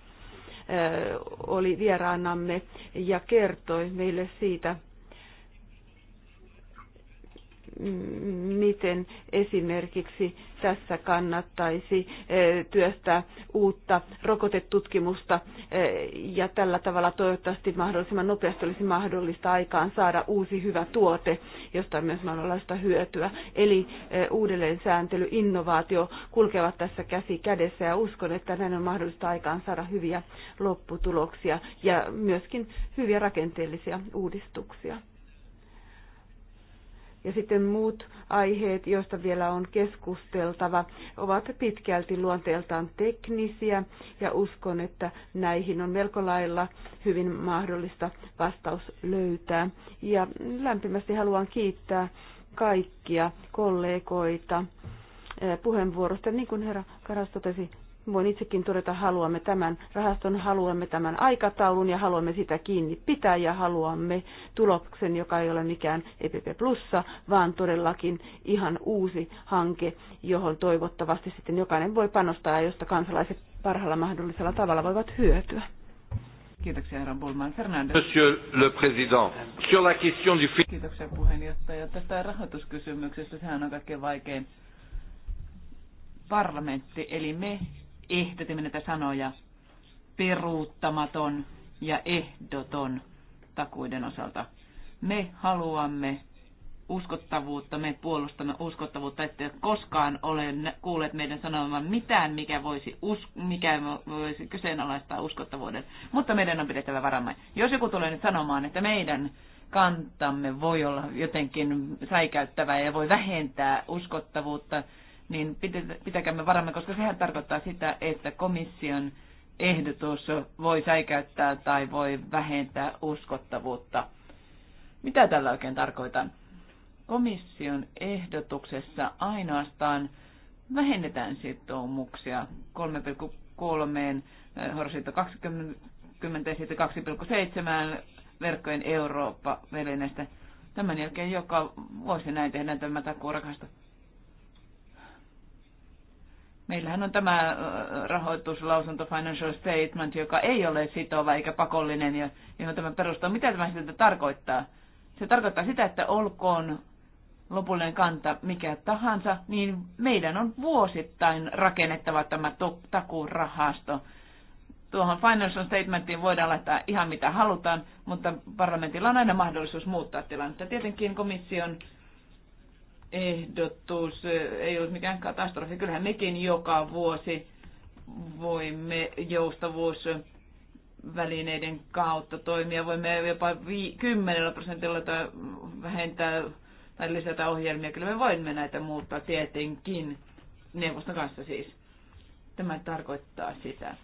oli vieraanamme ja kertoi meille siitä, miten esimerkiksi tässä kannattaisi eh, työstää uutta rokotetutkimusta eh, ja tällä tavalla toivottavasti mahdollisimman nopeasti olisi mahdollista aikaan saada uusi hyvä tuote, josta on myös mahdollista hyötyä. Eli eh, uudelleen sääntely, innovaatio kulkevat tässä käsi kädessä ja uskon, että näin on mahdollista aikaan saada hyviä lopputuloksia ja myöskin hyviä rakenteellisia uudistuksia. Ja sitten muut aiheet, joista vielä on keskusteltava, ovat pitkälti luonteeltaan teknisiä ja uskon, että näihin on melko lailla hyvin mahdollista vastaus löytää. Ja lämpimästi haluan kiittää kaikkia kollegoita eh, puheenvuorosta. Niin kuin herra Karas totesi, voin itsekin todeta, haluamme tämän rahaston, haluamme tämän aikataulun ja haluamme sitä kiinni pitää ja haluamme tuloksen, joka ei ole mikään EPP plussa, vaan todellakin ihan uusi hanke, johon toivottavasti sitten jokainen voi panostaa ja josta kansalaiset parhaalla mahdollisella tavalla voivat hyötyä. Kiitoksia, herra Bulman. Fernandes. Monsieur le Président, sur la question du... Kiitoksia, puheenjohtaja. Tästä rahoituskysymyksestä sehän on kaikkein vaikein parlamentti, eli me ehdotimme näitä sanoja peruuttamaton ja ehdoton takuiden osalta. Me haluamme uskottavuutta, me puolustamme uskottavuutta, ettei koskaan ole kuulleet meidän sanomaan mitään, mikä voisi, us, mikä voisi kyseenalaistaa uskottavuuden. Mutta meidän on pidettävä varamme. Jos joku tulee nyt sanomaan, että meidän kantamme voi olla jotenkin säikäyttävää ja voi vähentää uskottavuutta, niin pitäkäämme varamme, koska sehän tarkoittaa sitä, että komission ehdotus voi säikäyttää tai voi vähentää uskottavuutta. Mitä tällä oikein tarkoitan? Komission ehdotuksessa ainoastaan vähennetään sitoumuksia 3,3 eh, horisontti 20 ja 2,7 verkkojen Eurooppa-välineestä. Tämän jälkeen joka vuosi näin tehdään tämä takuurahasto. Meillähän on tämä äh, rahoituslausunto Financial Statement, joka ei ole sitova eikä pakollinen, ja johon tämä perustuu. Mitä tämä sitten tarkoittaa? Se tarkoittaa sitä, että olkoon lopullinen kanta mikä tahansa, niin meidän on vuosittain rakennettava tämä takurahasto. Tuohon financial statementiin voidaan laittaa ihan mitä halutaan, mutta parlamentilla on aina mahdollisuus muuttaa tilannetta. Tietenkin komission ehdotus eh, ei ole mikään katastrofi. Kyllähän mekin joka vuosi voimme joustavuus välineiden kautta toimia. Voimme jopa 10 prosentilla tai vähentää tai lisätä ohjelmia. Kyllä me voimme näitä muuttaa tietenkin neuvoston kanssa siis. Tämä tarkoittaa sitä,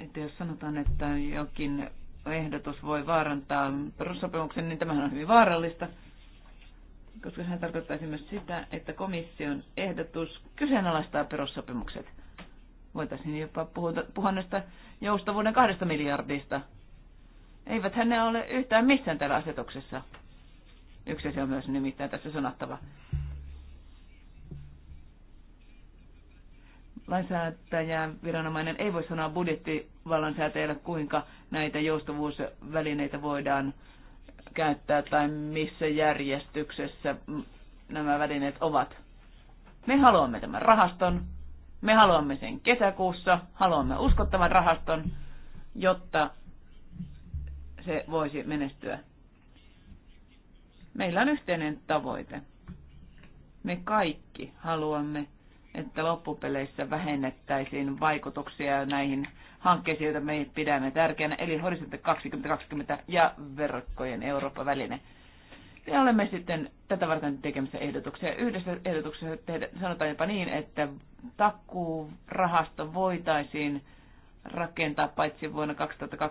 että jos sanotaan, että jokin ehdotus voi vaarantaa perussopimuksen, niin tämähän on hyvin vaarallista koska sehän tarkoittaisi myös sitä, että komission ehdotus kyseenalaistaa perussopimukset. Voitaisiin jopa puhuta, puhua näistä joustavuuden kahdesta miljardista. Eivät ne ole yhtään missään täällä asetuksessa. Yksi se on myös nimittäin tässä sanottava. Lainsäätäjä viranomainen ei voi sanoa budjettivallan säätäjälle, kuinka näitä joustavuusvälineitä voidaan käyttää tai missä järjestyksessä nämä välineet ovat. Me haluamme tämän rahaston, me haluamme sen kesäkuussa, haluamme uskottavan rahaston, jotta se voisi menestyä. Meillä on yhteinen tavoite. Me kaikki haluamme että loppupeleissä vähennettäisiin vaikutuksia näihin hankkeisiin, joita me pidämme tärkeänä, eli Horisontti 2020 ja verkkojen Eurooppa-väline. Ja olemme sitten tätä varten tekemässä ehdotuksia. Yhdessä ehdotuksessa tehdä, sanotaan jopa niin, että takuurahasto voitaisiin rakentaa paitsi vuonna 2014-2020,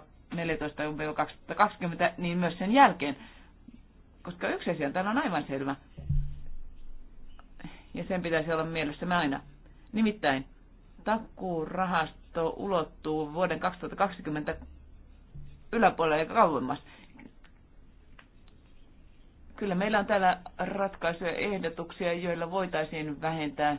niin myös sen jälkeen. Koska yksi asia täällä on aivan selvä ja sen pitäisi olla mielessämme aina. Nimittäin takuurahasto ulottuu vuoden 2020 yläpuolelle ja kauemmas. Kyllä meillä on täällä ratkaisuja ja ehdotuksia, joilla voitaisiin vähentää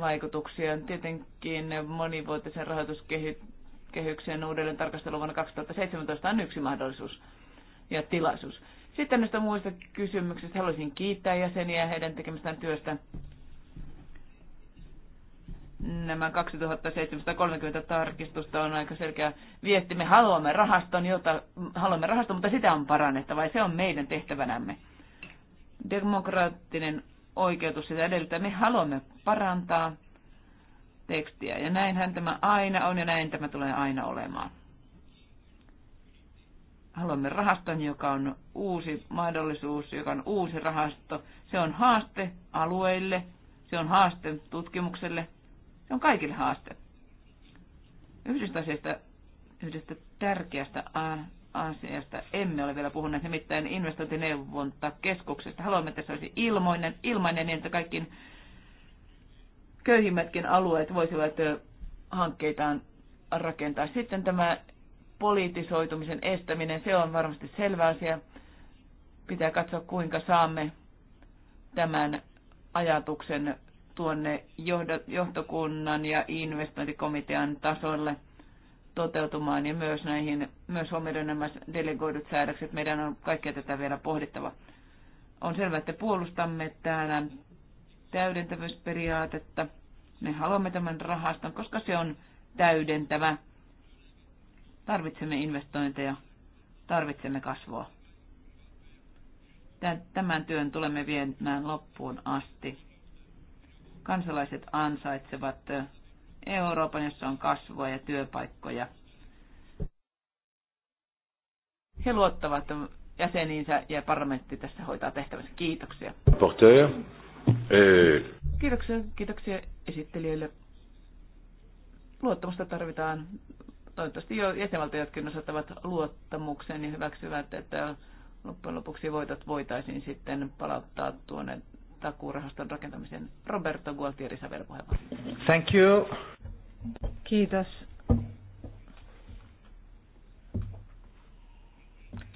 vaikutuksia. Tietenkin monivuotisen rahoituskehyksen uudelleen tarkastelu vuonna 2017 on yksi mahdollisuus ja tilaisuus. Sitten näistä muista kysymyksistä haluaisin kiittää jäseniä heidän tekemistään työstä nämä 2730 tarkistusta on aika selkeä viesti. Me haluamme rahaston, jota, haluamme rahaston, mutta sitä on parannettava ja se on meidän tehtävänämme. Demokraattinen oikeutus sitä edellyttää. Me haluamme parantaa tekstiä ja näinhän tämä aina on ja näin tämä tulee aina olemaan. Haluamme rahaston, joka on uusi mahdollisuus, joka on uusi rahasto. Se on haaste alueille, se on haaste tutkimukselle, se on kaikille haaste. Yhdestä asiasta, yhdestä tärkeästä asiasta emme ole vielä puhuneet, nimittäin investointineuvontakeskuksesta. Haluamme, että se olisi ilmoinen, ilmainen niin, että kaikkiin köyhimmätkin alueet voisivat hankkeitaan rakentaa. Sitten tämä poliitisoitumisen estäminen, se on varmasti selvä asia. Pitää katsoa, kuinka saamme tämän ajatuksen tuonne johtokunnan ja investointikomitean tasolle toteutumaan ja myös näihin, myös huomioida nämä delegoidut säädökset. Meidän on kaikkea tätä vielä pohdittava. On selvää, että puolustamme täällä täydentävyysperiaatetta. Me haluamme tämän rahaston, koska se on täydentävä. Tarvitsemme investointeja, tarvitsemme kasvua. Tämän työn tulemme viemään loppuun asti. Kansalaiset ansaitsevat Euroopan, jossa on kasvua ja työpaikkoja. He luottavat jäseniinsä ja parlamentti tässä hoitaa tehtävänsä. Kiitoksia. Porteja. Eh. Kiitoksia, kiitoksia esittelijöille. Luottamusta tarvitaan. Toivottavasti jo jäsenvaltiotkin osoittavat luottamuksen ja hyväksyvät, että loppujen lopuksi voitot voitaisiin sitten palauttaa tuonne takuurahaston rakentamisen. Roberto Gualtieri saa vielä Thank you. Kiitos.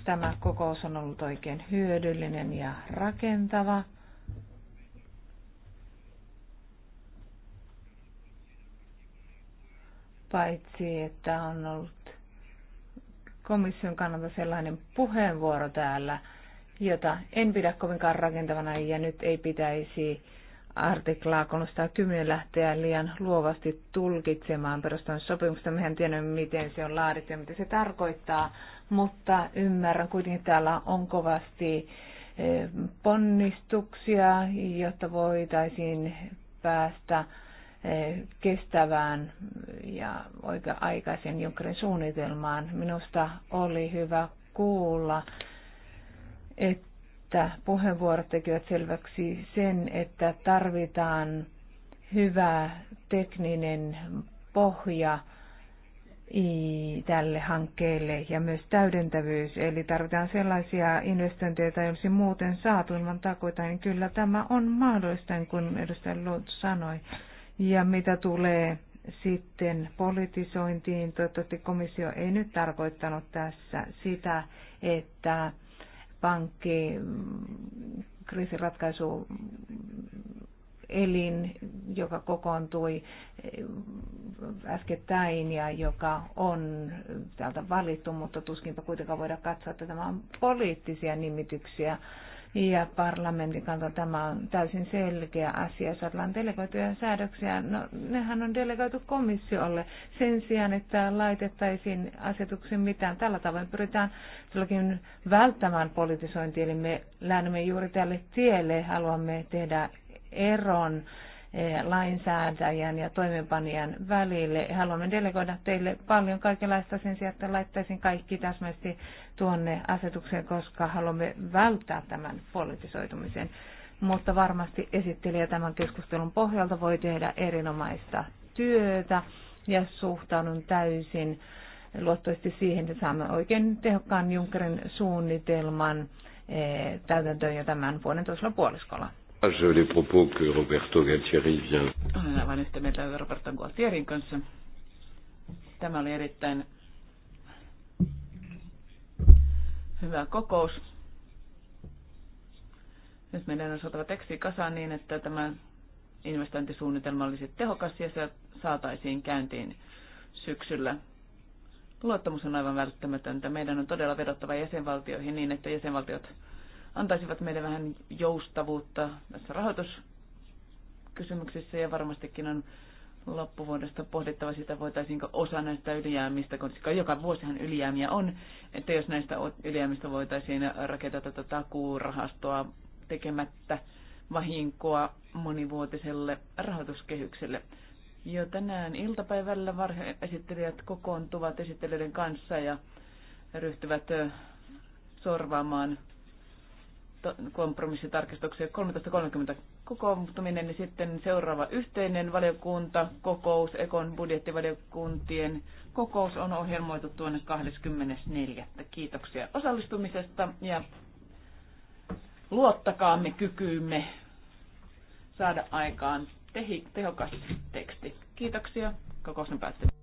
Tämä kokous on ollut oikein hyödyllinen ja rakentava. Paitsi, että on ollut komission kannalta sellainen puheenvuoro täällä, jota en pidä kovinkaan rakentavana ja nyt ei pitäisi artiklaa 310 lähteä liian luovasti tulkitsemaan sopimusta. Mehän tiedämme, miten se on laadittu ja mitä se tarkoittaa, mutta ymmärrän kuitenkin täällä on kovasti eh, ponnistuksia, jotta voitaisiin päästä eh, kestävään ja oikea-aikaisen Junckerin suunnitelmaan. Minusta oli hyvä kuulla, että puheenvuorot tekevät selväksi sen, että tarvitaan hyvä tekninen pohja tälle hankkeelle ja myös täydentävyys. Eli tarvitaan sellaisia investointeja, joita ei olisi muuten saatu ilman takuita, niin kyllä tämä on mahdollista, niin kuin edustaja Lund sanoi. Ja mitä tulee sitten politisointiin, toivottavasti komissio ei nyt tarkoittanut tässä sitä, että pankki, mm, kriisiratkaisu elin, joka kokoontui mm, äskettäin ja joka on täältä valittu, mutta tuskinpa kuitenkaan voida katsoa, että tämä on poliittisia nimityksiä ja parlamentin kanssa tämä on täysin selkeä asia. Jos ajatellaan delegoituja säädöksiä, no nehän on delegoitu komissiolle sen sijaan, että laitettaisiin asetuksen mitään. Tällä tavoin pyritään silläkin välttämään politisointi, eli me lähdemme juuri tälle tielle, haluamme tehdä eron lainsäätäjän ja toimenpanijan välille. Haluamme delegoida teille paljon kaikenlaista sen sijaan, että laittaisin kaikki täsmästi tuonne asetukseen, koska haluamme välttää tämän politisoitumisen. Mutta varmasti esittelijä tämän keskustelun pohjalta voi tehdä erinomaista työtä ja suhtaudun täysin luottoisesti siihen, että saamme oikein tehokkaan Junckerin suunnitelman eh, täytäntöön jo tämän vuoden toisella puoliskolla. Ah, je les propos que Roberto Galtieri vient. Olen aivan yhtä mieltä Roberto Galtierin kanssa. Tämä oli erittäin hyvä kokous. Nyt meidän on saatava teksti kasaan niin, että tämä investointisuunnitelma olisi tehokas ja se saataisiin käyntiin syksyllä. Luottamus on aivan välttämätöntä. Meidän on todella vedottava jäsenvaltioihin niin, että jäsenvaltiot antaisivat meille vähän joustavuutta tässä rahoituskysymyksissä ja varmastikin on loppuvuodesta pohdittava sitä, voitaisiinko osa näistä ylijäämistä, koska joka vuosihan ylijäämiä on, että jos näistä ylijäämistä voitaisiin rakentaa tätä takuurahastoa tekemättä vahinkoa monivuotiselle rahoituskehykselle. Jo tänään iltapäivällä esittelijät kokoontuvat esittelijöiden kanssa ja ryhtyvät sorvaamaan kompromissitarkistuksia 13.30 kokoontuminen, niin sitten seuraava yhteinen valiokunta, kokous, Ekon budjettivaliokuntien kokous on ohjelmoitu tuonne 24. Kiitoksia osallistumisesta ja luottakaamme kykyymme saada aikaan tehokas teksti. Kiitoksia. Kokous on päättynyt.